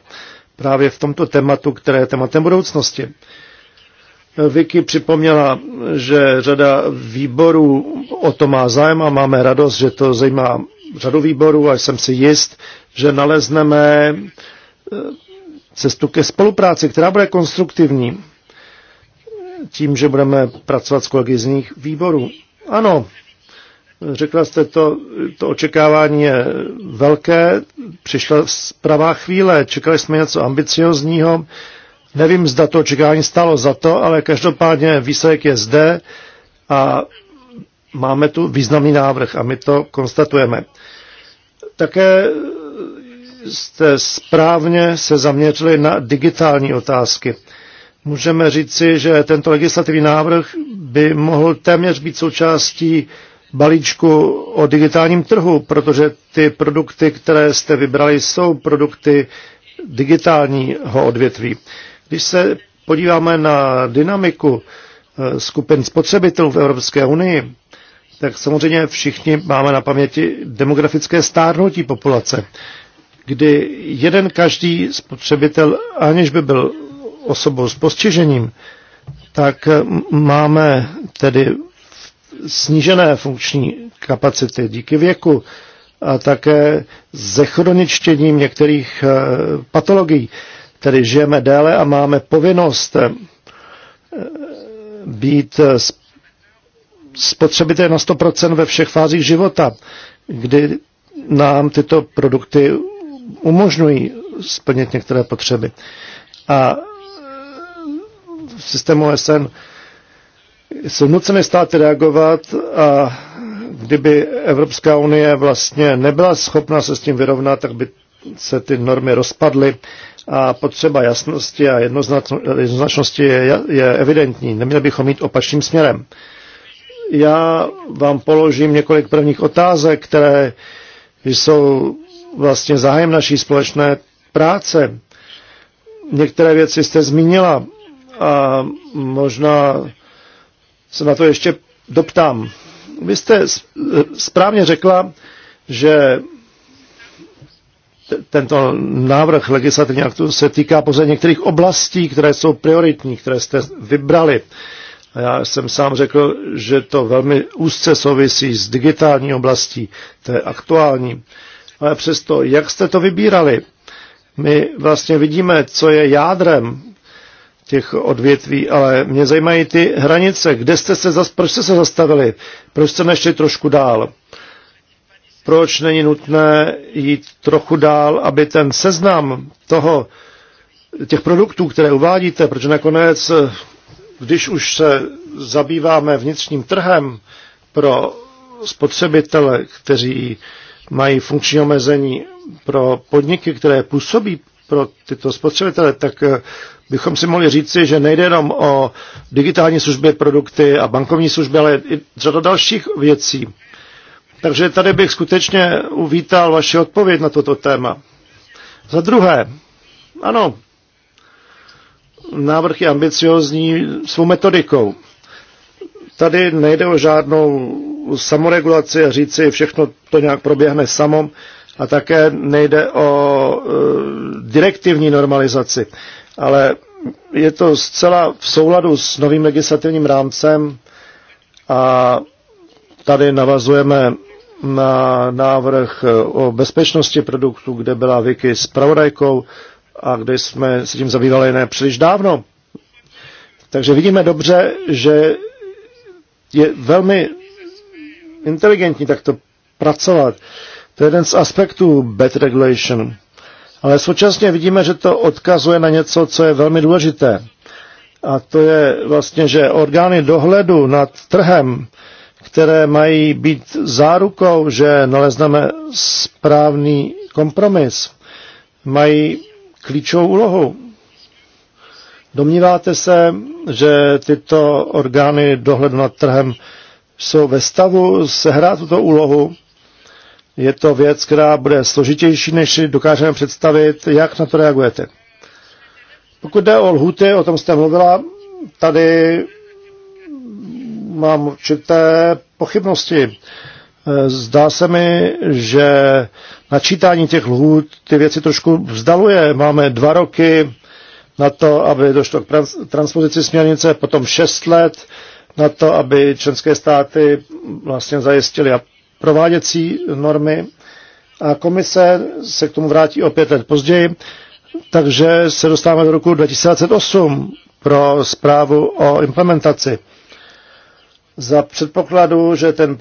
Právě v tomto tématu, které je tématem budoucnosti. Vicky připomněla, že řada výborů o to má zájem a máme radost, že to zajímá řadu výborů a jsem si jist, že nalezneme eh, cestu ke spolupráci, která bude konstruktivní tím, že budeme pracovat s kolegy z nich výborů. Ano, řekla jste to, to očekávání je velké, přišla pravá chvíle, čekali jsme něco ambiciozního, Nevím, zda to očekávání stalo za to, ale každopádně výsledek je zde a máme tu významný návrh a my to konstatujeme. Také jste správně se zaměřili na digitální otázky. Můžeme říci, že tento legislativní návrh by mohl téměř být součástí balíčku o digitálním trhu, protože ty produkty, které jste vybrali, jsou produkty digitálního odvětví. Když se podíváme na dynamiku eh, skupin spotřebitelů v Evropské unii, tak samozřejmě všichni máme na paměti demografické stárnutí populace, kdy jeden každý spotřebitel, aniž by byl osobou s postižením, tak eh, máme tedy snížené funkční kapacity díky věku a také zechroničtěním některých eh, patologií tedy žijeme déle a máme povinnost eh, být eh, spotřebité na 100% ve všech fázích života, kdy nám tyto produkty umožňují splnit některé potřeby. A eh, v systému SN jsou nuceny státy reagovat a kdyby Evropská unie vlastně nebyla schopna se s tím vyrovnat, tak by se ty normy rozpadly a potřeba jasnosti a jednoznačnosti je, je evidentní. Neměli bychom jít opačným směrem. Já vám položím několik prvních otázek, které jsou vlastně zájem naší společné práce. Některé věci jste zmínila a možná se na to ještě doptám. Vy jste správně řekla, že tento návrh legislativního aktu se týká pouze některých oblastí, které jsou prioritní, které jste vybrali. A já jsem sám řekl, že to velmi úzce souvisí s digitální oblastí, to je aktuální. Ale přesto, jak jste to vybírali? My vlastně vidíme, co je jádrem těch odvětví, ale mě zajímají ty hranice. Kde jste se, proč jste se zastavili? Proč jste nešli trošku dál? proč není nutné jít trochu dál, aby ten seznam toho, těch produktů, které uvádíte, protože nakonec, když už se zabýváme vnitřním trhem pro spotřebitele, kteří mají funkční omezení pro podniky, které působí pro tyto spotřebitele, tak eh, bychom si mohli říci, že nejde jenom o digitální služby, produkty a bankovní služby, ale i řada dalších věcí. Takže tady bych skutečně uvítal vaši odpověď na toto téma. Za druhé, ano, návrh je ambiciozní svou metodikou. Tady nejde o žádnou samoregulaci a říci, všechno to nějak proběhne samom. a také nejde o e, direktivní normalizaci, ale je to zcela v souladu s novým legislativním rámcem a tady navazujeme na návrh eh, o bezpečnosti produktu, kde byla Vicky s pravodajkou a kde jsme se tím zabývali ne příliš dávno. Takže vidíme dobře, že je velmi inteligentní takto pracovat. To je jeden z aspektů bad regulation. Ale současně vidíme, že to odkazuje na něco, co je velmi důležité. A to je vlastně, že orgány dohledu nad trhem které mají být zárukou, že nalezneme správný kompromis, mají klíčovou úlohu. Domníváte se, že tyto orgány dohledu nad trhem jsou ve stavu sehrát tuto úlohu? Je to věc, která bude složitější, než si dokážeme představit. Jak na to reagujete? Pokud jde o lhuty, o tom jste mluvila, tady mám určité pochybnosti. E, zdá se mi, že načítání těch lhůt ty věci trošku vzdaluje. Máme dva roky na to, aby došlo k transpozici směrnice, potom šest let na to, aby členské státy vlastně zajistily prováděcí normy a komise se k tomu vrátí o pět let později, takže se dostáváme do roku 2008 pro zprávu o implementaci za předpokladu, že ten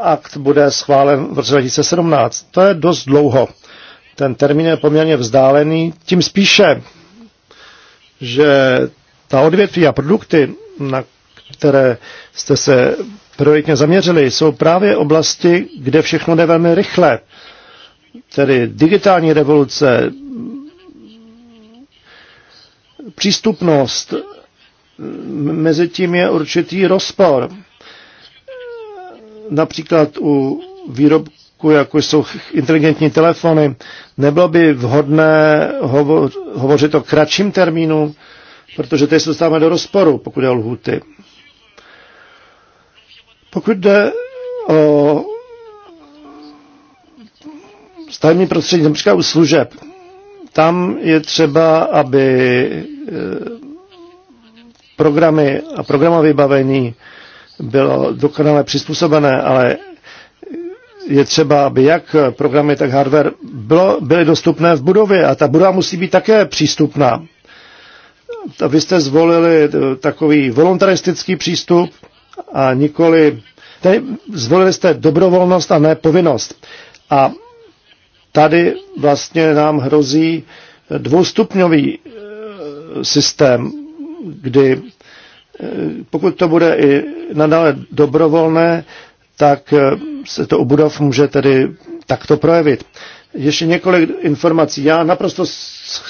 akt bude schválen v roce 2017. To je dost dlouho. Ten termín je poměrně vzdálený, tím spíše, že ta odvětví a produkty, na které jste se prioritně zaměřili, jsou právě oblasti, kde všechno jde velmi rychle. Tedy digitální revoluce, přístupnost mezi tím je určitý rozpor. Například u výrobku, jako jsou inteligentní telefony, nebylo by vhodné hovořit o kratším termínu, protože teď se dostáváme do rozporu, pokud je o lhuty. Pokud jde o stavební prostředí, například u služeb, tam je třeba, aby eh, programy a programové vybavení bylo dokonale přizpůsobené, ale je třeba, aby jak programy, tak hardware bylo, byly dostupné v budově a ta budova musí být také přístupná. A vy jste zvolili takový voluntaristický přístup a nikoli... Tady zvolili jste dobrovolnost a ne povinnost. A tady vlastně nám hrozí dvoustupňový eh, systém, kdy Eh, pokud to bude i nadále dobrovolné, tak eh, se to u budov může tedy takto projevit. Ještě několik informací. Já naprosto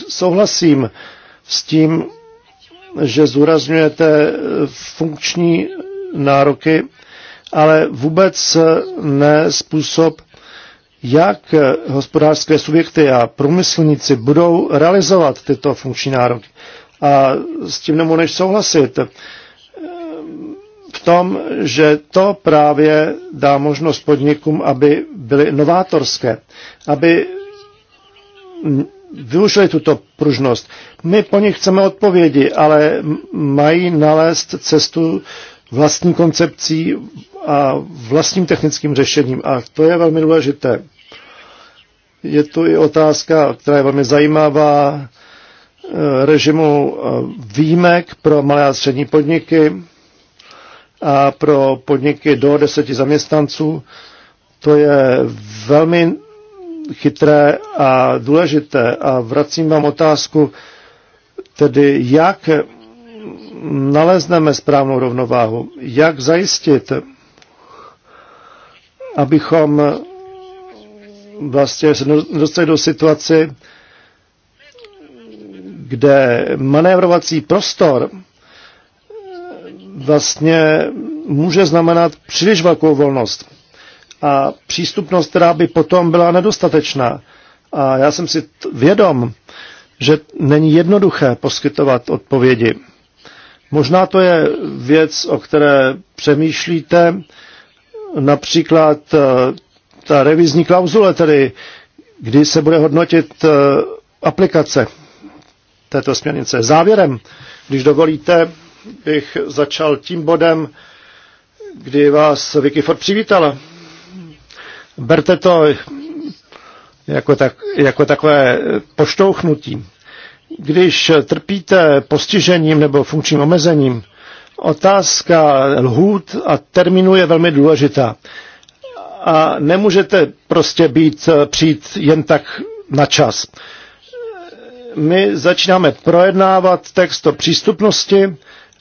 souhlasím s tím, že zúrazňujete eh, funkční nároky, ale vůbec ne způsob, jak hospodářské subjekty a průmyslníci budou realizovat tyto funkční nároky a s tím nemůžu než souhlasit. V tom, že to právě dá možnost podnikům, aby byly novátorské, aby využili tuto pružnost. My po nich chceme odpovědi, ale mají nalézt cestu vlastní koncepcí a vlastním technickým řešením. A to je velmi důležité. Je tu i otázka, která je velmi zajímavá, Eh, režimu eh, výjimek pro malé a střední podniky a pro podniky do deseti zaměstnanců. To je velmi chytré a důležité. A vracím vám otázku, tedy jak nalezneme správnou rovnováhu, jak zajistit, abychom vlastně se dostali do situaci, kde manévrovací prostor eh, vlastně může znamenat příliš velkou volnost a přístupnost, která by potom byla nedostatečná. A já jsem si vědom, že není jednoduché poskytovat odpovědi. Možná to je věc, o které přemýšlíte, například eh, ta revizní klauzule, tedy kdy se bude hodnotit eh, aplikace této směrnice. Závěrem, když dovolíte, bych začal tím bodem, kdy vás Vicky Ford přivítala. Berte to jako, tak, jako takové poštouchnutí. Když trpíte postižením nebo funkčním omezením, otázka lhůt a termínu je velmi důležitá. A nemůžete prostě být, přijít jen tak na čas my začínáme projednávat text o přístupnosti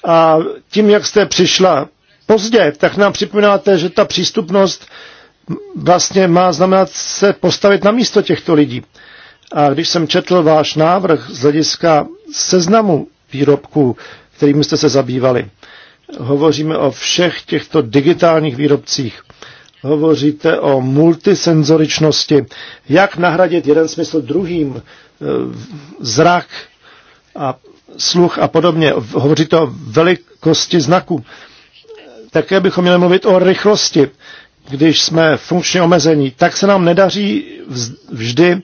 a tím, jak jste přišla pozdě, tak nám připomínáte, že ta přístupnost vlastně má znamenat se postavit na místo těchto lidí. A když jsem četl váš návrh z hlediska seznamu výrobků, kterými jste se zabývali, hovoříme o všech těchto digitálních výrobcích. Hovoříte o multisenzoričnosti, jak nahradit jeden smysl druhým, Eh, zrak a sluch a podobně. Hovoří to o velikosti znaku. Také bychom měli mluvit o rychlosti. Když jsme funkčně omezení, tak se nám nedaří vždy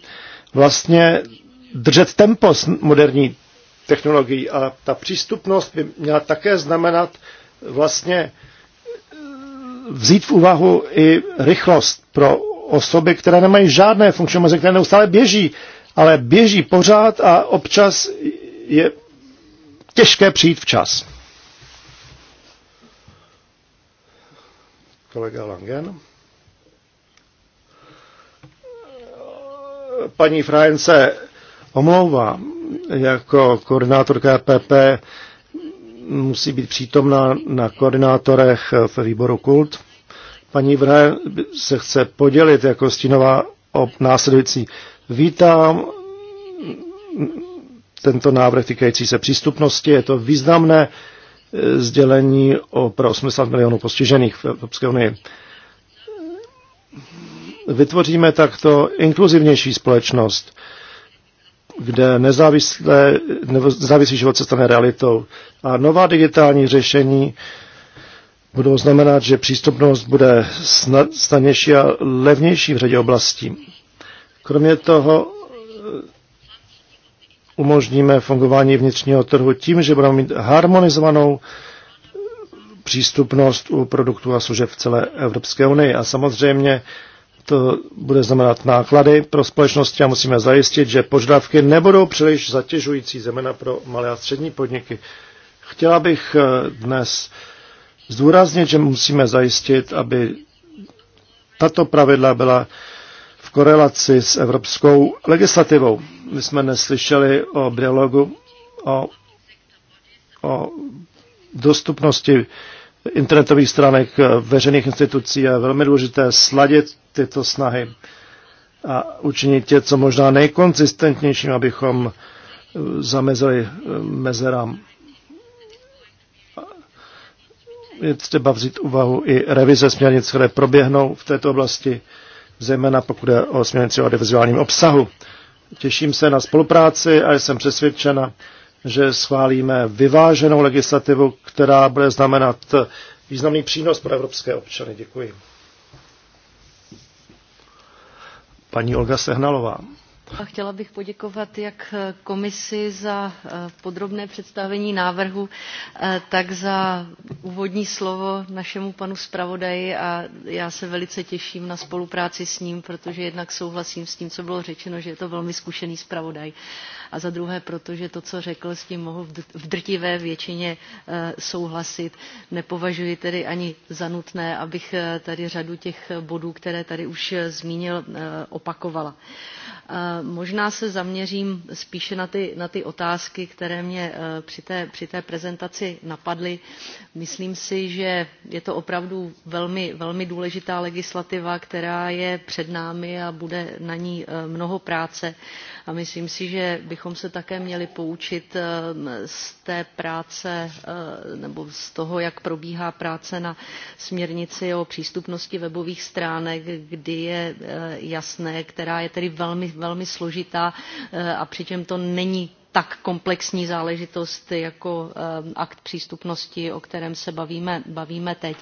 vlastně držet tempo s moderní technologií. A ta přístupnost by měla také znamenat vlastně eh, vzít v úvahu i rychlost pro osoby, které nemají žádné funkční omezení, které neustále běží, ale běží pořád a občas je těžké přijít včas. Kolega Langen. Paní Frajen se omlouvá jako koordinátorka PP e musí být přítomná na koordinátorech ve výboru Kult. Paní Vrhe se chce podělit jako stínová o následující. Vítám tento návrh týkající se přístupnosti. Je to významné eh, sdělení o, pro 80 milionů postižených v Evropské unii. Vytvoříme takto inkluzivnější společnost, kde nezávislé, nezávislý život se stane realitou. A nová digitální řešení budou znamenat, že přístupnost bude snadnější a levnější v řadě oblastí. Kromě toho eh, umožníme fungování vnitřního trhu tím, že budeme mít harmonizovanou eh, přístupnost u produktů a služeb v celé Evropské unii. A samozřejmě to bude znamenat náklady pro společnosti a musíme zajistit, že požadavky nebudou příliš zatěžující, zejména pro malé a střední podniky. Chtěla bych eh, dnes zdůraznit, že musíme zajistit, aby tato pravidla byla korelaci s evropskou legislativou. My jsme neslyšeli o dialogu o, o dostupnosti internetových stránek eh, veřejných institucí a velmi důležité sladit tyto snahy a učinit je co možná nejkonzistentnějším, abychom eh, zamezili eh, mezerám. Je třeba vzít úvahu i revize směrnic, které proběhnou v této oblasti zejména pokud je o směrnici o audiovizuálním obsahu. Těším se na spolupráci a jsem přesvědčena, že schválíme vyváženou legislativu, která bude znamenat významný přínos pro evropské občany. Děkuji. Paní Olga Sehnalová. A chtěla bych poděkovat jak eh, komisi za eh, podrobné představení návrhu, eh, tak za úvodní slovo našemu panu zpravodaji a já se velice těším na spolupráci s ním, protože jednak souhlasím s tím, co bylo řečeno, že je to velmi zkušený zpravodaj a za druhé proto, že to, co řekl, s tím mohu v drtivé většině eh, souhlasit. Nepovažuji tedy ani za nutné, abych eh, tady řadu těch bodů, které tady už eh, zmínil, opakovala. Možná se zaměřím spíše na ty, na ty otázky, které mě při té, při té prezentaci napadly. Myslím si, že je to opravdu velmi, velmi důležitá legislativa, která je před námi a bude na ní mnoho práce a myslím si, že bychom se také měli poučit eh, z té práce eh, nebo z toho, jak probíhá práce na směrnici o přístupnosti webových stránek, kdy je eh, jasné, která je tedy velmi, velmi složitá a přičem to není tak komplexní záležitost jako akt přístupnosti, o kterém se bavíme, bavíme teď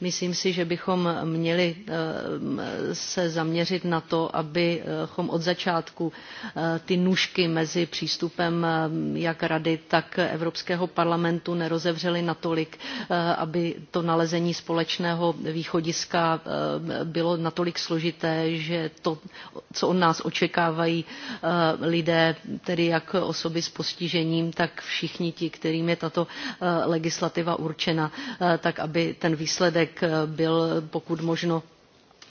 myslím si, že bychom měli eh, se zaměřit na to, abychom od začátku eh, ty nůžky mezi přístupem eh, jak Rady, tak Evropského parlamentu nerozevřeli natolik, aby to nalezení společného východiska bylo natolik složité, že to, co od nás očekávají lidé, tedy jak osoby s postižením, tak všichni ti, kterým je tato legislativa určena, tak aby ten výsledek výsledek eh, byl pokud možno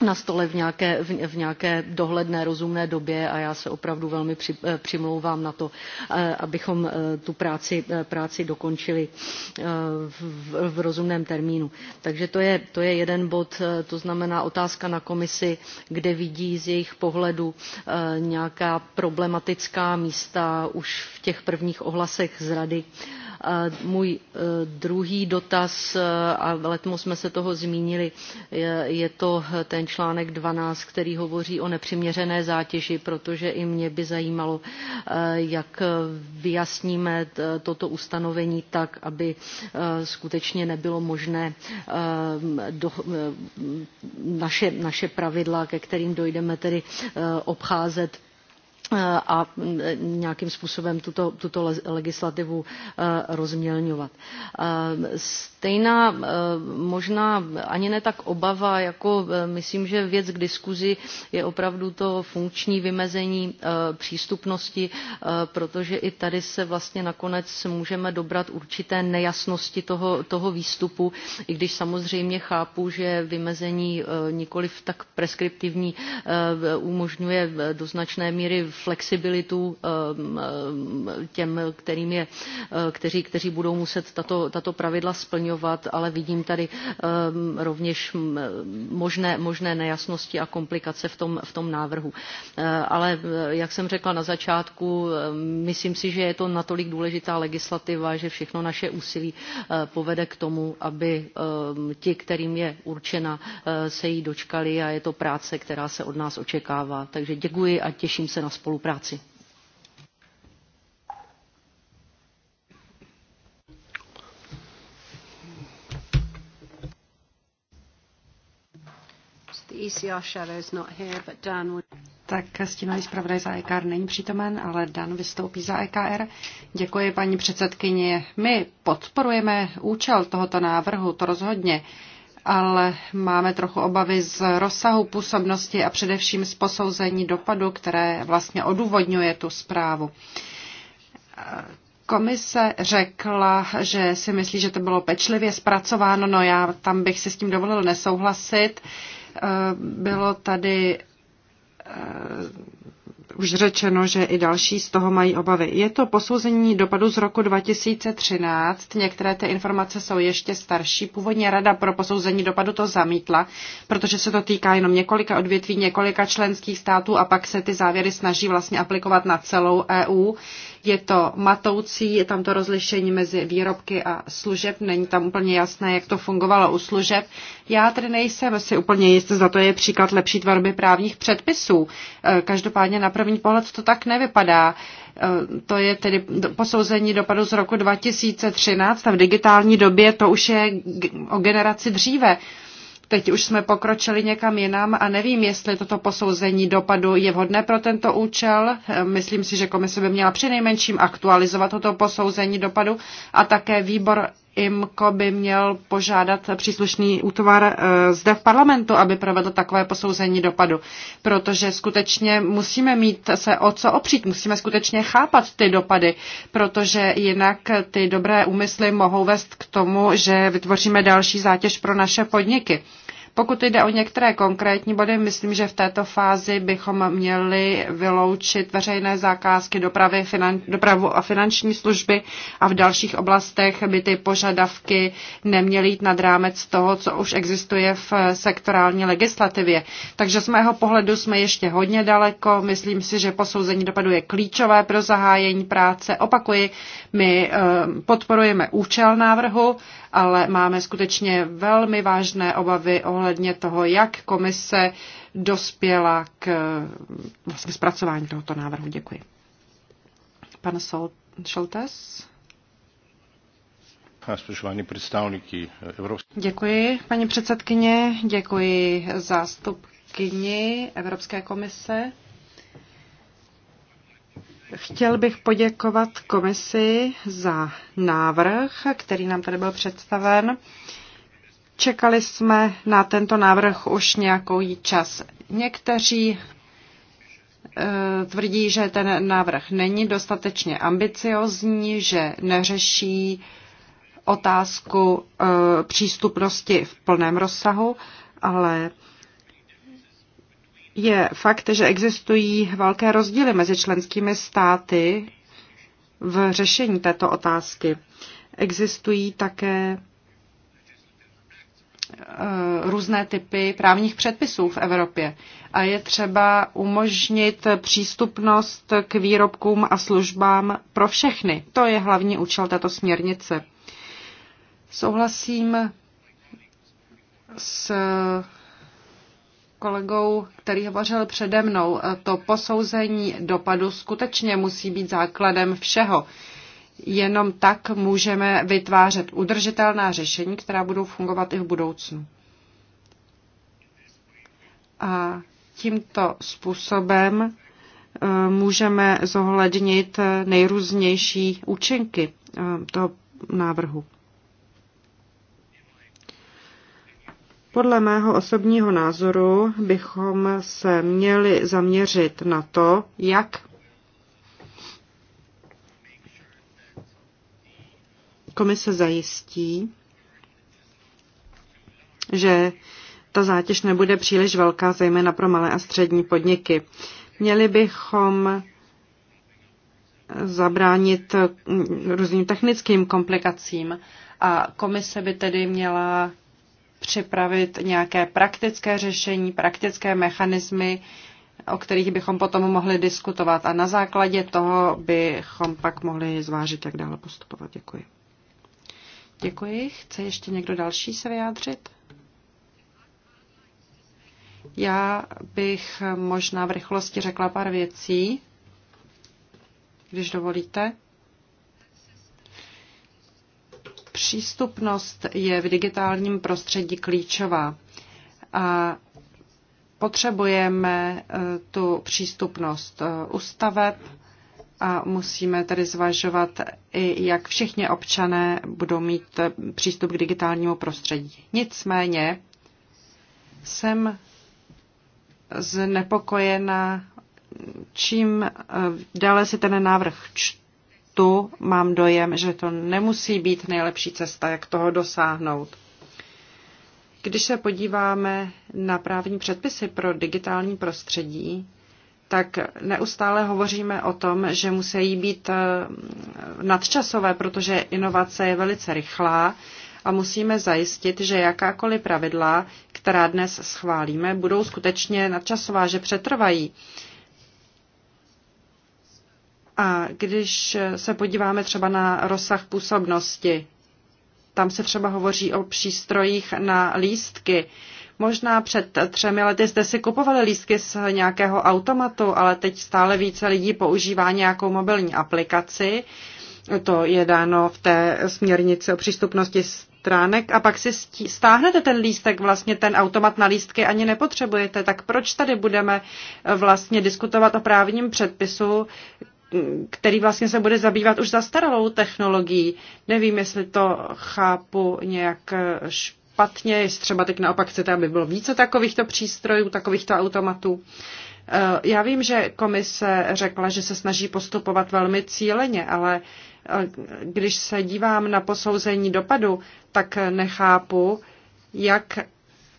na stole v nějaké, v nějaké, dohledné rozumné době a já se opravdu velmi při, eh, přimlouvám na to, eh, abychom tu práci, práci dokončili v, v, rozumném termínu. Takže to je, to je jeden bod, to znamená otázka na komisi, kde vidí z jejich pohledu nějaká problematická místa už v těch prvních ohlasech z rady můj e, druhý dotaz, e, a letmo jsme se toho zmínili, je to e, ten článek 12, který hovoří o nepřiměřené zátěži, protože i mě by zajímalo, jak vyjasníme toto ustanovení tak, aby skutečně nebylo možné do, naše, naše pravidla, ke kterým dojdeme tedy obcházet Eh, a mm, eh, nějakým způsobem tuto, tuto legislativu eh, rozmělňovat. Stejná možná ani ne tak obava, jako myslím, že věc k diskuzi je opravdu to funkční vymezení přístupnosti, protože i tady se vlastně nakonec můžeme dobrat určité nejasnosti toho, toho výstupu, i když samozřejmě chápu, že vymezení nikoli tak preskriptivní umožňuje do značné míry flexibilitu ehm, ehm, těm, kterým je, eh, kteří, kteří budou muset tato, tato pravidla splňovat, ale vidím tady ehm, rovněž možné, možné nejasnosti a komplikace v tom, v tom návrhu. Eh, ale eh, jak jsem řekla na začátku, myslím si, že je to natolik důležitá legislativa, že všechno naše úsilí povede k tomu, aby ti, kterým je určena, se jí dočkali a je to práce, která se od nás očekává. Takže děkuji a těším se na spolupráci spolupráci. E tak stínový zpravodaj za EKR není přítomen, ale Dan vystoupí za EKR. Děkuji paní předsedkyně. My podporujeme účel tohoto návrhu, to rozhodně ale máme trochu obavy z rozsahu působnosti a především z posouzení dopadu, které vlastně odůvodňuje tu zprávu. Komise řekla, že si myslí, že to bylo pečlivě zpracováno, no já tam bych si s tím dovolil nesouhlasit. Bylo tady už řečeno, že i další z toho mají obavy. Je to posouzení dopadu z roku 2013, některé ty informace jsou ještě starší. Původně Rada pro posouzení dopadu to zamítla, protože se to týká jenom několika odvětví, několika členských států a pak se ty závěry snaží vlastně aplikovat na celou EU. Je to matoucí, je tam to rozlišení mezi výrobky a služeb, není tam úplně jasné, jak to fungovalo u služeb. Já tedy nejsem si úplně jistý, za to je příklad lepší tvorby právních předpisů. E, každopádně na první pohled to tak nevypadá. E, to je tedy posouzení dopadu z roku 2013 a v digitální době to už je o generaci dříve. Teď už jsme pokročili někam jinam a nevím, jestli toto posouzení dopadu je vhodné pro tento účel. Myslím si, že komise by měla přinejmenším aktualizovat toto posouzení dopadu a také výbor IMCO by měl požádat příslušný útvar eh, zde v parlamentu, aby provedl takové posouzení dopadu. Protože skutečně musíme mít se o co opřít, musíme skutečně chápat ty dopady, protože jinak ty dobré úmysly mohou vést k tomu, že vytvoříme další zátěž pro naše podniky. Pokud jde o některé konkrétní body, myslím, že v této fázi bychom měli vyloučit veřejné zákázky dopravy, finan, dopravu a finanční služby a v dalších oblastech by ty požadavky neměly jít nad rámec toho, co už existuje v sektorální legislativě. Takže z mého pohledu jsme ještě hodně daleko. Myslím si, že posouzení dopadu je klíčové pro zahájení práce. Opakuji, my eh, podporujeme účel návrhu, ale máme skutečně velmi vážné obavy ohledně ohledně toho, jak komise dospěla k vlastně zpracování tohoto návrhu. Děkuji. Pan Šoltes? Spoštovani představníky Evropské. Děkuji, paní předsedkyně, děkuji zástupkyni Evropské komise. Chtěl bych poděkovat komisi za návrh, který nám tady byl představen. Čekali jsme na tento návrh už nějaký čas. Někteří eh, tvrdí, že ten návrh není dostatečně ambiciozní, že neřeší otázku eh, přístupnosti v plném rozsahu, ale je fakt, že existují velké rozdíly mezi členskými státy v řešení této otázky. Existují také Eh, různé typy právních předpisů v Evropě a je třeba umožnit přístupnost k výrobkům a službám pro všechny. To je hlavní účel této směrnice. Souhlasím s kolegou, který hovořil přede mnou. To posouzení dopadu skutečně musí být základem všeho. Jenom tak můžeme vytvářet udržitelná řešení, která budou fungovat i v budoucnu. A tímto způsobem e, můžeme zohlednit nejrůznější účinky e, toho návrhu. Podle mého osobního názoru bychom se měli zaměřit na to, jak komise zajistí, že ta zátěž nebude příliš velká, zejména pro malé a střední podniky. Měli bychom zabránit různým technickým komplikacím a komise by tedy měla připravit nějaké praktické řešení, praktické mechanismy, o kterých bychom potom mohli diskutovat a na základě toho bychom pak mohli zvážit, jak dále postupovat. Děkuji. Děkuji. Chce ještě někdo další se vyjádřit? Já bych možná v rychlosti řekla pár věcí, když dovolíte. Přístupnost je v digitálním prostředí klíčová a potřebujeme eh, tu přístupnost eh, u staveb, a musíme tedy zvažovat i, jak všichni občané budou mít přístup k digitálnímu prostředí. Nicméně jsem znepokojena, čím eh, dále si ten návrh čtu, mám dojem, že to nemusí být nejlepší cesta, jak toho dosáhnout. Když se podíváme na právní předpisy pro digitální prostředí, tak neustále hovoříme o tom, že musí být eh, nadčasové, protože inovace je velice rychlá a musíme zajistit, že jakákoliv pravidla, která dnes schválíme, budou skutečně nadčasová, že přetrvají. A když se podíváme třeba na rozsah působnosti, tam se třeba hovoří o přístrojích na lístky, Možná před třemi lety jste si kupovali lístky z nějakého automatu, ale teď stále více lidí používá nějakou mobilní aplikaci. To je dáno v té směrnici o přístupnosti stránek a pak si stáhnete ten lístek, vlastně ten automat na lístky ani nepotřebujete. Tak proč tady budeme vlastně diskutovat o právním předpisu, který vlastně se bude zabývat už zastaralou technologií. Nevím, jestli to chápu nějak špatně špatně, jestli třeba teď naopak chcete, aby bylo více takovýchto přístrojů, takovýchto automatů. Eh, já vím, že komise řekla, že se snaží postupovat velmi cíleně, ale eh, když se dívám na posouzení dopadu, tak nechápu, jak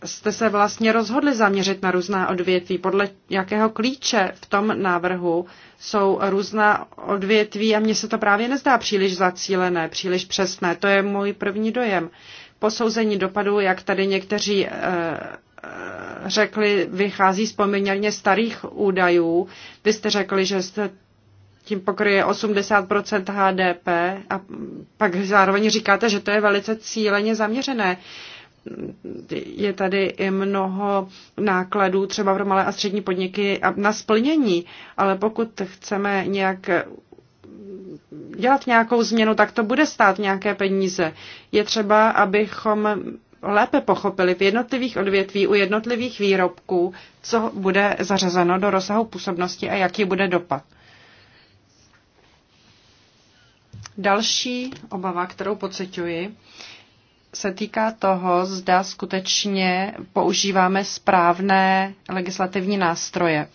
jste se vlastně rozhodli zaměřit na různá odvětví? Podle jakého klíče v tom návrhu jsou různá odvětví a mně se to právě nezdá příliš zacílené, příliš přesné. To je můj první dojem. Posouzení dopadu, jak tady někteří eh, eh, řekli, vychází z poměrně starých údajů. Vy jste řekli, že jste tím pokryje 80 HDP a pak zároveň říkáte, že to je velice cíleně zaměřené. Je tady i mnoho nákladů třeba pro malé a střední podniky na splnění, ale pokud chceme nějak dělat nějakou změnu, tak to bude stát nějaké peníze. Je třeba, abychom lépe pochopili v jednotlivých odvětví u jednotlivých výrobků, co bude zařazeno do rozsahu působnosti a jaký bude dopad. Další obava, kterou pocituji, se týká toho, zda skutečně používáme správné legislativní nástroje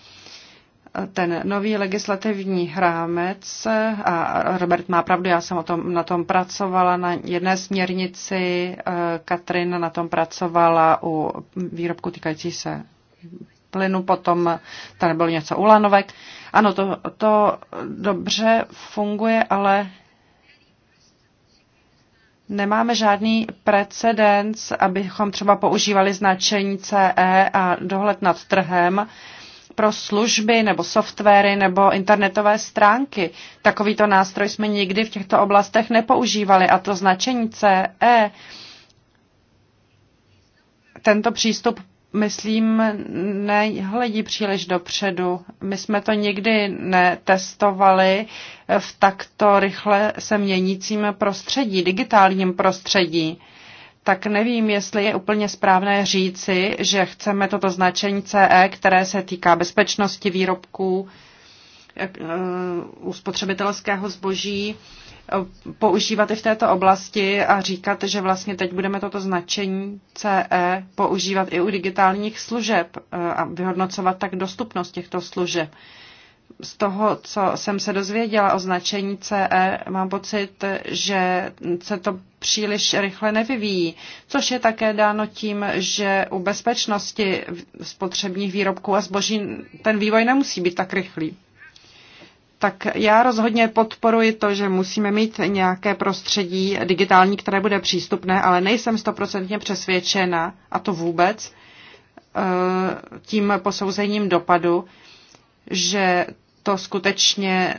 ten nový legislativní rámec, a Robert má pravdu, já jsem o tom, na tom pracovala na jedné směrnici, eh, Katrin na tom pracovala u výrobku týkající se plynu, potom tam bylo něco u lanovek. Ano, to, to dobře funguje, ale Nemáme žádný precedens, abychom třeba používali značení CE a dohled nad trhem pro služby nebo softwary nebo internetové stránky. Takovýto nástroj jsme nikdy v těchto oblastech nepoužívali a to značení CE, tento přístup, myslím, nehledí příliš dopředu. My jsme to nikdy netestovali v takto rychle se měnícím prostředí, digitálním prostředí tak nevím, jestli je úplně správné říci, že chceme toto značení CE, které se týká bezpečnosti výrobků eh, u spotřebitelského zboží, eh, používat i v této oblasti a říkat, že vlastně teď budeme toto značení CE používat i u digitálních služeb eh, a vyhodnocovat tak dostupnost těchto služeb z toho, co jsem se dozvěděla o značení CE, mám pocit, že se to příliš rychle nevyvíjí, což je také dáno tím, že u bezpečnosti spotřebních výrobků a zboží ten vývoj nemusí být tak rychlý. Tak já rozhodně podporuji to, že musíme mít nějaké prostředí digitální, které bude přístupné, ale nejsem stoprocentně přesvědčena, a to vůbec, eh, tím posouzením dopadu, že to skutečně,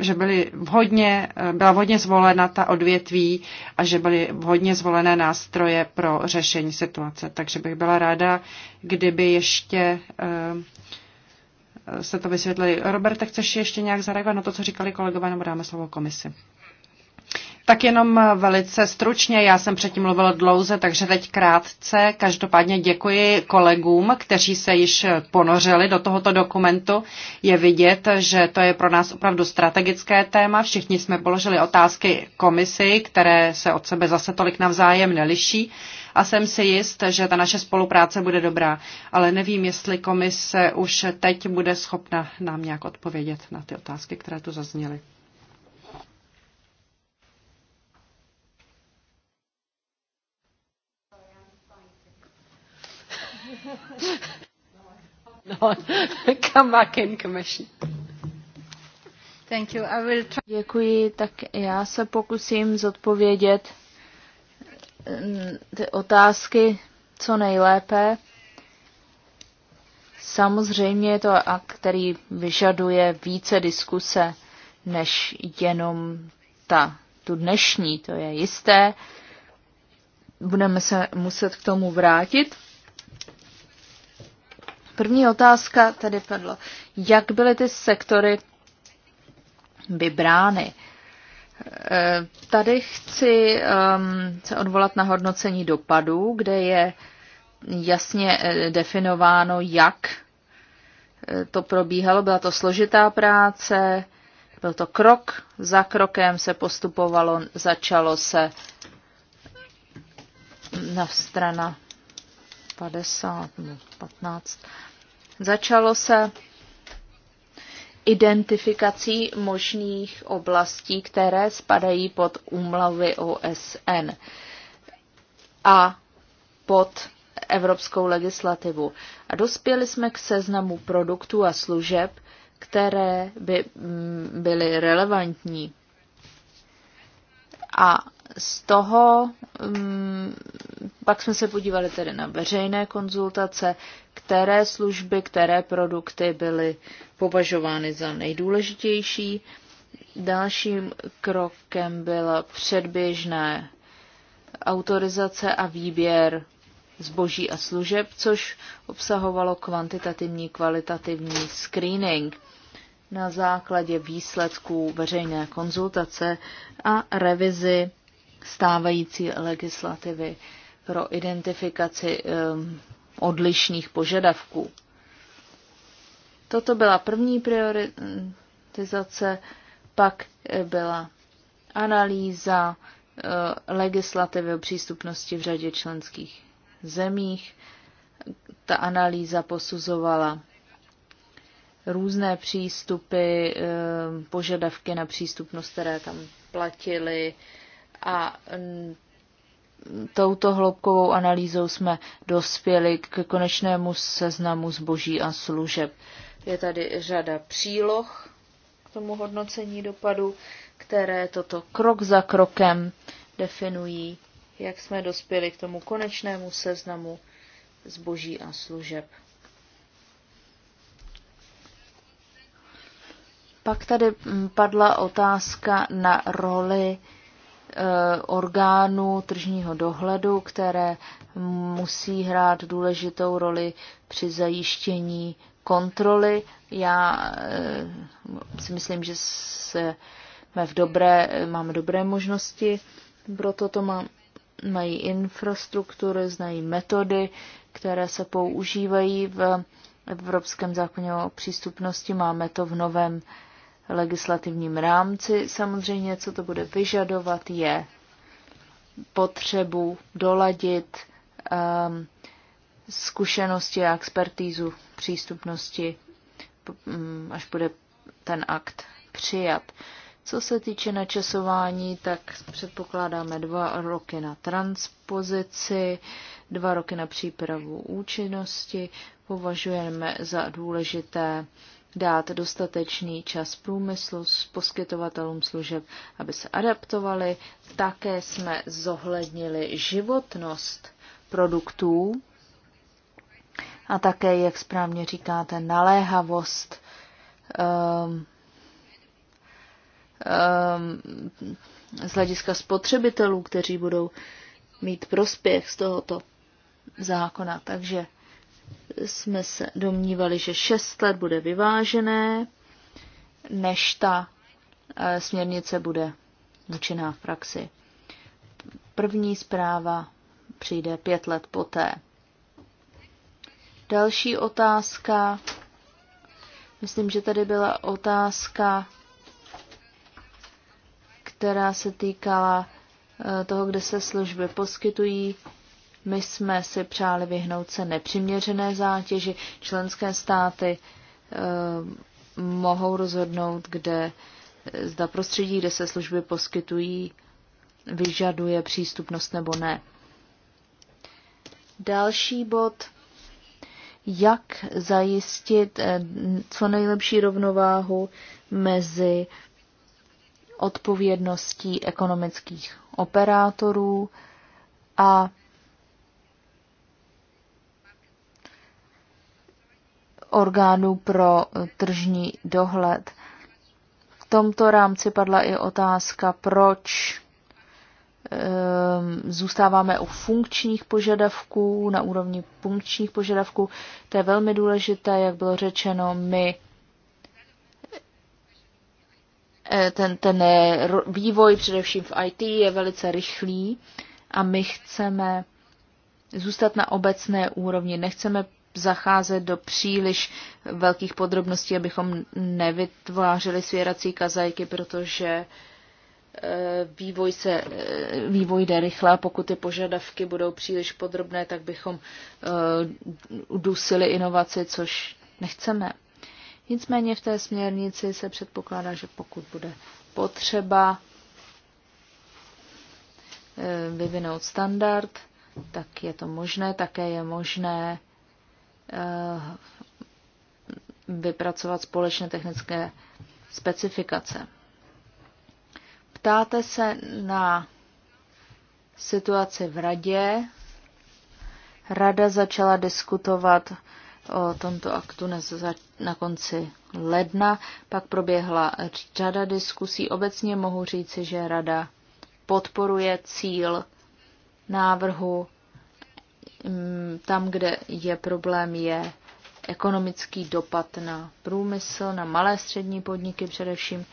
že byly vhodně, byla vhodně zvolena ta odvětví a že byly vhodně zvolené nástroje pro řešení situace. Takže bych byla ráda, kdyby ještě eh, se to vysvětlili. Robert, chceš ještě nějak zareagovat na to, co říkali kolegové, nebo dáme slovo komisi? Tak jenom eh, velice stručně, já jsem předtím mluvila dlouze, takže teď krátce. Každopádně děkuji kolegům, kteří se již ponořili do tohoto dokumentu. Je vidět, že to je pro nás opravdu strategické téma. Všichni jsme položili otázky komisi, které se od sebe zase tolik navzájem neliší. A jsem si jist, že ta naše spolupráce bude dobrá. Ale nevím, jestli komise už teď bude schopna nám nějak odpovědět na ty otázky, které tu zazněly. no, come back in commission. Thank you. I will try... Děkuji, tak já se pokusím zodpovědět mm, ty otázky co nejlépe. Samozřejmě je to akt, který vyžaduje více diskuse než jenom ta, tu dnešní, to je jisté. Budeme se muset k tomu vrátit. První otázka tedy padla. Jak byly ty sektory vybrány? Eh, tady chci um, se odvolat na hodnocení dopadů, kde je jasně eh, definováno, jak eh, to probíhalo. Byla to složitá práce, byl to krok za krokem, se postupovalo, začalo se na strana 50 15. Začalo se identifikací možných oblastí, které spadají pod úmlavy OSN a pod evropskou legislativu. A dospěli jsme k seznamu produktů a služeb, které by mm, byly relevantní. A z toho mm, pak jsme se podívali tedy na veřejné konzultace, které služby, které produkty byly považovány za nejdůležitější. Dalším krokem byla předběžné autorizace a výběr zboží a služeb, což obsahovalo kvantitativní kvalitativní screening na základě výsledků veřejné konzultace a revizi stávající legislativy pro identifikaci ehm, odlišných požadavků. Toto byla první prioritizace, pak eh, byla analýza eh, legislativy o přístupnosti v řadě členských zemích. Ta analýza posuzovala různé přístupy, eh, požadavky na přístupnost, které tam platily a touto hloubkovou analýzou jsme dospěli k konečnému seznamu zboží a služeb. Je tady řada příloh k tomu hodnocení dopadu, které toto krok za krokem definují, jak jsme dospěli k tomu konečnému seznamu zboží a služeb. Pak tady padla otázka na roli Eh, orgánů tržního dohledu, které musí hrát důležitou roli při zajištění kontroly. Já eh, si myslím, že máme, v dobré, máme dobré možnosti, proto to mám mají infrastruktury, znají metody, které se používají v Evropském zákoně o přístupnosti. Máme to v novém legislativním rámci. Samozřejmě, co to bude vyžadovat, je potřebu doladit um, zkušenosti a expertízu přístupnosti, um, až bude ten akt přijat. Co se týče načasování, tak předpokládáme dva roky na transpozici, dva roky na přípravu účinnosti. Považujeme za důležité dát dostatečný čas průmyslu s poskytovatelům služeb, aby se adaptovali. Také jsme zohlednili životnost produktů a také, jak správně říkáte, naléhavost um, um, z hlediska spotřebitelů, kteří budou mít prospěch z tohoto zákona. Takže jsme se domnívali, že 6 let bude vyvážené, než ta eh, směrnice bude účinná v praxi. První zpráva přijde pět let poté. Další otázka. Myslím, že tady byla otázka, která se týkala eh, toho, kde se služby poskytují. My jsme si přáli vyhnout se nepřiměřené zátěži. Členské státy e, mohou rozhodnout, kde eh, zda prostředí, kde se služby poskytují, vyžaduje přístupnost nebo ne. Další bod, jak zajistit eh, co nejlepší rovnováhu mezi odpovědností ekonomických operátorů a orgánů pro eh, tržní dohled. V tomto rámci padla i otázka, proč ehm, zůstáváme u funkčních požadavků, na úrovni funkčních požadavků. To je velmi důležité, jak bylo řečeno, my eh, ten, ten eh, vývoj především v IT je velice rychlý a my chceme zůstat na obecné úrovni. Nechceme zacházet do příliš velkých podrobností, abychom nevytvářeli svěrací kazajky, protože e, vývoj, se, e, vývoj jde rychle a pokud ty požadavky budou příliš podrobné, tak bychom e, udusili inovaci, což nechceme. Nicméně v té směrnici se předpokládá, že pokud bude potřeba vyvinout standard, tak je to možné, také je možné Eh, vypracovat společné technické specifikace. Ptáte se na situaci v radě. Rada začala diskutovat o tomto aktu na konci ledna, pak proběhla řada diskusí. Obecně mohu říci, že rada podporuje cíl návrhu Mm, tam, kde je problém, je ekonomický dopad na průmysl, na malé střední podniky především.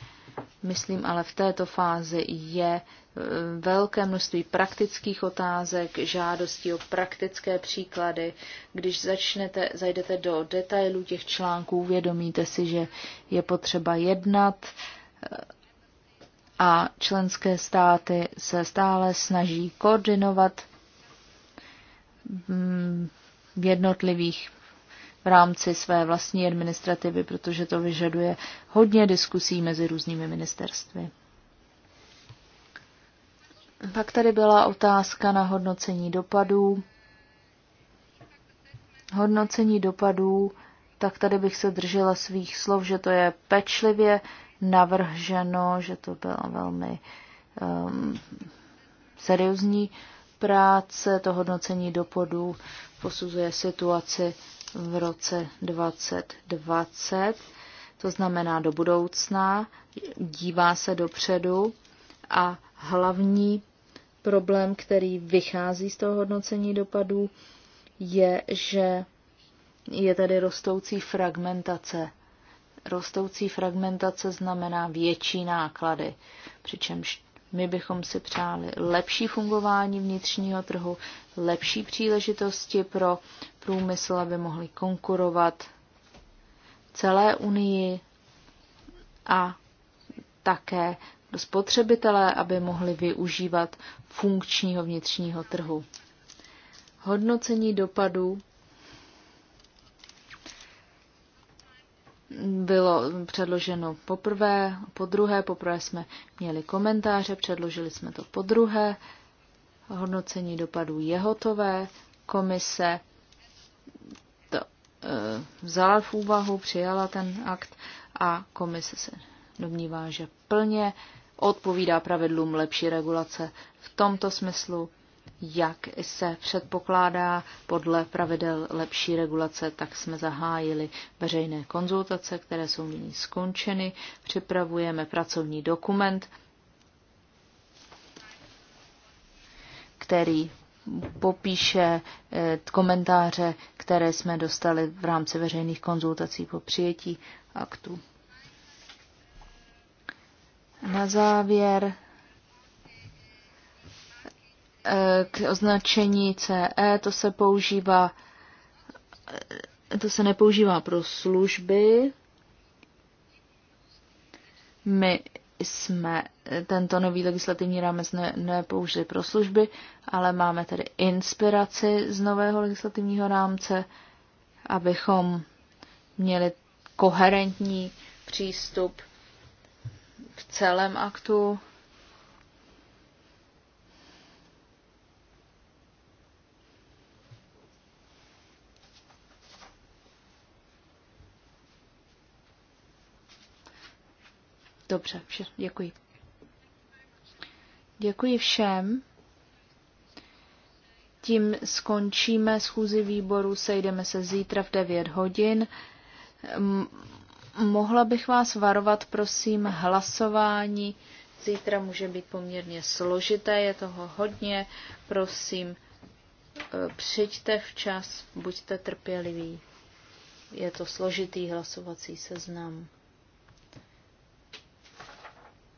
Myslím ale v této fázi je eh, velké množství praktických otázek, žádostí o praktické příklady. Když začnete, zajdete do detailů těch článků, uvědomíte si, že je potřeba jednat eh, a členské státy se stále snaží koordinovat v jednotlivých v rámci své vlastní administrativy, protože to vyžaduje hodně diskusí mezi různými ministerstvy. Pak tady byla otázka na hodnocení dopadů. Hodnocení dopadů, tak tady bych se držela svých slov, že to je pečlivě navrženo, že to bylo velmi um, seriózní práce, to hodnocení dopodů posuzuje situaci v roce 2020, to znamená do budoucna, dívá se dopředu a hlavní problém, který vychází z toho hodnocení dopadů, je, že je tady rostoucí fragmentace. Rostoucí fragmentace znamená větší náklady, přičemž my bychom si přáli lepší fungování vnitřního trhu, lepší příležitosti pro průmysl, aby mohli konkurovat celé Unii a také spotřebitelé, aby mohli využívat funkčního vnitřního trhu. Hodnocení dopadů bylo předloženo poprvé, po druhé, poprvé jsme měli komentáře, předložili jsme to po druhé, hodnocení dopadů je hotové, komise to e, vzala v úvahu, přijala ten akt a komise se domnívá, že plně odpovídá pravidlům lepší regulace. V tomto smyslu jak se předpokládá podle pravidel lepší regulace, tak jsme zahájili veřejné konzultace, které jsou nyní skončeny. Připravujeme pracovní dokument, který popíše eh, komentáře, které jsme dostali v rámci veřejných konzultací po přijetí aktu. Na závěr k označení CE, to se používá, to se nepoužívá pro služby. My jsme tento nový legislativní rámec ne, nepoužili pro služby, ale máme tedy inspiraci z nového legislativního rámce, abychom měli koherentní přístup v celém aktu Dobře, vše, děkuji. Děkuji všem. Tím skončíme schůzi výboru, sejdeme se zítra v 9 hodin. Mohla bych vás varovat, prosím, hlasování. Zítra může být poměrně složité, je toho hodně. Prosím, e, přijďte včas, buďte trpěliví. Je to složitý hlasovací seznam.